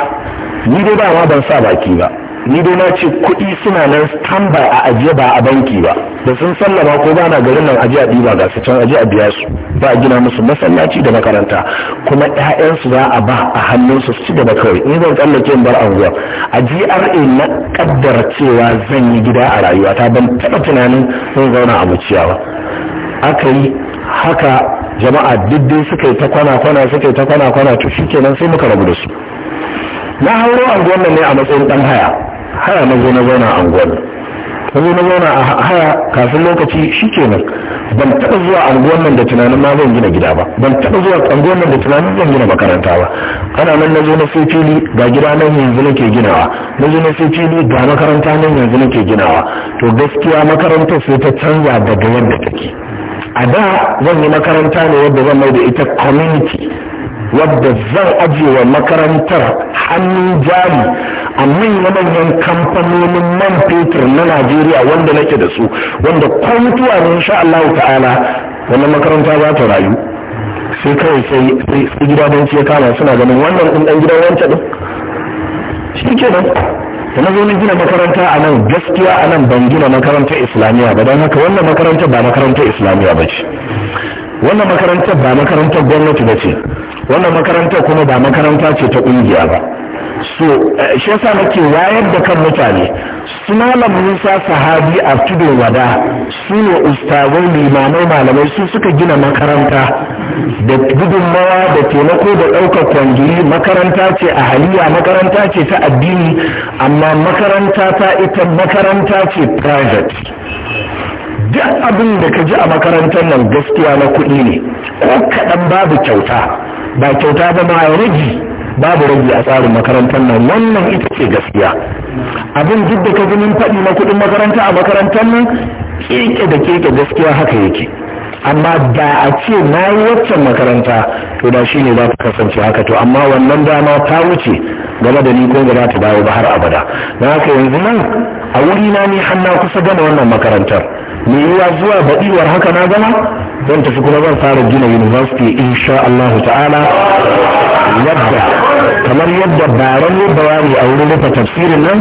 ni dai ba ma ban sa baki ba ni dai na ce kuɗi suna nan tamba a ajiye ba a banki ba da sun sallama ko ba na garin nan ajiye a ɗiba ga su can ajiye biya su ba a gina musu masallaci da makaranta kuma ƴaƴansu za a ba a hannunsu su ci gaba kawai ni zan tsallake in bar anguwa a GRA na kaddara cewa zan yi gida a rayuwata ban taɓa tunanin zan zauna a muciya ba aka yi haka jama'a diddin suka yi ta kwana-kwana suka yi ta kwana-kwana to shi kenan sai muka rabu da su na hauro anguwan nan ne a matsayin ɗan haya haya na zo na zauna a anguwar na zo na zauna a haya kafin lokaci shi kenan ban taɓa zuwa anguwar nan da tunanin ma zan gina gida ba ban taɓa zuwa anguwar nan da tunanin zan gina makaranta ba ana nan na zo na sai fili ga gida nan yanzu nake ginawa na zo na sai fili ga makaranta nan yanzu nake ginawa to gaskiya makarantar sai ta canza daga yadda take a da zan yi makaranta ne yadda zan mai da ita community wadda zan ajiye wa makarantar hannun jari a manya-manyan kamfanonin man fetur na najeriya wanda nake da su wanda ko mutuwa ne insha allahu ta'ala wannan makaranta za ta rayu sai kawai sai sai gida don ya kama suna ganin wannan din dan gida wancan din shi nan? da na zo ni gina makaranta a nan gaskiya a nan ban gina makarantar islamiyya ba don haka wannan makarantar ba makarantar islamiyya ba ce wannan makarantar ba makarantar gwamnati ba ce wannan makarantar kuma ba makaranta ce ta ƙungiya ba so eh, shi yasa nake wayar da kan mutane su malam musa sahabi a wada su ne ustazai limamai malamai su suka gina makaranta da gudunmawa da taimako da ɗaukar kwangiri makaranta ce a haliya makaranta ce ta addini amma makaranta ta ita makaranta ce private duk abin da ka ji a makarantar nan gaskiya na kuɗi ne ko kaɗan babu kyauta ba kyauta ba ma ragi babu ragi a tsarin makarantar nan wannan ita ce gaskiya abin duk da ka ganin faɗi na kuɗin makaranta a makarantar nan keke da keke gaskiya haka yake amma da a ce na yi waccan makaranta to da shi ne za ta kasance haka to amma wannan dama ta wuce game da ni ko ba za ta dawo ba har abada na haka yanzu nan a wuri na ni har kusa gama wannan makarantar yi wa zuwa baɗiwar haka na zama zan tafi kuma zan fara gina university insha Allah ta'ala yadda kamar yadda baran yi bayani a wurin rufe tafsirin nan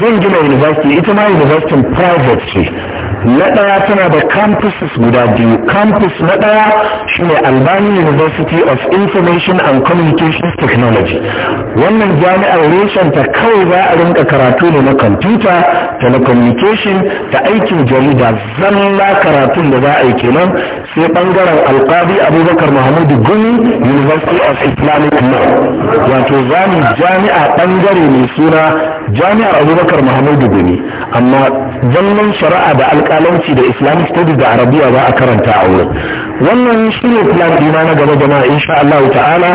zan gina university ita ma university private ce na ɗaya tana da campuses guda biyu campus na ɗaya shine albani university of information and communications technology wannan jami'ar reshen ta kawai za a rinka karatu ne na computer telecommunication da aikin jarida zalla karatun da za a yi kenan sai bangaren alkadi abubakar muhammadu gumi university of islamic law wato zamu jami'a bangare mai suna jami'ar abubakar muhammadu gumi amma zannan shari'a da alƙalanci da islamic studies da arabiya ba a karanta a wurin wannan shi ne plan dina na gaba jama'a insha Allah ta'ala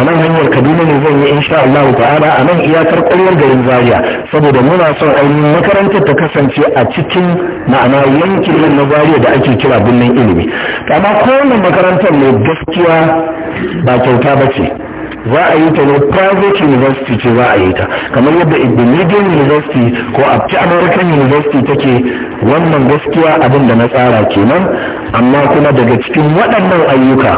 a nan hanyar kaduna ne zan yi insha Allah ta'ala a nan iyakar ƙwayar garin zaria saboda muna son ainihin makarantar ta kasance a cikin ma'ana yankin nan na zaria da ake kira birnin ilimi amma kowane makarantar mai gaskiya ba kyauta ba ce za a yi ta ne private university ce za a yi ta kamar yadda indonesian university ko ci american university take wannan gaskiya abin da na tsara kenan amma kuma daga cikin waɗannan ayyuka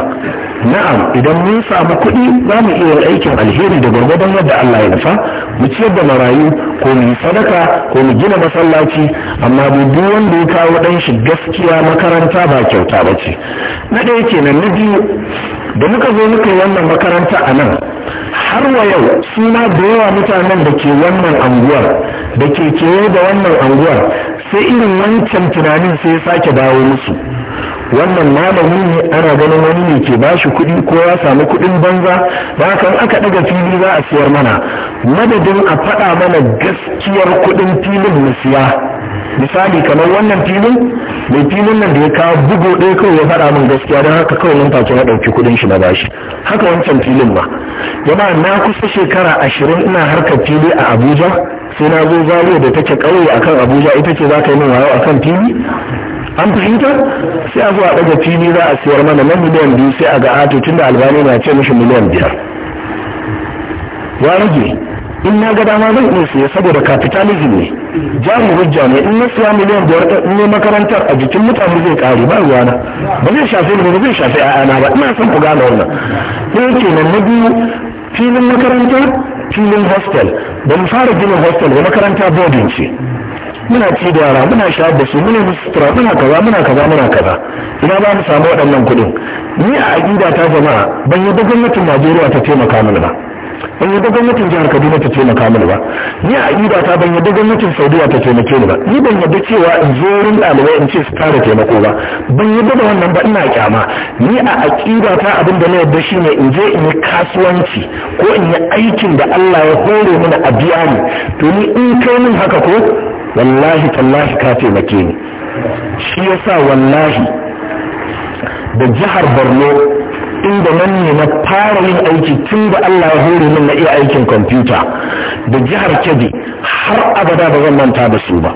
na'am idan mun samu kuɗi za mu iya aikin alheri da gwargwadon yadda Allah ya nufa mu ciyar da marayu ko mu yi sadaka ko mu gina masallaci amma duk wanda ya kawo ɗan shi gaskiya makaranta ba kyauta ba ce na ɗaya kenan na biyu da muka zo muka yi wannan makaranta a nan har wa yau suna da yawa mutanen da ke wannan anguwar da ke kewaye da wannan anguwar sai irin wancan tunanin sai ya sake dawo musu wannan malami ne ana ganin wani ne ke ba shi kuɗi ko ya samu kuɗin banza ba haka aka ɗaga fili za a siyar mana madadin a faɗa mana gaskiyar kuɗin filin mu siya misali kamar wannan filin mai filin nan da ya kawo bugu ɗaya kawai ya faɗa min gaskiya don haka kawai nan take na ɗauki kuɗin shi na ba shi. haka wancan filin ba yana na kusa shekara ashirin ina harkar fili a abuja sai na zo zariya da take ƙauye akan abuja ita ce za ka yi min wayo akan fili an fahimta sai a zuwa daga fili za a siyar mana nan miliyan biyu sai a ga ato ah, tunda albani na ce mishi miliyan biyar ya rage in na ga dama zan iya siya saboda capitalism ne jami hujja ne in na siya miliyan biyar ne makarantar a jikin mutane zai kare ba ruwana ba zai shafe ni ba zai shafe ayana ba ina san ku gane wannan yake nan na biyu filin makarantar filin hostel da mu fara gina hostel ba makaranta boarding ce muna ci da yara muna shayar da su muna musu sutura muna kaza muna kaza muna kaza ina ba mu samu waɗannan kuɗin ni a aƙida ta jama'a ban yadda gwamnatin Najeriya ta taimaka mini ba ban yadda gwamnatin jihar Kaduna ta taimaka mini ba ni a aƙida ta ban yadda gwamnatin Saudiya ta taimake ni ba ni ban yadda cewa in zo wurin ɗalibai in ce su tara taimako ba ban yadda da wannan ba ina kyama ni a aƙida ta abin da na yadda shi ne in je in yi kasuwanci ko in yi aikin da Allah ya hore mini a biya ni to ni in kai min haka ko wallahi tallahi ka taimake ni shi yasa wallahi da jihar borno inda nan ne na fara yin aiki tun da allah ya hore min na iya aikin kwamfuta da jihar kebbi har abada ba zan manta da su ba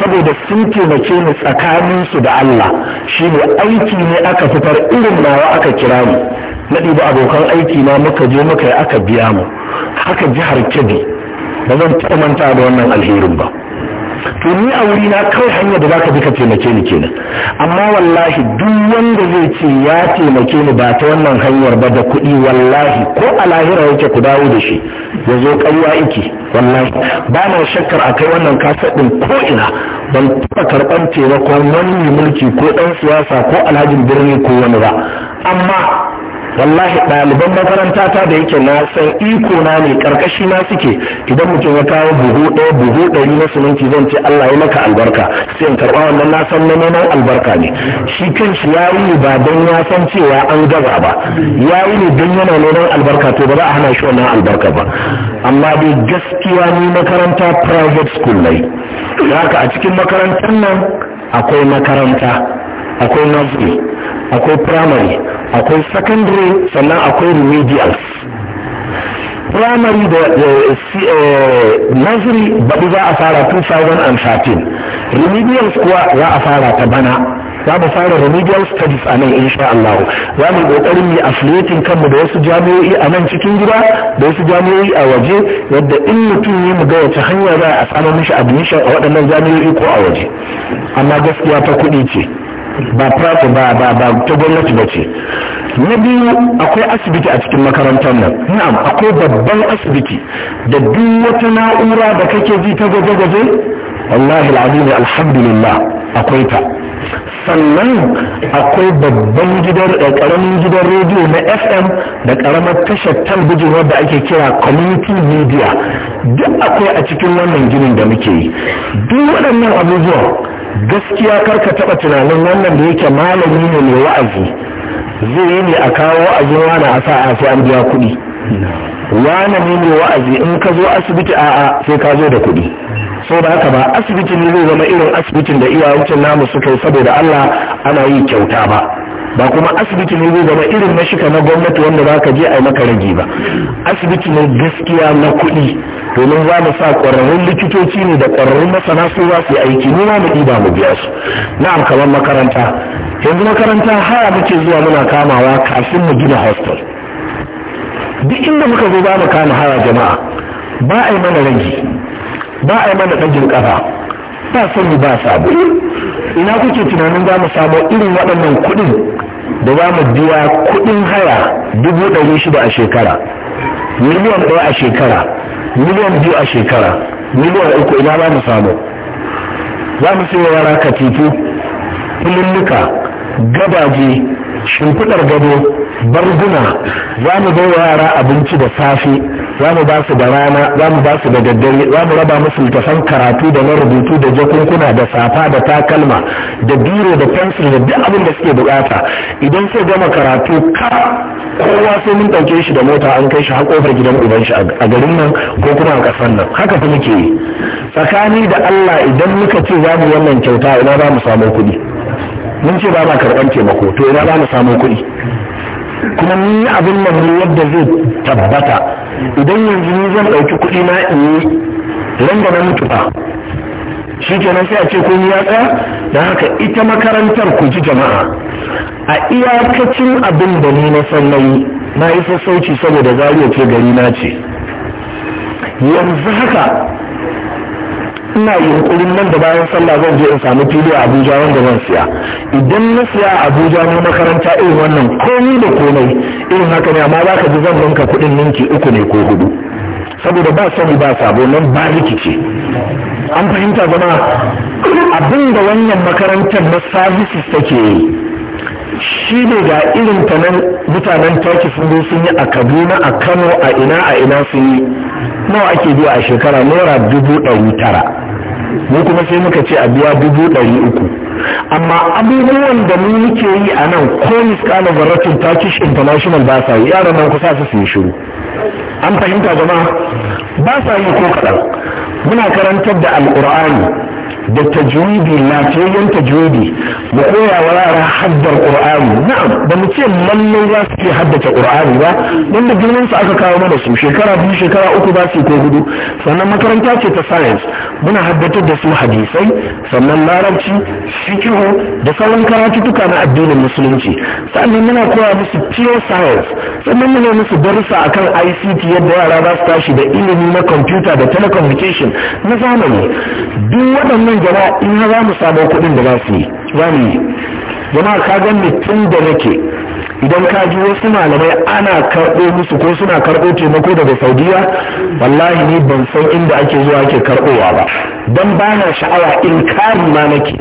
saboda sun taimake ni tsakaninsu da allah shi ne aiki ne aka fitar irin nawa aka kira ni na ɗiba abokan aiki na muka je muka yi aka biya mu haka jihar kebbi ba zan taɓa manta da wannan alherin ba to ni a wuri na kawai hanyar da zaka bi ka taimake ni kenan amma wallahi duk wanda zai ce ya taimake ni ba ta wannan hanyar ba da kuɗi wallahi ko a lahira yake ku dawo da shi ya zo ƙarya iki wallahi ba na shakkar a kai wannan kasar ɗin ko ina ban taɓa karɓar taimakon wani mulki ko ɗan siyasa ko alhajin birni ko wani ba amma wallahi ɗaliban makaranta ta da yake na san iko na ne karkashi na suke idan mutum ya kawo buhu ɗaya buhu ɗari na siminti zan ce Allah ya maka albarka sai in karɓa wannan na san na neman albarka ne shi kan ya yi ba don ya san cewa an gaza ba ya yi ne don yana neman albarka to ba za a hana shi wannan albarka ba amma dai gaskiya ni makaranta private school ne haka a cikin makarantar nan akwai makaranta akwai nazari akwai primary akwai secondary sannan akwai remedials primary da eh, nursery baɗi za a fara 2013 remedials kuwa za a fara ta bana za mu fara remedial studies a nan insha Allah za mu kokarin mu affiliating kanmu da wasu jami'o'i a nan cikin gida da wasu jami'o'i a waje yadda in mutum ne mu ga wace hanya za a samu mishi admission a waɗannan jami'o'i ko a waje amma gaskiya ta kuɗi ce ba praku ba ba ba ta gwamnati ba ce na biyu akwai asibiti a cikin makarantar nan na'am akwai babban asibiti da duk wata na'ura da kake ji ta gwaje-gwaje wallahi al'azim alhamdulillah akwai ta sannan akwai babban gidan karamin eh, gidan rediyo na fm da karamar tashar talbijin wadda ake kira community media duk akwai a cikin wannan ginin da muke yi duk waɗannan abubuwan gaskiya karka taɓa tunanin wannan da yake malami ne mai wa'azi zai yi ne a kawo a wani a sa'a sai an biya kuɗi wani ne mai wa'azi in ka zo asibiti a'a sai ka zo da kuɗi sau da haka ba asibiti ne zai zama irin asibitin da iyawancin namu suka yi saboda allah ana yi kyauta ba ba kuma asibiti ne zai ma irin na shika na gwamnati wanda za ka je a yi maka rage ba asibiti ne gaskiya na kuɗi domin za mu sa ƙwararrun likitoci ne da ƙwararrun masana su za su aiki mu ma mu ɗiba mu biya su na'am kamar makaranta yanzu makaranta haya muke zuwa muna kamawa kafin mu gina hostel duk inda muka zo za mu kama haya jama'a ba a yi mana rage ba a yi mana ɗagin ƙafa ba sani ba sabo ina kuke tunanin za mu samu irin waɗannan kuɗin da za mu biya kuɗin haya dubu ɗari shida a shekara miliyan ɗaya a shekara miliyan biyu a shekara miliyan uku ina za mu samu za mu sai yara katifu filulluka gabaje shimfiɗar gado barguna za mu bai wa yara abinci da safe za mu ba su da rana za mu ba su da daddare za mu raba musu littafan karatu da na rubutu da jakunkuna da safa da takalma da biro da fensir da duk abin da suke bukata idan sai gama karatu ka kowa sai mun ɗauke shi da mota an kai shi har kofar gidan uban shi a garin nan ko kuma a ƙasar nan haka fa muke yi tsakani da Allah idan muka ce za mu wannan kyauta ina za mu samu kuɗi mun ce ba ma karɓar taimako to ina ba mu samu kuɗi kuma ni abin mun yadda zai tabbata idan yanzu ni zan ɗauki kuɗi na in yi ranga na mutu ba shi kenan sai a ce ni ya tsaya da haka ita makarantar ku ji jama'a a iyakacin abin da ni na san nayi na yi sassauci saboda zariya ce gari na ce yanzu haka ina yunkurin nan da bayan sallah zan je in sami fili a abuja wanda zan siya idan na siya a abuja na makaranta irin wannan komai da komai irin haka ne amma za ka ji zan banka kuɗin ninki uku ne ko hudu saboda ba sani ba sabo nan ba rikici an fahimta zama abinda wannan makarantar na services take yi shi ne ga irin ta nan mutanen taki sun zo sun yi a kaduna a kano a ina a ina sun yi nawa ake biya a shekara naira dubu ɗari tara mu kuma sai muka ce a biya dubu ɗari uku amma abubuwan da mu muke yi a nan ko miskala zarratin turkish international ba sa yi yaran nan kusa su yi shiru an fahimta zama ba sa yi ko kaɗan muna karantar da alur'ani da tajwidi lafiyayyen tajwidi mu koya wa haddar ƙur'ani na'am ba mu ce mallan za su iya haddace ƙur'ani ba wanda da girman su aka kawo mana su shekara biyu shekara uku ba su ko gudu sannan makaranta ce ta science muna haddata da su hadisai sannan larabci fikihu da sauran karatuttuka na addinin musulunci sannan muna koya musu pure science sannan muna musu darussa akan ICT yadda yara za su tashi da ilimi na computer da telecommunication na zamani duk waɗannan jama'a in za mu samu kuɗin da za su yi za mu yi jama'a ka ga tun da nake idan ka ji wasu malamai ana karɓo musu ko suna karɓo taimako daga saudiya wallahi ni ban san inda ake zuwa ake karɓowa ba don ba na sha'awa in kari ma nake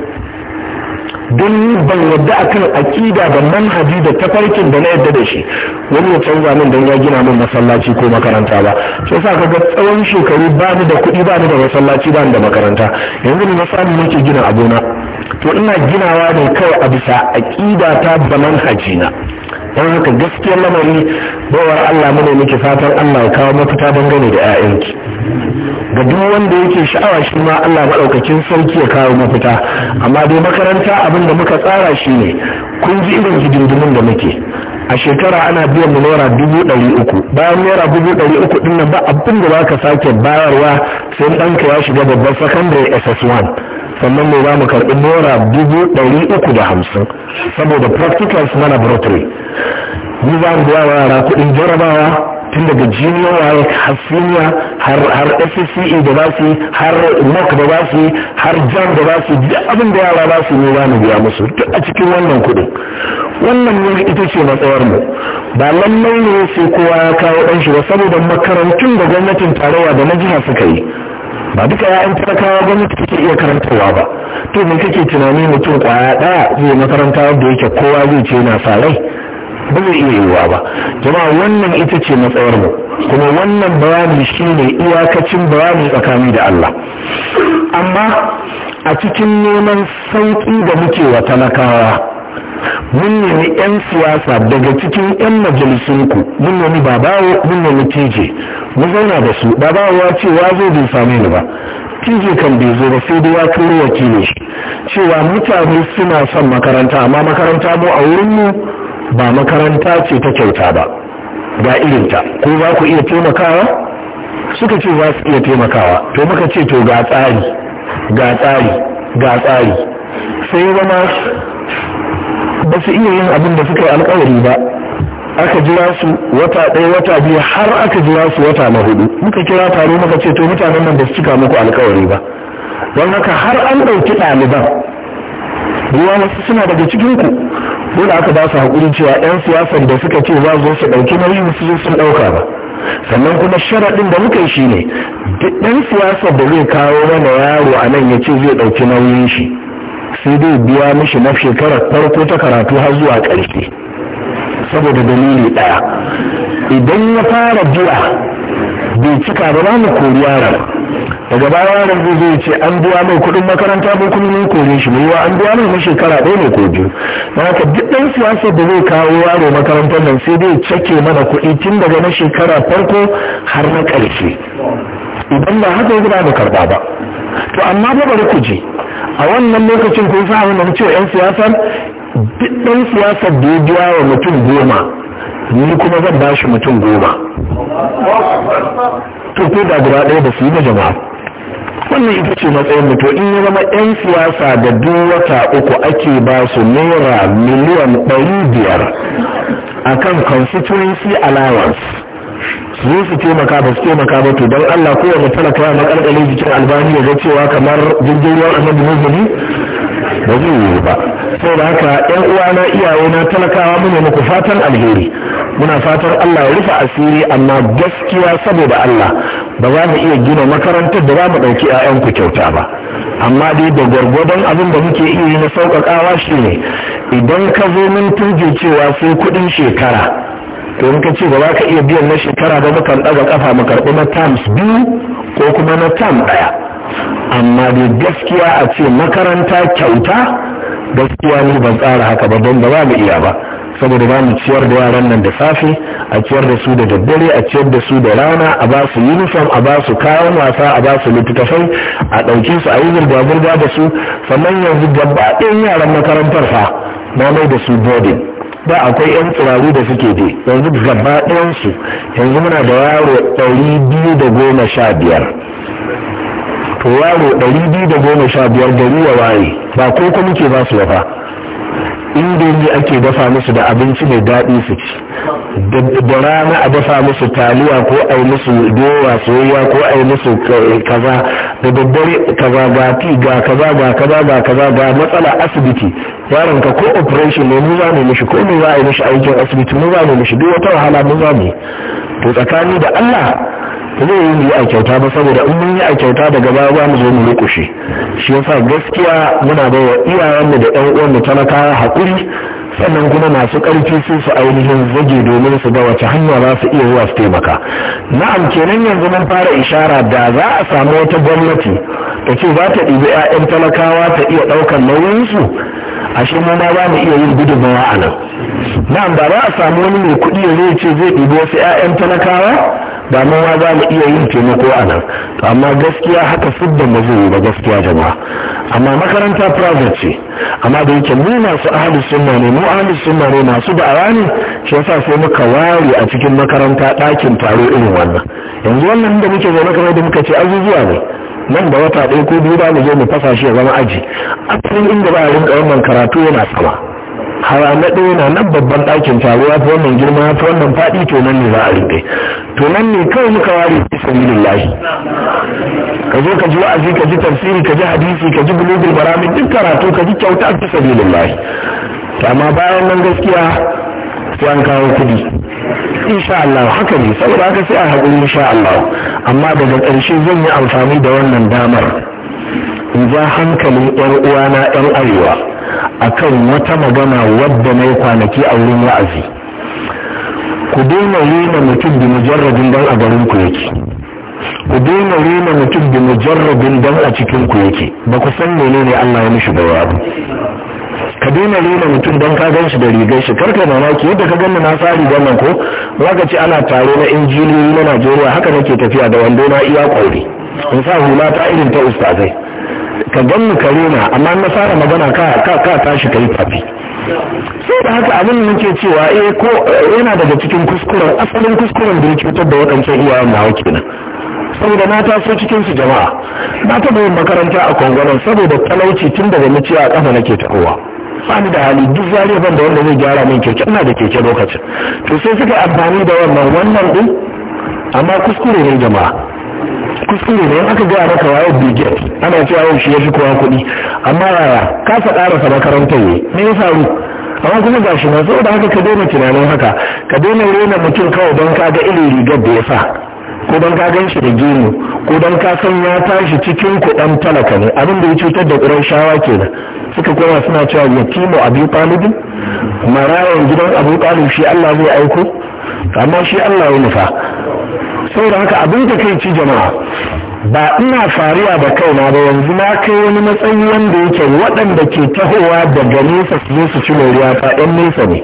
don ni ban yadda kan aƙida da manhaji da tafarkin da na yadda da shi wani ya canza min don ya gina min masallaci ko makaranta ba sai sa ka ga tsawon shekaru ba ni da kuɗi ba ni da masallaci ba ni da makaranta yanzu ne na samu nake gina abona to ina ginawa ne kawai a bisa aƙida ta da hajjina don haka gaskiyar lamari bawar Allah mu ne muke fatan Allah ya kawo mafita dangane da 'ya'yanki ga duk wanda yake sha'awa shi ma Allah maɗaukakin sarki ya kawo mafita amma dai makaranta abin da muka tsara shi ne kun ji irin hidindimin da muke a shekara ana biyan mu naira dubu ɗari uku bayan naira dubu ɗari uku ɗin nan ba abin da ba ka sake bayarwa sai ɗanka ya shiga babban sakandare ss1 sannan ne zamu mu karɓi mora dubu ɗari uku da hamsin saboda practicals mana brotary ni za mu biya yara kuɗin jarabawa tun daga junior waye har senior har F_C_E da ba su har NOC da ba su har JAM da ba su duk abin da yara ba su ne mu biya musu duk a cikin wannan kuɗin wannan ne ita ce matsayar mu ba lallai ne sai kowa ya kawo ɗan shi ba saboda makarantun da gwamnatin tarayya da na jiha suka yi ba duka ya'yan talakawa gwamnati take iya karantarwa ba to me kake tunani mutum kwaya ɗaya zai makaranta da yake kowa zai ce na sa ba zai iya yiwuwa ba jama'a wannan ita ce matsayar mu kuma wannan bayani shine iyakacin bayani tsakani da Allah amma a cikin neman sauki da muke wa talakawa mun nemi 'yan siyasa daga cikin 'yan majalisunku mun nemi babawo mun nemi tije mu zauna da su babawo ya ce ya zo bai same ni ba tije kan bai zo ba sai dai ya turo wakili shi cewa mutane suna son makaranta amma makaranta mu a wurin mu ba makaranta ce ta kyauta ba ga irinta ko za ku iya taimakawa suka ce za su iya taimakawa to muka ce to ga tsari ga tsari ga tsari sai zama ba su iya yin abin da suka yi alkawari ba aka jira su wata ɗaya wata biyu har aka jira su wata na hudu muka kira taro muka ce to mutanen nan ba su cika muku alkawari ba don haka har an ɗauki ɗaliban ruwa wasu suna daga cikin ku dole aka ba su haƙuri cewa 'yan siyasar da suka ce za su su ɗauki nauyin su sun ɗauka ba sannan kuma sharaɗin da muka yi shi ne duk ɗan siyasar da zai kawo mana yaro a nan ya ce zai ɗauki nauyin shi sai dai biya mishi na shekarar farko ta karatu har zuwa ƙarshe saboda dalili ɗaya idan ya fara biya bai cika ba mu kori ba. daga baya yaron zai zai ce an biya mai kuɗin makaranta ko kuma ne kore shi mai an biya mai na shekara ɗaya ne ko biyu na haka duk ɗan siyasa da zai kawo yaro makarantar nan sai dai cake mana kuɗi tun daga na shekara farko har na ƙarshe idan ba haka yadda ba karɓa ba to amma ba bari ku je a wannan lokacin kun sa wannan cewa 'yan siyasa duk ɗan siyasar da ya biya wa mutum goma ni kuma zan ba shi mutum goma to ko da guda ɗaya da su yi na jama'a wannan ita ce matsayin mu to in ya zama yan siyasa da duk wata uku ake ba su naira miliyan ɗari biyar akan constituency allowance su su taimaka ba su taimaka ba to don Allah kowane talaka ya makalkale jikin albani ya ga cewa kamar jirgin ruwan annabi muhammadi ba zai yiwu ba da haka yan uwa na iyaye na talakawa muna muku fatan alheri muna fatan Allah ya rufe asiri amma gaskiya saboda Allah ba za mu iya gina makarantar da za mu ɗauki 'ya'yanku kyauta ba amma dai da gwargwadon abin da muke iya yi na sauƙaƙawa shi ne idan ka zo mun tunje cewa sai kuɗin shekara to in ka ce ba za ka iya biyan na shekara ba mukan ɗaga ƙafa mu karɓi na tams biyu ko kuma na tam ɗaya amma dai gaskiya a ce makaranta kyauta gaskiya ne ban tsara haka ba don ba mu iya ba saboda ba mu ciyar da yaran nan da safe a ciyar da su da daddare a ciyar da su da rana a ba su uniform a ba su kayan wasa a ba su littattafai a ɗauke su a yi zirga-zirga da su sannan yanzu gaba ɗin yaran makarantar fa na mai da su boarding da akwai yan turaru da suke dai yanzu gaba ɗayansu yanzu muna da yaro ɗari biyu da goma sha biyar to yaro ɗari biyu da goma sha biyar gari wa waye ba ko ko muke ba su wafa indomi ake dafa musu da abinci mai daɗi su ci da rana a dafa musu taliya ko a yi musu doya soyayya ko a yi musu kaza da daddare kaza ga ti ga kaza ga kaza ga kaza ga matsala asibiti yaron ka ko operation ne mu za mu mishi ko mu za a yi mishi aikin asibiti mu za mu mishi duk wata wahala mu za mu to tsakani da Allah ba zai yi a kyauta ba saboda in mun yi a kyauta daga baya ba mu zo mu rukushe shi yasa gaskiya muna bai wa iyayenmu da ƴan uwanmu talakawa haƙuri sannan kuma masu ƙarfi sun su ainihin zage domin su ga wace hanya za su iya zuwa su taimaka na'am kenan yanzu mun fara ishara da za a samu wata gwamnati ta ce za ta ɗibi 'ya'yan talakawa ta iya ɗaukar nauyinsu ashe mu ma ba mu iya yin gudunmawa a nan na'am ba za a samu wani mai kuɗi ya zai ce zai ɗibi wasu 'ya'yan talakawa ba mu ma za mu iya yin taimako a nan to amma gaskiya haka fudda ba zai yi ba gaskiya jama'a amma makaranta private ce amma da yake mu masu ahli sunna ne mu ahli sunna ne masu da'awa ne shi yasa sai muka ware a cikin makaranta ɗakin taro irin wannan yanzu wannan da muke zaune kamar da muka ce azuzuwa ne nan da wata ɗaya ko biyu ba mu je mu fasa shi ya zama aji asalin inda ba a rinka wannan karatu yana sama har na ɗaya yana nan babban ɗakin taro ya fi wannan girma ya fi wannan faɗi to nan ne za a rinka to nan ne kawai muka ware fi sabilin lahi ka zo ka ji wa'azi ka ji tafsiri ka ji hadisi ka ji bulugul baramin duk karatu ka ji kyauta fi sabilin lahi amma bayan nan gaskiya sai an kawo kuɗi insha Allah haka ne saboda haka sai a haƙuri insha Allah amma daga ƙarshe zan yi amfani da wannan damar in ja hankalin ƴan uwana ƴan arewa akan wata magana wadda na yi kwanaki a wurin wa'azi ku daina rena mutum da mujarrabin dan a garin ku yake ku daina rena mutum da mujarrabin dan a cikin ku yake ba ku san menene Allah ya mishi ba ka daina rena mutum don ka gan shi da rigar shi karka mamaki yadda ka ganni na tsari don nan ko ka ce ana tare na injiniyoyi na Najeriya haka nake tafiya da wando na iya kwauri in sa hula ta irin ta ustazai ka ganni ka amma na fara magana ka ka ka tashi kai sai da haka abin da nake cewa eh ko eh, yana daga cikin kuskuren asalin kuskuren da yake cutar da waɗancan iyayen nawa kenan saboda na taso cikin su jama'a na taɓa yin makaranta a kwangwanon saboda talauci tun daga muciya a ƙafa nake tahowa bani da hali duk zariya ban da wanda zai gyara min keke ina da keke lokacin to sai suka amfani da wannan wannan din amma kuskure ne jama'a kuskure ne aka gaya maka waye bige ana cewa yau shi ya fi kowa kuɗi amma yaya ka sa makarantar ne, me ya faru amma kuma ga shi na saboda haka ka daina tunanin haka ka daina rena mutum kawai don ka ga irin rigar da ya sa ko don ka gan shi da gemu ko don ka san ya tashi cikin kuɗan talaka ne abin da ya cutar da ƙuran shawa kenan suka koma suna cewa yatimu abu talibin marayan gidan abu talib shi Allah zai aiko amma shi Allah ya nufa saboda haka abin da kai ci jama'a ba ina fariya da na ba yanzu na kai wani matsayi wanda yake waɗanda ke tahowa daga nesa su zo su ci moriya fa ɗan nesa ne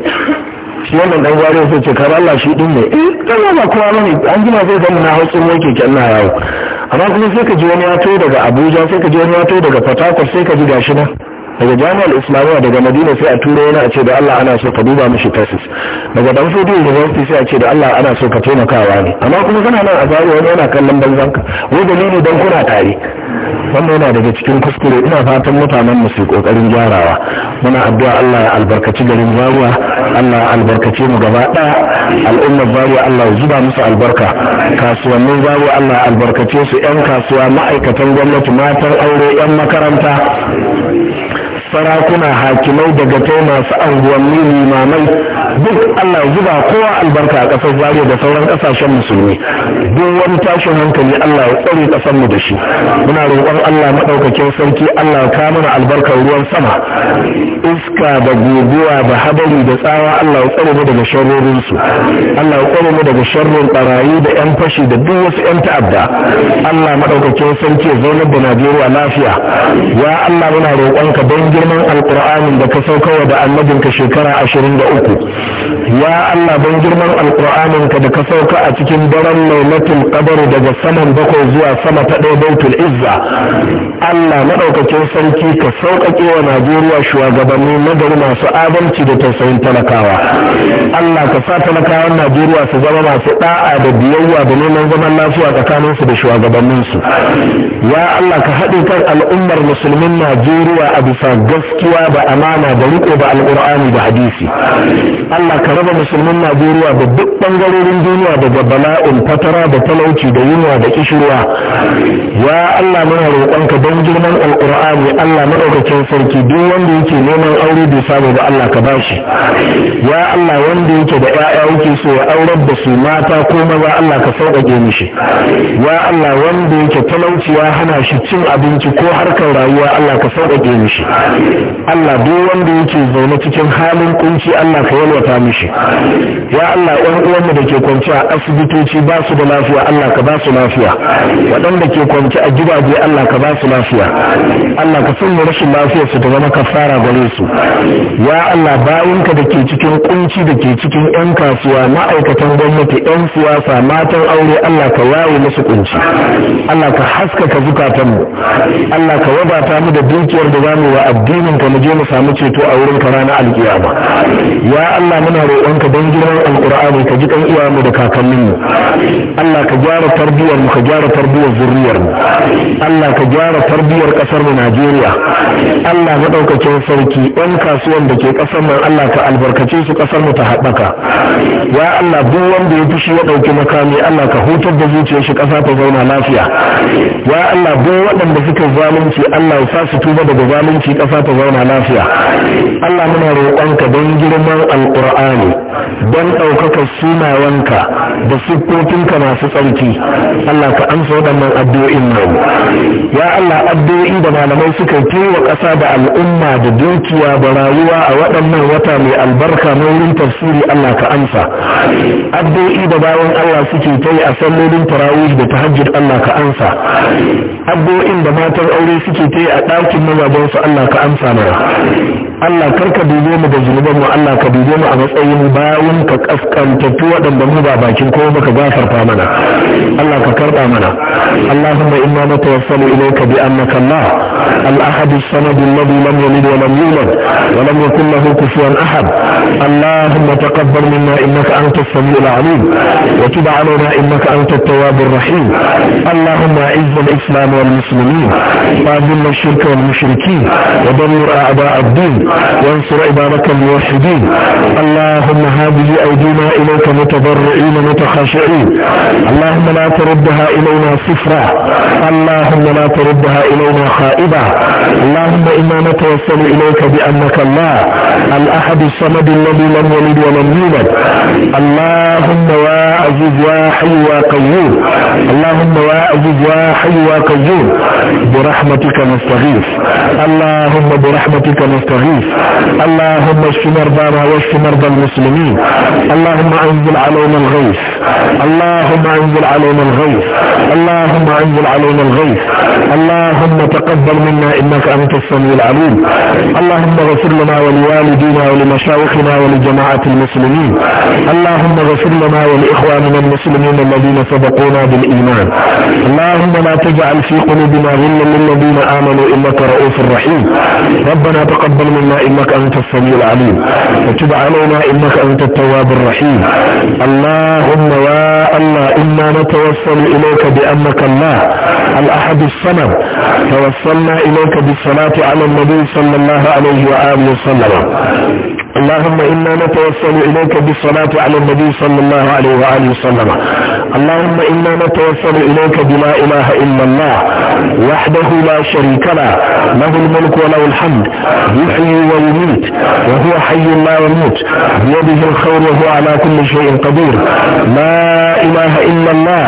shi wannan dan gwari sai ce kar Allah shi din ne eh kan ba kowa bane an gina zai zama na hausin mai keke na yawo amma kuma sai ka ji wani ya to daga Abuja sai ka ji wani ya to daga Port sai ka ji gashi nan daga jami'ar islamiyya daga madina sai a turo wani a ce da allah ana so ka duba mishi tesis daga dan university sai a ce da allah ana so ka taimakawa ne amma kuma kana nan a zaro wani yana kallon banzanka wai dalili don kuna tare wannan yana daga cikin kuskure ina fatan mutanen mu su kokarin gyarawa muna addu'a allah ya albarkaci garin zaruwa allah ya albarkace mu gaba daya al'ummar zaruwa allah ya zuba musu albarka kasuwannin zaruwa allah ya albarkace su yan kasuwa ma'aikatan gwamnati matan aure yan makaranta sarakuna hakimai daga tai masu anguwanni limamai duk Allah zuba kowa albarka a ƙasar Zaria da sauran ƙasashen musulmi duk wani tashin hankali Allah ya tsare ƙasar mu da shi muna roƙon Allah maɗaukakin sarki Allah ya mana albarkar ruwan sama iska da guguwa da hadari da tsawa Allah ya tsare mu daga sharrorin Allah ya tsare mu daga sharrin barayi da yan fashi da duk wasu yan ta'adda Allah maɗaukakin sarki ya zaunar da Najeriya lafiya ya Allah muna ka dangi girman alkur'anin da ka saukawa da annabinka shekara ashirin da uku ya allah don girman alkur'anin ka da ka sauka a cikin daren lailatul qadar daga saman bakwai zuwa sama ta ɗaya bautul izza allah maɗaukakin sarki ka sauƙaƙe wa najeriya shugabanni nagari masu adalci da tausayin talakawa allah ka sa talakawan najeriya su zama masu ɗa'a da biyayya da neman zaman lafiya tsakaninsu da shugabanninsu ya allah ka haɗe kan al'ummar musulmin najeriya a bisa gaskiya da amana da riko da alkur'ani da hadisi Allah ka raba musulmin Najeriya da duk bangarorin duniya daga bala'in fatara da talauci da yunwa da kishirwa ya Allah muna roƙonka don girman alkur'ani Allah madaukakin sarki duk wanda yake neman aure bai samu ba Allah ka bashi ya Allah wanda yake da ƴaƴa yake so ya aurar da su mata ko maza Allah ka sauƙaƙe mishi ya Allah wanda yake talauci ya hana shi cin abinci ko harkar rayuwa Allah ka sauƙaƙe mishi Allah duk wanda yake zaune cikin halin kunci Allah ka yalwata mishi ya Allah ɗan uwanmu da ke kwance a asibitoci ba su da lafiya Allah ka ba su lafiya waɗanda ke kwance a gidaje Allah ka ba su lafiya Allah ka sun rashin lafiya su ta zama kafara gare su ya Allah bayinka da ke cikin kunci da ke cikin 'yan kasuwa ma'aikatan gwamnati 'yan siyasa matan aure Allah ka yaye musu kunci Allah ka haskaka zukatanmu Allah ka wabata mu da dukiyar da zamu wa addini addinin ka mu je mu samu ceto a wurin ka ranar alkiyama ya Allah muna roƙonka dan girman alqur'ani ka ji kan iyayenmu da mu. Allah ka gyara tarbiyar mu ka gyara tarbiyar zuriyar mu Allah ka gyara tarbiyar kasar mu Najeriya Allah madaukakin sarki ɗan kasuwan da ke kasar mu Allah ka albarkace su kasar mu ta haɓaka ya Allah duk wanda ya fushi ya ɗauki makami Allah ka hutar da zuciyar shi ƙasa ta zauna lafiya ya Allah duk waɗanda suka zalunci Allah ya sa su tuba daga zalunci ƙasa ƙasa ta zauna lafiya Allah muna roƙonka don girman alƙur'ani don ɗaukaka sunayenka da siffofinka masu tsarki Allah ka amsa waɗannan addu'o'in nan ya Allah addu'o'i da malamai suka yi wa ƙasa da al'umma da dukiya da rayuwa a waɗannan wata mai albarka na wurin tafsiri Allah ka amsa addu'o'i da bayan Allah suke ta yi a sallolin tarawih da tahajjud Allah ka amsa addu'o'in da matan aure suke ta yi a ɗakin su Allah ka amsa amsa mana Allah karka dube mu da zunuban mu Allah ka dube mu a matsayin bayan ka kaskantattu waɗanda mu ba bakin ko baka gafarta mana Allah ka karba mana Allahumma inna natawassalu ilayka bi annaka Allah al-ahad as-samad alladhi lam yalid wa lam yulad wa lam yakul lahu kufuwan ahad Allahumma taqabbal minna innaka anta as-sami'ul 'alim wa tub 'alayna innaka anta at-tawwabur rahim Allahumma a'izz al-islam wal muslimin wa adhill ash-shirka wal mushrikeen ودمر أعداء الدين وانصر عبادك الموحدين اللهم هذه أيدينا إليك متضرعين متخاشعين اللهم لا تردها إلينا صفرا اللهم لا تردها إلينا خائبا اللهم إنا نتوسل إليك بأنك الله الأحد الصمد الذي لم يلد ولم يولد اللهم يا عزيز يا حي يا قيوم اللهم يا عزيز يا حي يا قيوم برحمتك نستغيث اللهم اللهم برحمتك نستغيث اللهم اشف مرضانا واشف مرضى المسلمين اللهم انزل علينا الغيث اللهم انزل علينا الغيث اللهم انزل علينا الغيث اللهم تقبل منا انك انت السميع العليم اللهم اغفر لنا ولوالدينا ولمشايخنا ولجماعه المسلمين اللهم اغفر لنا ولاخواننا المسلمين الذين سبقونا بالايمان اللهم لا تجعل في قلوبنا غلا للذين امنوا انك رؤوف رحيم ربنا تقبل منا إنك أنت السميع العليم وتب علينا إنك أنت التواب الرحيم اللهم يا الله إنا نتوسل إليك بأنك الله الأحد الصمد توسلنا إليك بالصلاة على النبي صلى الله عليه وآله وسلم اللهم إنا نتوسل إليك بالصلاة على النبي صلى الله عليه وآله وسلم اللهم إنا نتوسل إليك بلا إله إلا الله وحده لا شريك له له الملك وله له الحمد يحيي ويميت وهو حي لا يموت بيده الخير وهو على كل شيء قدير لا اله الا الله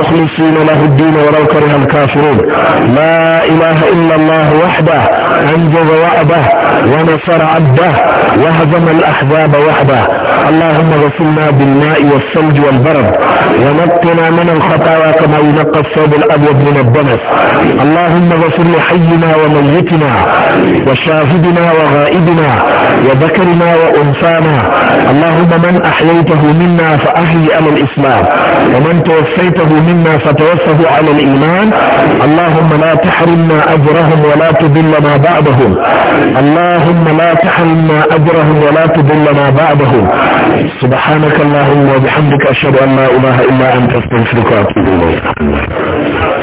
مخلصين له الدين ولو كره الكافرون لا اله الا الله وحده انجز وعده ونصر عبده وهزم الاحزاب وحده اللهم غسلنا بالماء والثلج والبرد ونقنا من الخطايا كما ينقى الثوب الابيض من الدنس اللهم غفر لحينا وميتنا وشاهدنا وغائبنا وذكرنا وأنثانا اللهم من أحييته منا فأحي على الإسلام ومن توفيته منا فتوفه على الإيمان اللهم لا تحرمنا أجرهم ولا تضلنا بعدهم اللهم لا تحرمنا أجرهم ولا تضلنا بعدهم سبحانك اللهم وبحمدك أشهد أن لا إله إلا أنت أستغفرك وأتوب إليك